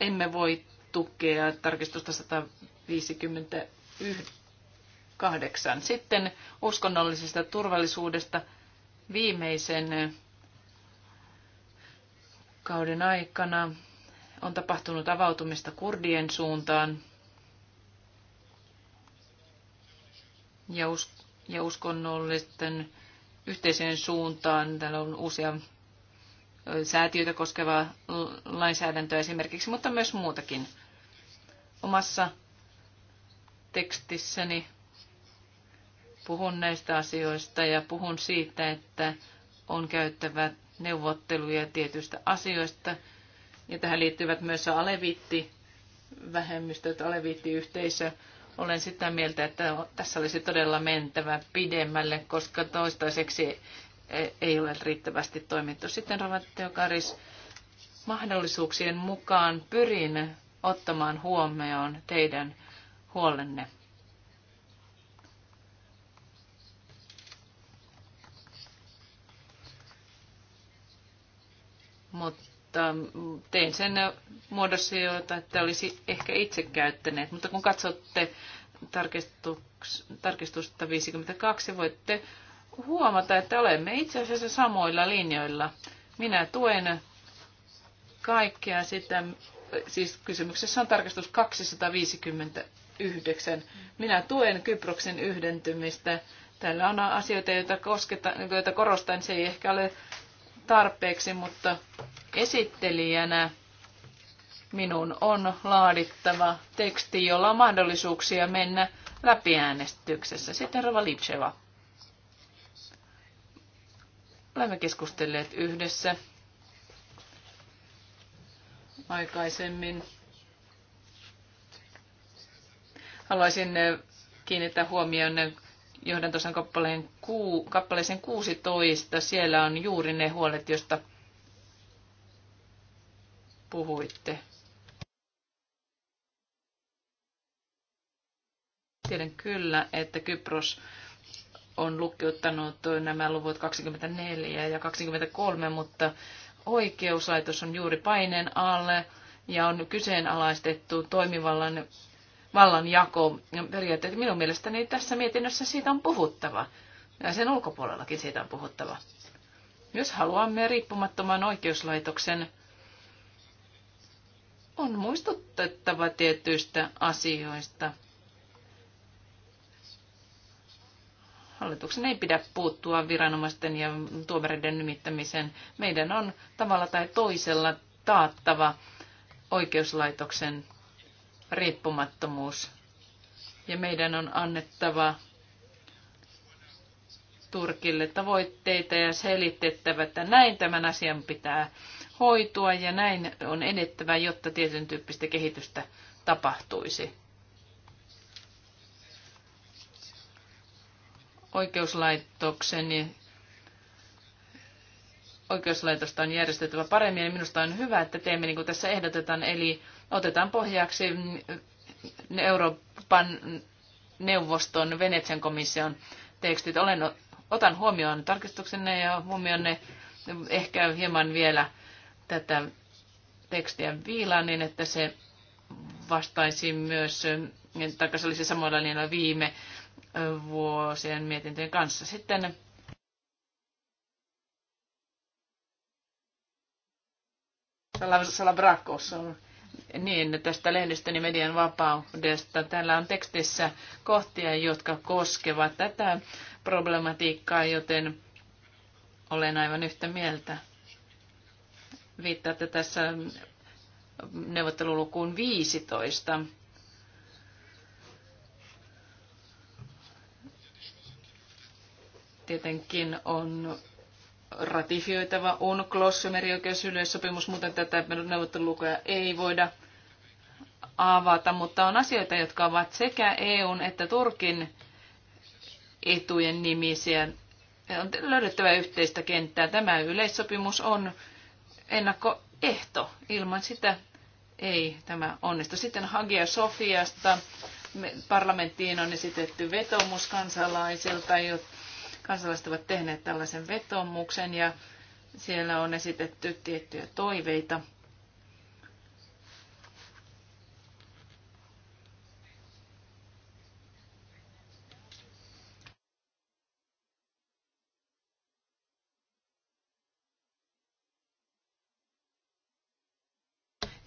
Emme voi tukea tarkistusta 158. Sitten uskonnollisesta turvallisuudesta viimeisen kauden aikana on tapahtunut avautumista kurdien suuntaan. Ja us- ja uskonnollisten yhteiseen suuntaan. Täällä on uusia säätiöitä koskevaa lainsäädäntöä esimerkiksi, mutta myös muutakin. Omassa tekstissäni puhun näistä asioista ja puhun siitä, että on käyttävä neuvotteluja tietyistä asioista. Ja tähän liittyvät myös aleviitti vähemmistöt, aleviittiyhteisö. yhteisö olen sitä mieltä, että tässä olisi todella mentävä pidemmälle, koska toistaiseksi e, ei ole riittävästi toimittu. Sitten Ravattiokaris, mahdollisuuksien mukaan pyrin ottamaan huomioon teidän huolenne. Mutta mutta mm, tein sen muodossa, jota että olisi ehkä itse käyttäneet. Mutta kun katsotte tarkistusta 52, voitte huomata, että olemme itse asiassa samoilla linjoilla. Minä tuen kaikkea sitä, siis kysymyksessä on tarkistus 259. Minä tuen Kyproksen yhdentymistä. Täällä on asioita, joita, kosketa, joita korostan, se ei ehkä ole tarpeeksi, mutta Esittelijänä minun on laadittava teksti, jolla on mahdollisuuksia mennä läpi äänestyksessä. Sitten Rova Lipseva. Olemme keskustelleet yhdessä aikaisemmin. Haluaisin kiinnittää huomioon johdantosan kappaleen, kappaleeseen 16. Siellä on juuri ne huolet, joista puhuitte. Tiedän kyllä, että Kypros on lukkiuttanut nämä luvut 24 ja 23, mutta oikeuslaitos on juuri paineen alle ja on kyseenalaistettu toimivallan vallanjako periaatteet. Minun mielestäni tässä mietinnössä siitä on puhuttava. Ja sen ulkopuolellakin siitä on puhuttava. Jos haluamme riippumattoman oikeuslaitoksen, on muistutettava tietyistä asioista. Hallituksen ei pidä puuttua viranomaisten ja tuomareiden nimittämiseen. Meidän on tavalla tai toisella taattava oikeuslaitoksen riippumattomuus. Ja meidän on annettava Turkille tavoitteita ja selitettävä, että näin tämän asian pitää hoitua ja näin on edettävä, jotta tietyn tyyppistä kehitystä tapahtuisi. Oikeuslaitoksen oikeuslaitosta on järjestettävä paremmin ja minusta on hyvä, että teemme niin kuin tässä ehdotetaan, eli otetaan pohjaksi Euroopan neuvoston Venetsian komission tekstit. Olen, otan huomioon tarkistuksenne ja huomioon ne ehkä hieman vielä tätä tekstiä viilaan niin, että se vastaisi myös, tai se olisi samoilla linjoilla viime vuosien mietintöjen kanssa. Sitten Salabrakos on niin, tästä lehdistön ja median vapaudesta. Täällä on tekstissä kohtia, jotka koskevat tätä problematiikkaa, joten olen aivan yhtä mieltä Viittaatte tässä neuvottelulukuun 15. Tietenkin on ratifioitava UNCLOS, merioikeusyleissopimus, muuten tätä neuvottelulukua ei voida avata, mutta on asioita, jotka ovat sekä EUn että Turkin etujen nimisiä. On löydettävä yhteistä kenttää. Tämä yleissopimus on ennakkoehto. Ilman sitä ei tämä onnistu. Sitten Hagia Sofiasta parlamenttiin on esitetty vetomus kansalaisilta, kansalaiset ovat tehneet tällaisen vetomuksen ja siellä on esitetty tiettyjä toiveita –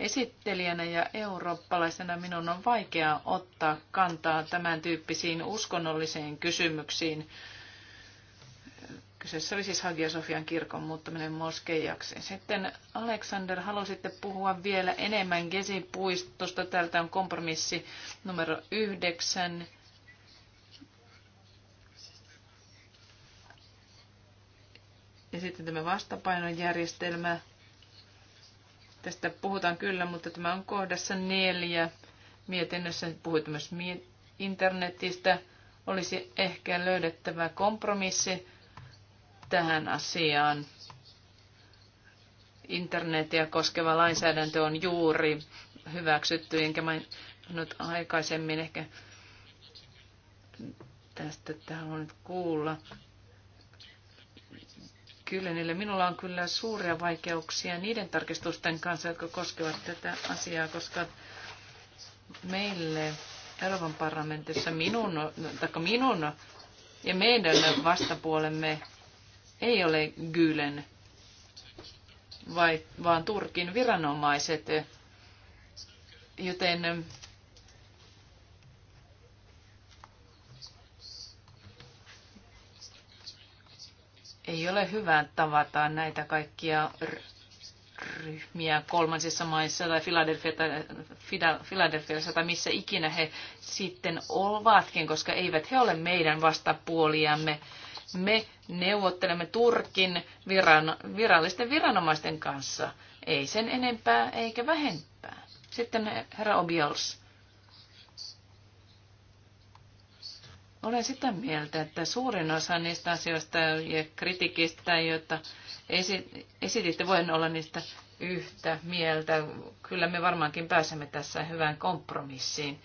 Esittelijänä ja eurooppalaisena minun on vaikea ottaa kantaa tämän tyyppisiin uskonnollisiin kysymyksiin. Kyseessä oli siis Hagia Sofian kirkon muuttaminen moskeijaksi. Sitten Alexander, halusitte puhua vielä enemmän Gesi-puistosta. Täältä on kompromissi numero yhdeksän. Ja sitten tämä vastapainojärjestelmä. järjestelmä Tästä puhutaan kyllä, mutta tämä on kohdassa neljä. Mietinnössä puhuit myös internetistä. Olisi ehkä löydettävä kompromissi tähän asiaan. Internetiä koskeva lainsäädäntö on juuri hyväksytty, enkä nyt aikaisemmin ehkä tästä tähän on nyt kuulla. Kyllä, niille minulla on kyllä suuria vaikeuksia niiden tarkistusten kanssa, jotka koskevat tätä asiaa, koska meille Euroopan parlamentissa minun, taikka minun ja meidän vastapuolemme ei ole Gylen, vai, vaan Turkin viranomaiset, joten Ei ole hyvä tavata näitä kaikkia ryhmiä kolmansissa maissa tai Filadelfiassa tai missä ikinä he sitten ovatkin, koska eivät he ole meidän vastapuoliamme. Me neuvottelemme Turkin viran, virallisten viranomaisten kanssa, ei sen enempää eikä vähempää. Sitten herra Obiols. Olen sitä mieltä, että suurin osa niistä asioista ja kritiikistä, joita esititte, voin olla niistä yhtä mieltä. Kyllä me varmaankin pääsemme tässä hyvään kompromissiin.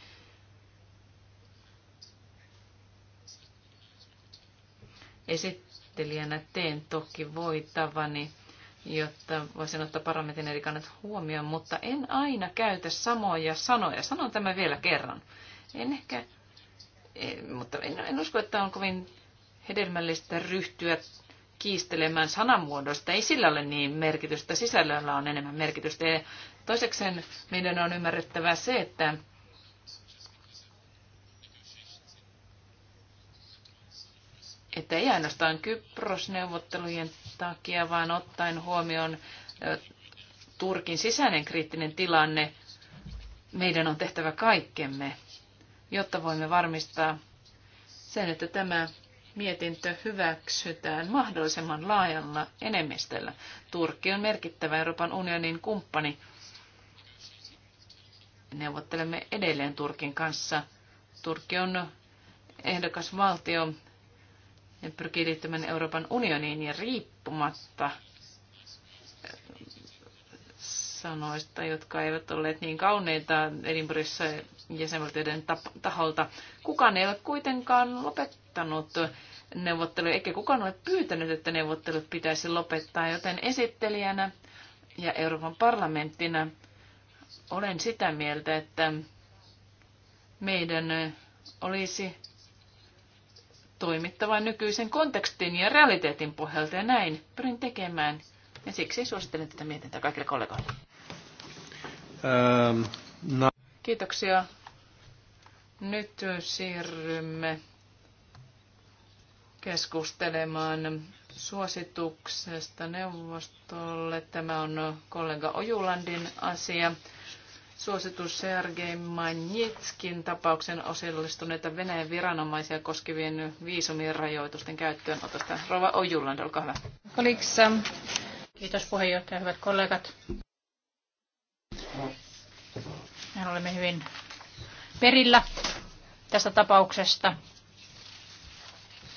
Esittelijänä teen toki voitavani, jotta voisin ottaa parlamentin eri kannat huomioon, mutta en aina käytä samoja sanoja. Sanon tämä vielä kerran. En ehkä mutta en, en usko, että on kovin hedelmällistä ryhtyä kiistelemään sanamuodosta. Ei sillä ole niin merkitystä, sisällöllä on enemmän merkitystä. Ja toisekseen meidän on ymmärrettävä se, että että ei ainoastaan Kyprosneuvottelujen takia, vaan ottaen huomioon Turkin sisäinen kriittinen tilanne, meidän on tehtävä kaikkemme, jotta voimme varmistaa sen, että tämä mietintö hyväksytään mahdollisimman laajalla enemmistöllä. Turkki on merkittävä Euroopan unionin kumppani. Neuvottelemme edelleen Turkin kanssa. Turkki on valtio ja pyrkii liittymään Euroopan unioniin ja riippumatta sanoista, jotka eivät olleet niin kauneita Edinburghissa jäsenvaltioiden taholta. Kukaan ei ole kuitenkaan lopettanut neuvotteluja, eikä kukaan ole pyytänyt, että neuvottelut pitäisi lopettaa, joten esittelijänä ja Euroopan parlamenttina olen sitä mieltä, että meidän olisi toimittava nykyisen kontekstin ja realiteetin pohjalta ja näin pyrin tekemään. Ja siksi suosittelen tätä mietintää kaikille kollegoille. Ähm, no. Kiitoksia. Nyt siirrymme keskustelemaan suosituksesta neuvostolle. Tämä on kollega Ojulandin asia. Suositus Sergei Magnitskin tapauksen osallistuneita Venäjän viranomaisia koskevien viisumien rajoitusten käyttöönotosta. Rova Ojuland, olkaa hyvä. Oliksa. Um, kiitos puheenjohtaja, hyvät kollegat. Me olemme hyvin perillä tästä tapauksesta,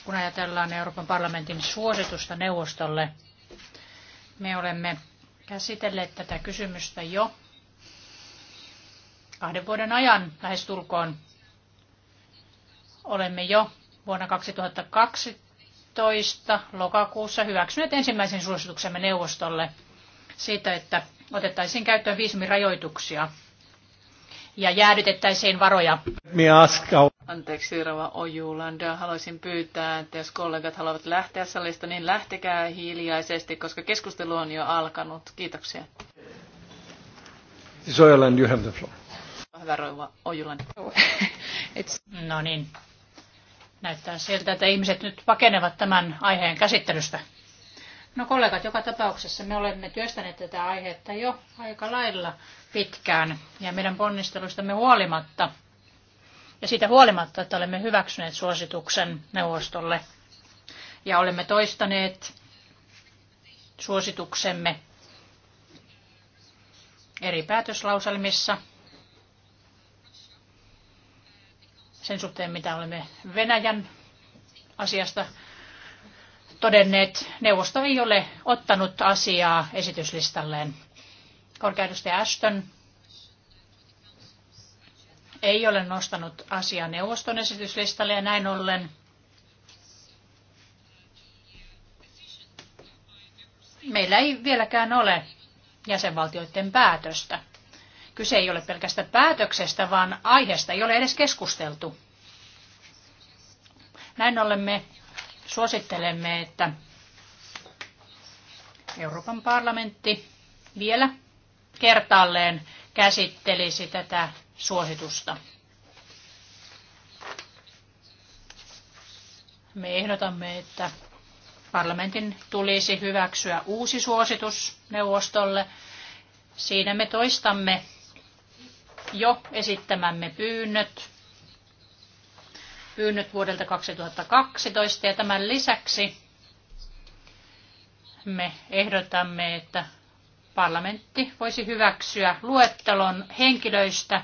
kun ajatellaan Euroopan parlamentin suositusta neuvostolle. Me olemme käsitelleet tätä kysymystä jo kahden vuoden ajan lähestulkoon. Olemme jo vuonna 2012 lokakuussa hyväksyneet ensimmäisen suosituksemme neuvostolle siitä, että otettaisiin käyttöön viisumirajoituksia ja jäädytettäisiin varoja. Anteeksi, Rova Ojulanda. Haluaisin pyytää, että jos kollegat haluavat lähteä salista, niin lähtekää hiljaisesti, koska keskustelu on jo alkanut. Kiitoksia. Zoyaland, you have the floor. Hyvä Rova Ojulanda. no niin. Näyttää siltä, että ihmiset nyt pakenevat tämän aiheen käsittelystä. No kollegat, joka tapauksessa me olemme työstäneet tätä aihetta jo aika lailla pitkään ja meidän ponnistelustamme huolimatta ja siitä huolimatta, että olemme hyväksyneet suosituksen neuvostolle ja olemme toistaneet suosituksemme eri päätöslauselmissa sen suhteen, mitä olemme Venäjän asiasta todenneet, neuvosto ei ole ottanut asiaa esityslistalleen. Korkeudustaja Ashton ei ole nostanut asiaa neuvoston esityslistalle ja näin ollen meillä ei vieläkään ole jäsenvaltioiden päätöstä. Kyse ei ole pelkästä päätöksestä, vaan aiheesta ei ole edes keskusteltu. Näin ollen me Suosittelemme, että Euroopan parlamentti vielä kertaalleen käsittelisi tätä suositusta. Me ehdotamme, että parlamentin tulisi hyväksyä uusi suositus neuvostolle. Siinä me toistamme jo esittämämme pyynnöt pyynnöt vuodelta 2012 ja tämän lisäksi me ehdotamme, että parlamentti voisi hyväksyä luettelon henkilöistä,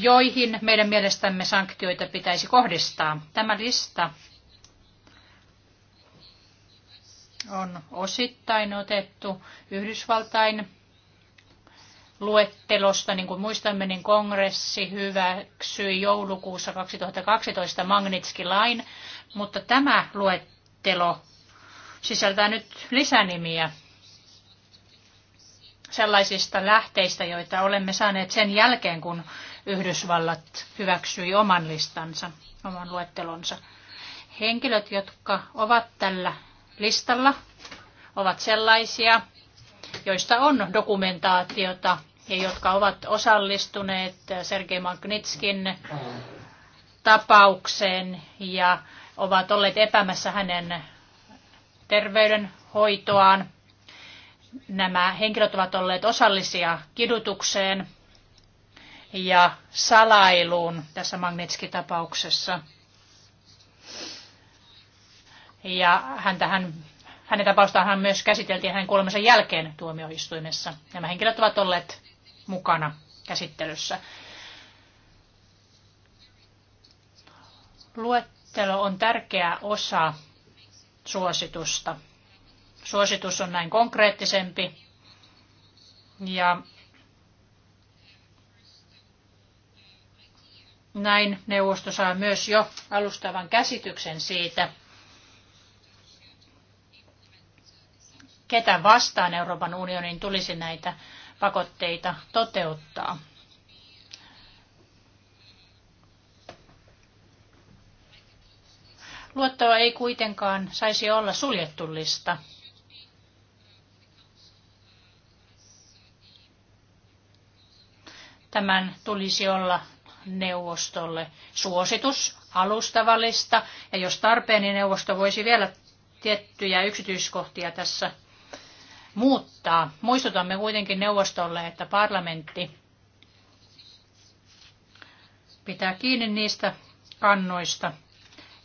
joihin meidän mielestämme sanktioita pitäisi kohdistaa. Tämä lista on osittain otettu Yhdysvaltain luettelosta. Niin kuin muistamme, niin kongressi hyväksyi joulukuussa 2012 Magnitski-lain, mutta tämä luettelo sisältää nyt lisänimiä sellaisista lähteistä, joita olemme saaneet sen jälkeen, kun Yhdysvallat hyväksyi oman listansa, oman luettelonsa. Henkilöt, jotka ovat tällä listalla, ovat sellaisia, joista on dokumentaatiota ja jotka ovat osallistuneet Sergei Magnitskin tapaukseen ja ovat olleet epämässä hänen terveydenhoitoaan. Nämä henkilöt ovat olleet osallisia kidutukseen ja salailuun tässä Magnitski-tapauksessa. Ja hän hänen tapaustaan myös käsiteltiin hänen kuolemansa jälkeen tuomioistuimessa. Nämä henkilöt ovat olleet mukana käsittelyssä. Luettelo on tärkeä osa suositusta. Suositus on näin konkreettisempi ja näin neuvosto saa myös jo alustavan käsityksen siitä, ketä vastaan Euroopan unionin tulisi näitä pakotteita toteuttaa. Luottoa ei kuitenkaan saisi olla suljettu lista. Tämän tulisi olla neuvostolle suositus alustavallista, ja jos tarpeen, niin neuvosto voisi vielä tiettyjä yksityiskohtia tässä muuttaa. Muistutamme kuitenkin neuvostolle, että parlamentti pitää kiinni niistä kannoista,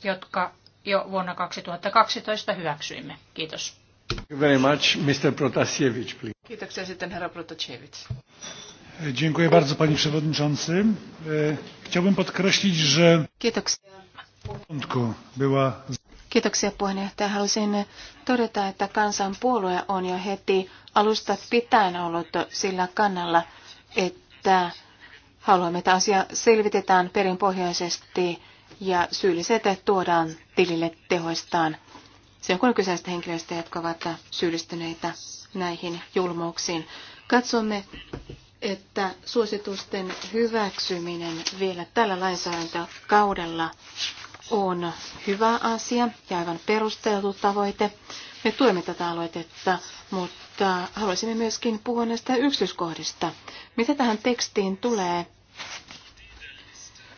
jotka jo vuonna 2012 hyväksyimme. Kiitos. Thank you very much, Mr. Protasiewicz, please. Kiitoksia sitten herra Protasiewicz. Dziękuję bardzo panie przewodniczący. E, chciałbym podkreślić, że Kiitoksia. była Kiitoksia puheenjohtaja. Haluaisin todeta, että kansanpuolue on jo heti alusta pitäen ollut sillä kannalla, että haluamme, että asia selvitetään perinpohjaisesti ja syylliset tuodaan tilille tehoistaan. Se on kuin kyseistä henkilöistä, jotka ovat syyllistyneitä näihin julmuuksiin. Katsomme, että suositusten hyväksyminen vielä tällä lainsäädäntökaudella on hyvä asia ja aivan perusteltu tavoite. Me tuemme tätä aloitetta, mutta haluaisimme myöskin puhua näistä yksityiskohdista. Mitä tähän tekstiin tulee?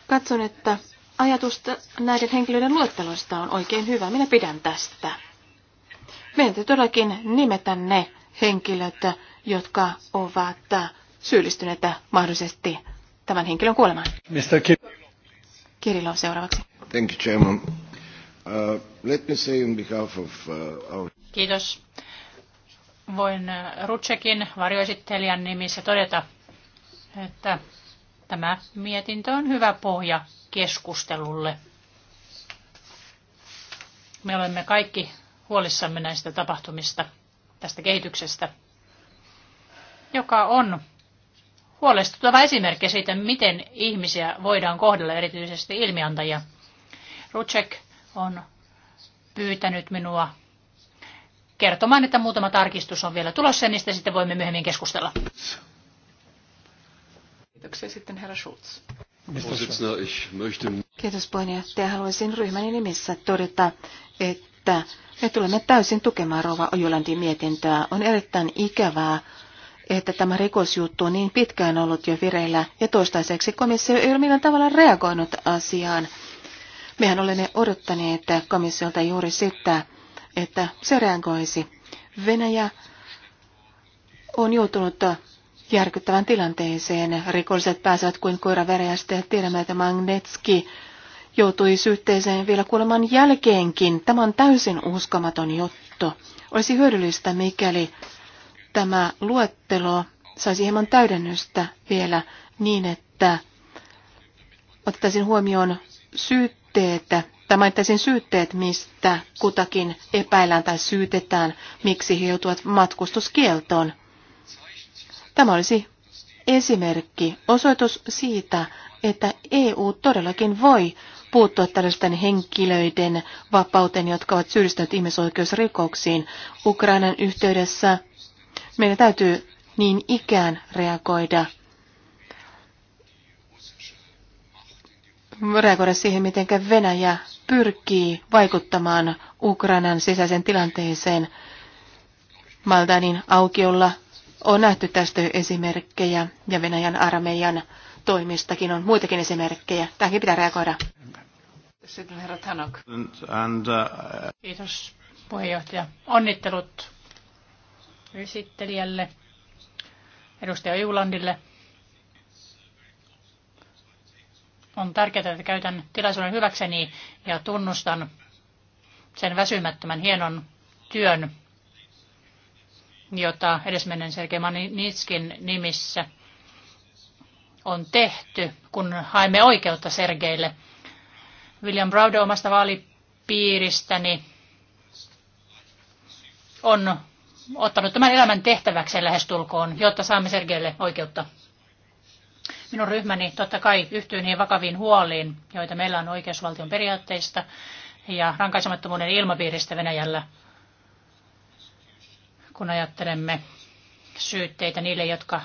Katson, että ajatusta näiden henkilöiden luetteloista on oikein hyvä. Minä pidän tästä. Meidän todellakin nimetä ne henkilöt, jotka ovat syyllistyneet mahdollisesti tämän henkilön kuolemaan. Mr. seuraavaksi. Thank you, Chairman. Uh, let me say on behalf of uh, our... Kiitos. Voin uh, Rutsekin varjoesittelijän nimissä todeta, että tämä mietintö on hyvä pohja keskustelulle. Me olemme kaikki huolissamme näistä tapahtumista, tästä kehityksestä, joka on huolestuttava esimerkki siitä, miten ihmisiä voidaan kohdella, erityisesti ilmiantajia. Rucek on pyytänyt minua kertomaan, että muutama tarkistus on vielä tulossa ja niistä sitten voimme myöhemmin keskustella. Kiitoksia sitten herra Schulz. Kiitos puheenjohtaja. Haluaisin ryhmäni nimissä todeta, että me tulemme täysin tukemaan Rova Ojulandin mietintöä. On erittäin ikävää, että tämä rikosjuttu on niin pitkään ollut jo vireillä ja toistaiseksi komissio ei ole millään tavalla reagoinut asiaan. Mehän olemme odottaneet komissiolta juuri sitä, että se reagoisi. Venäjä on joutunut järkyttävän tilanteeseen. Rikolliset pääsevät kuin koira veräjästä ja tiedämme, että Magnetski joutui syytteeseen vielä kuoleman jälkeenkin. Tämä on täysin uskomaton juttu. Olisi hyödyllistä, mikäli tämä luettelo saisi hieman täydennystä vielä niin, että ottaisin huomioon syyt syytteet, tai mainittaisin syytteet, mistä kutakin epäillään tai syytetään, miksi he joutuvat matkustuskieltoon. Tämä olisi esimerkki, osoitus siitä, että EU todellakin voi puuttua tällaisten henkilöiden vapauteen, jotka ovat syyllistyneet ihmisoikeusrikoksiin. Ukrainan yhteydessä meidän täytyy niin ikään reagoida – reagoida siihen, miten Venäjä pyrkii vaikuttamaan Ukrainan sisäisen tilanteeseen. Maldanin aukiolla on nähty tästä esimerkkejä ja Venäjän armeijan toimistakin on muitakin esimerkkejä. Tähänkin pitää reagoida. Sitten herra Tanok. And, uh... Kiitos puheenjohtaja. Onnittelut esittelijälle, edustaja Julandille. On tärkeää, että käytän tilaisuuden hyväkseni ja tunnustan sen väsymättömän hienon työn, jota edesmenneen Sergei Manitskin nimissä on tehty, kun haemme oikeutta Sergeille. William Browde omasta vaalipiiristäni on ottanut tämän elämän tehtäväkseen lähestulkoon, jotta saamme Sergeille oikeutta. Minun ryhmäni totta kai yhtyy niihin vakaviin huoliin, joita meillä on oikeusvaltion periaatteista ja rankaisemattomuuden ilmapiiristä Venäjällä, kun ajattelemme syytteitä niille, jotka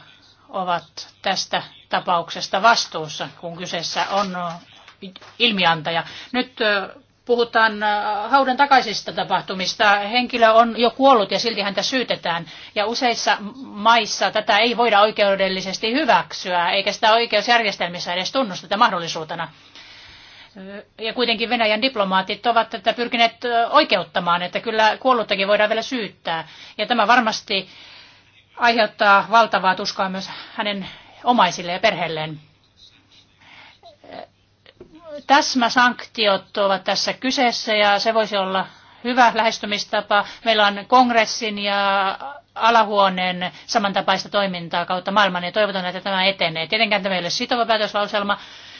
ovat tästä tapauksesta vastuussa, kun kyseessä on ilmiantaja. Nyt puhutaan äh, haudan takaisista tapahtumista. Henkilö on jo kuollut ja silti häntä syytetään. Ja useissa maissa tätä ei voida oikeudellisesti hyväksyä, eikä sitä oikeusjärjestelmissä edes tunnusteta mahdollisuutena. Ja kuitenkin Venäjän diplomaatit ovat tätä pyrkineet oikeuttamaan, että kyllä kuolluttakin voidaan vielä syyttää. Ja tämä varmasti aiheuttaa valtavaa tuskaa myös hänen omaisille ja perheelleen täsmäsanktiot ovat tässä kyseessä ja se voisi olla hyvä lähestymistapa. Meillä on kongressin ja alahuoneen samantapaista toimintaa kautta maailman ja toivotan, että tämä etenee. Tietenkään tämä ei ole sitova päätöslauselma,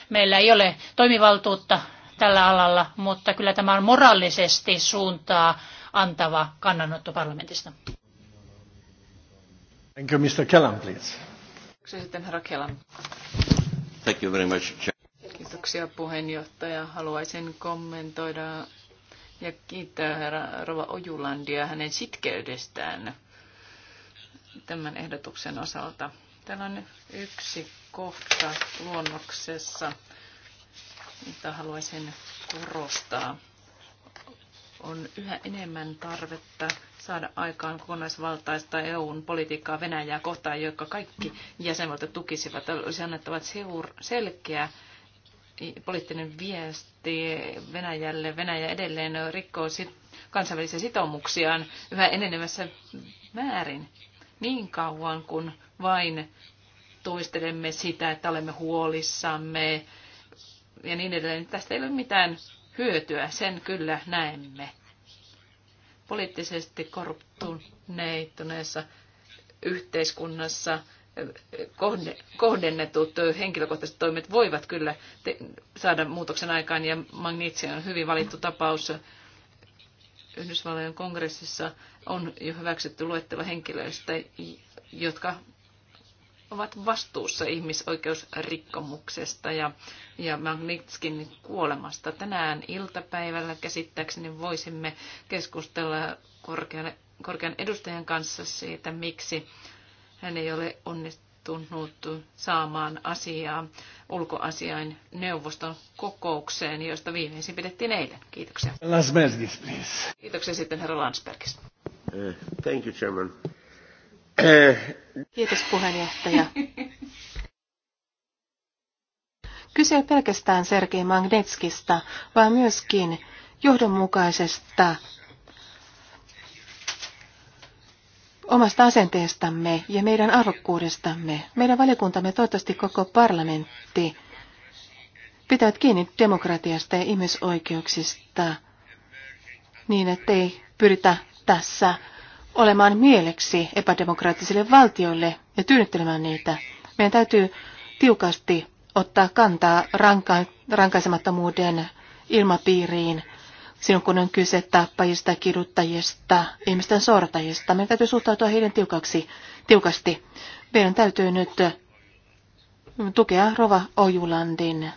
meillä ei ole toimivaltuutta tällä alalla, mutta kyllä tämä on moraalisesti suuntaa antava kannanotto parlamentista. Thank you, Mr. Kellan, please. Sitten herra Thank you very much. Kiitoksia puheenjohtaja. Haluaisin kommentoida ja kiittää herra Rova Ojulandia hänen sitkeydestään tämän ehdotuksen osalta. Täällä on yksi kohta luonnoksessa, jota haluaisin korostaa. On yhä enemmän tarvetta saada aikaan kokonaisvaltaista EUn politiikkaa Venäjää kohtaan, joka kaikki jäsenvaltiot tukisivat. Olisi annettava selkeä poliittinen viesti Venäjälle. Venäjä edelleen rikkoo kansainvälisiä sitoumuksiaan yhä enenevässä määrin niin kauan kuin vain toistelemme sitä, että olemme huolissamme ja niin edelleen. Niin tästä ei ole mitään hyötyä, sen kyllä näemme. Poliittisesti korruptuneituneessa yhteiskunnassa kohdennetut henkilökohtaiset toimet voivat kyllä saada muutoksen aikaan, ja Magnitsi on hyvin valittu tapaus. Yhdysvaltojen kongressissa on jo hyväksytty luettelo henkilöistä, jotka ovat vastuussa ihmisoikeusrikkomuksesta ja, ja Magnitskin kuolemasta. Tänään iltapäivällä käsittääkseni voisimme keskustella korkean, korkean edustajan kanssa siitä, miksi hän ei ole onnistunut saamaan asiaa ulkoasiain neuvoston kokoukseen, josta viimeisin pidettiin eilen. Kiitoksia. Lansbergis, please. Kiitoksia sitten herra Lansbergis. Eh, thank you, Chairman. Kiitos puheenjohtaja. Kyse ei pelkästään Sergei Magnetskista, vaan myöskin johdonmukaisesta omasta asenteestamme ja meidän arvokkuudestamme. Meidän valiokuntamme, toivottavasti koko parlamentti, pitävät kiinni demokratiasta ja ihmisoikeuksista niin, ettei pyritä tässä olemaan mieleksi epädemokraattisille valtioille ja tyynnyttelemään niitä. Meidän täytyy tiukasti ottaa kantaa ranka- rankaisemattomuuden ilmapiiriin – silloin kun on kyse tappajista, kiduttajista, ihmisten sortajista. Meidän täytyy suhtautua heidän tiukaksi, tiukasti. Meidän täytyy nyt tukea Rova Ojulandin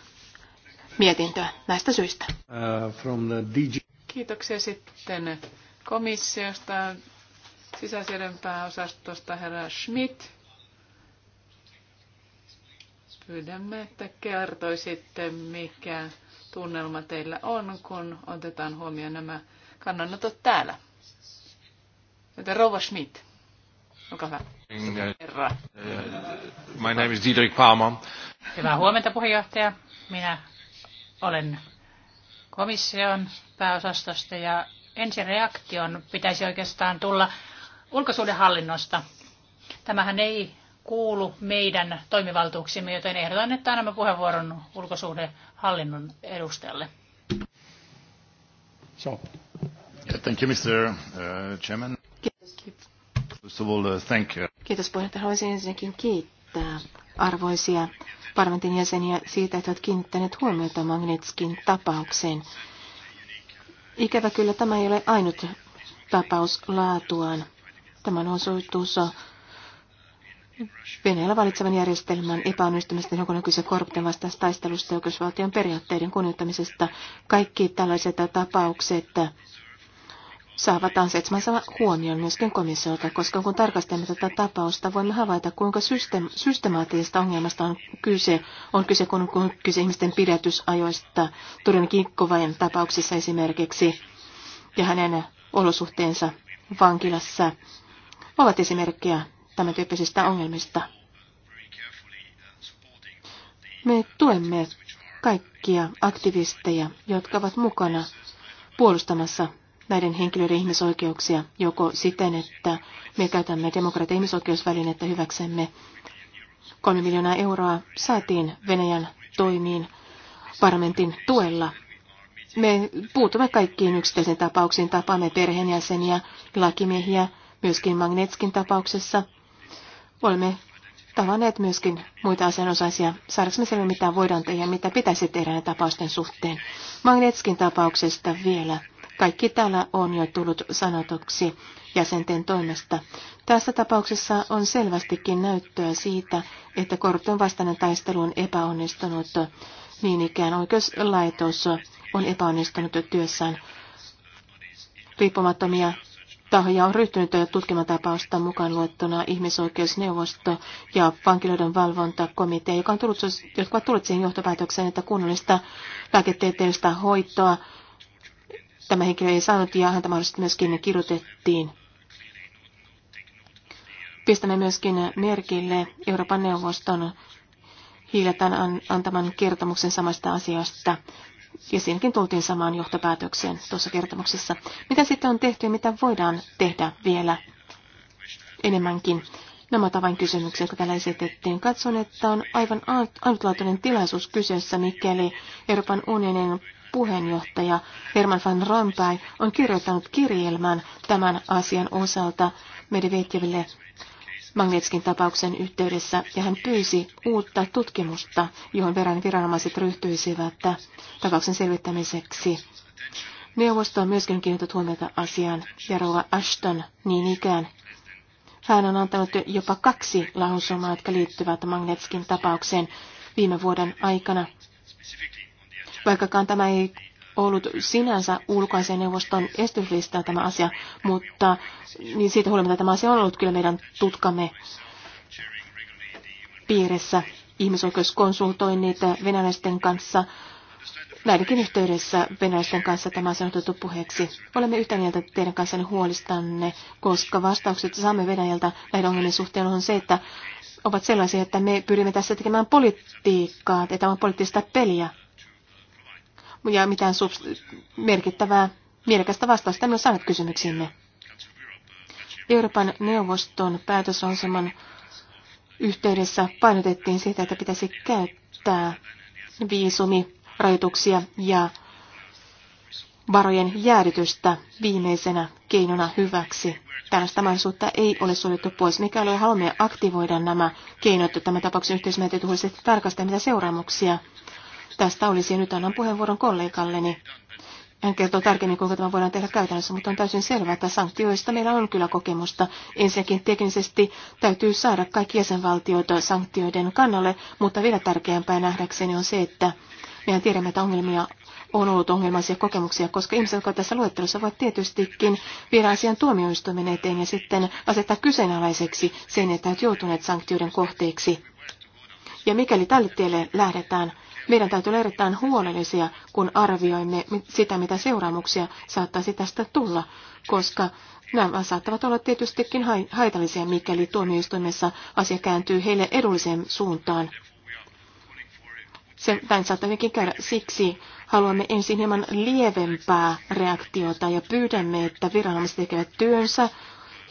mietintöä näistä syistä. Uh, from the DG. Kiitoksia sitten komissiosta, sisäisyyden pääosastosta herra Schmidt. Pyydämme, että kertoisitte, mikä tunnelma teillä on, kun otetaan huomioon nämä kannanotot täällä. Joten Rova Schmidt, olkaa hyvä. Herra. My name is Diederik Palman. Hyvää huomenta puheenjohtaja. Minä olen komission pääosastosta ja ensin reaktion pitäisi oikeastaan tulla ulkosuudenhallinnosta. Tämähän ei kuulu meidän toimivaltuuksimme, joten ehdotan, että annamme puheenvuoron ulkosuhdehallinnon edustajalle. So. Yeah, thank you, Mr. Uh, Chairman. Kiitos. First of all, uh, thank you. Kiitos puheenjohtaja. Haluaisin ensinnäkin kiittää arvoisia parlamentin jäseniä siitä, että olet kiinnittäneet huomiota Magnitskin tapaukseen. Ikävä kyllä tämä ei ole ainut tapaus laatuaan. Tämän osoitus Venäjällä valitsevan järjestelmän epäonnistumista, jonka on kyse korruption vastaista taistelusta ja oikeusvaltion periaatteiden kunnioittamisesta. Kaikki tällaiset tapaukset saavat ansaitsemansa huomioon myöskin komissiolta, koska kun tarkastelemme tätä tapausta, voimme havaita, kuinka system- systemaattisesta ongelmasta on kyse, on kyse kun, kun kyse ihmisten pidätysajoista, Turun Kinkkovain tapauksessa esimerkiksi, ja hänen olosuhteensa vankilassa ovat esimerkkejä tämän tyyppisistä ongelmista. Me tuemme kaikkia aktivisteja, jotka ovat mukana puolustamassa näiden henkilöiden ihmisoikeuksia joko siten, että me käytämme demokratia- ihmisoikeusvälinettä hyväksemme. Kolme miljoonaa euroa saatiin Venäjän toimiin parlamentin tuella. Me puutumme kaikkiin yksittäisiin tapauksiin, tapaamme perheenjäseniä, lakimiehiä, myöskin Magnetskin tapauksessa – Olemme tavanneet myöskin muita asianosaisia. Saadaanko me selvä, mitä voidaan tehdä ja mitä pitäisi tehdä näiden tapausten suhteen? Magnetskin tapauksesta vielä. Kaikki täällä on jo tullut sanotuksi jäsenten toimesta. Tässä tapauksessa on selvästikin näyttöä siitä, että korruption vastainen taistelu on epäonnistunut. Niin ikään oikeuslaitos on epäonnistunut työssään. Riippumattomia tahoja on ryhtynyt tutkimaan tapausta mukaan luettuna ihmisoikeusneuvosto ja vankiloiden valvontakomitea, joka on tullut, jotka ovat tulleet siihen johtopäätökseen, että kunnollista lääketieteellistä hoitoa tämä henkilö ei saanut ja häntä mahdollisesti myöskin kirjoitettiin. Pistämme myöskin merkille Euroopan neuvoston hiiletään antaman kertomuksen samasta asiasta. Ja siinäkin tultiin samaan johtopäätökseen tuossa kertomuksessa. Mitä sitten on tehty ja mitä voidaan tehdä vielä enemmänkin? Nämä ovat vain kysymyksiä, jotka täällä esitettiin. Katson, että on aivan ainutlaatuinen tilaisuus kyseessä, mikäli Euroopan unionin puheenjohtaja Herman van Rompuy on kirjoittanut kirjelmän tämän asian osalta Medvedeville Magnitskin tapauksen yhteydessä ja hän pyysi uutta tutkimusta, johon verran viranomaiset ryhtyisivät tapauksen selvittämiseksi. Neuvosto on myöskin kiinnittänyt huomiota asiaan ja Rova Ashton niin ikään. Hän on antanut jopa kaksi lausumaa, jotka liittyvät Magnetskin tapaukseen viime vuoden aikana. Vaikkakaan tämä ei ollut sinänsä ulkoisen neuvoston estyslistalla tämä asia, mutta niin siitä huolimatta tämä asia on ollut kyllä meidän tutkamme piirissä ihmisoikeuskonsultoinnit venäläisten kanssa. Näidenkin yhteydessä venäläisten kanssa tämä asia on otettu puheeksi. Olemme yhtä mieltä teidän kanssanne huolistanne, koska vastaukset saamme Venäjältä näiden ongelmien suhteen on se, että ovat sellaisia, että me pyrimme tässä tekemään politiikkaa, että on poliittista peliä ja mitään merkittävää mielekästä vastausta emme saaneet kysymyksiimme. Euroopan neuvoston päätöslauselman yhteydessä painotettiin sitä, että pitäisi käyttää viisumirajoituksia ja varojen jäädytystä viimeisenä keinona hyväksi. Tällaista mahdollisuutta ei ole suljettu pois. Mikäli haluamme aktivoida nämä keinot tämä tapauksen yhteismenetetyhuisesti tarkastaa, mitä seuraamuksia Tästä olisi nyt annan puheenvuoron kollegalleni. Hän kertoo tarkemmin, kuinka tämä voidaan tehdä käytännössä, mutta on täysin selvää, että sanktioista meillä on kyllä kokemusta. Ensinnäkin teknisesti täytyy saada kaikki jäsenvaltiot sanktioiden kannalle, mutta vielä tärkeämpää nähdäkseni on se, että meidän tiedämme, että ongelmia on ollut ongelmaisia kokemuksia, koska ihmiset, jotka tässä luettelossa voivat tietystikin viedä asian tuomioistuimen eteen ja sitten asettaa kyseenalaiseksi sen, että ovat joutuneet sanktioiden kohteeksi. Ja mikäli tälle tielle lähdetään, meidän täytyy olla erittäin huolellisia, kun arvioimme sitä, mitä seuraamuksia saattaisi tästä tulla, koska nämä saattavat olla tietystikin haitallisia, mikäli tuomioistuimessa asia kääntyy heille edulliseen suuntaan. Se näin saattavinkin käydä siksi, haluamme ensin hieman lievempää reaktiota ja pyydämme, että viranomaiset tekevät työnsä,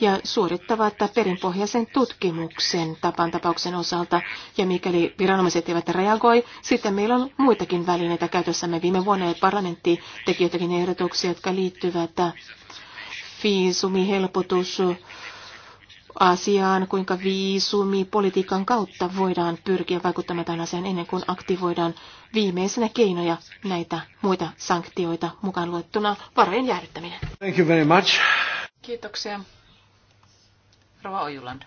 ja suorittavat perinpohjaisen tutkimuksen tapan tapauksen osalta. Ja mikäli viranomaiset eivät reagoi, sitten meillä on muitakin välineitä käytössämme. Viime vuonna parlamentti teki jotakin ehdotuksia, jotka liittyvät helpotus, asiaan, kuinka politiikan kautta voidaan pyrkiä vaikuttamaan tämän asian ennen kuin aktivoidaan viimeisenä keinoja näitä muita sanktioita mukaan luettuna varojen jäädyttäminen. Thank you very much. Kiitoksia. Rova Ojuland.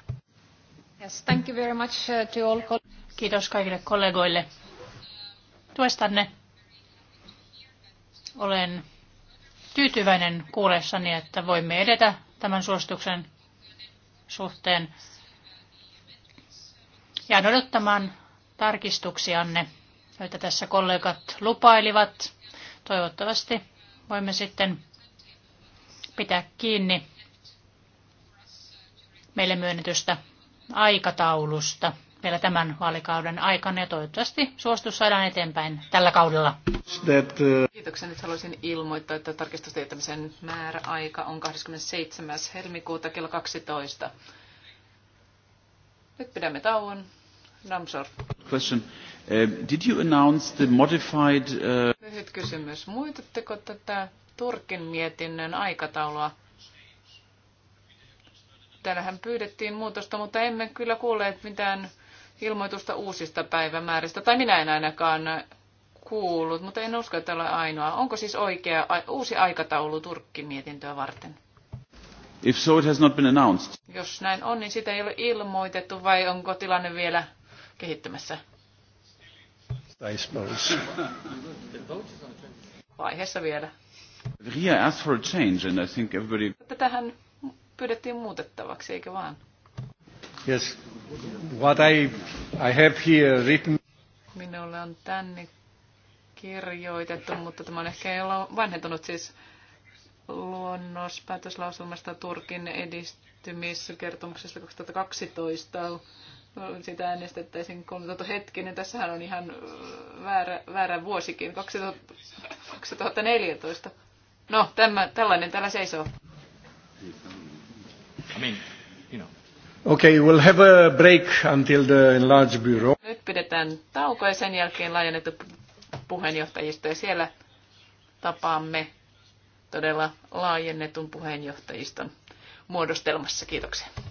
Yes, thank you very much uh, to all Kiitos kaikille kollegoille tuestanne. Olen tyytyväinen kuulessani, että voimme edetä tämän suosituksen suhteen. Jään odottamaan tarkistuksianne, joita tässä kollegat lupailivat. Toivottavasti voimme sitten pitää kiinni meille myönnetystä aikataulusta vielä tämän vaalikauden aikana ja toivottavasti suostus saadaan eteenpäin tällä kaudella. Uh, Kiitoksia. Nyt haluaisin ilmoittaa, että tarkistustietämisen määräaika on 27. helmikuuta kello 12. Nyt pidämme tauon. Namsor. Question. Uh, did you announce the modified... Uh... Lyhyt kysymys. Muitatteko tätä Turkin mietinnön aikataulua? Täällähän pyydettiin muutosta, mutta emme kyllä kuulleet mitään ilmoitusta uusista päivämääristä, tai minä en ainakaan kuullut, mutta en usko, että ole ainoa. Onko siis oikea uusi aikataulu Turkki-mietintöä varten? If so, it has not been announced. Jos näin on, niin sitä ei ole ilmoitettu, vai onko tilanne vielä kehittymässä? I suppose. Vaiheessa vielä. Ria asked for a change, and I think everybody pyydettiin muutettavaksi, eikö vaan? Yes. What I, I have here written... Minulle on tänne kirjoitettu, mutta tämä on ehkä ei ole vanhentunut siis luonnos Turkin edistymiskertomuksesta 2012. Sitä äänestettäisiin hetki, niin Tässähän on ihan äh, väärä, väärä vuosikin, 2014. No, tämä, tällainen täällä seisoo. Kiitos. Niin, I mean, you know. Okay, we'll have a break until the enlarged bureau. Nyt pidetään tauko ja sen jälkeen laajennettu puheenjohtajisto ja siellä tapaamme todella laajennetun puheenjohtajiston muodostelmassa. Kiitoksia.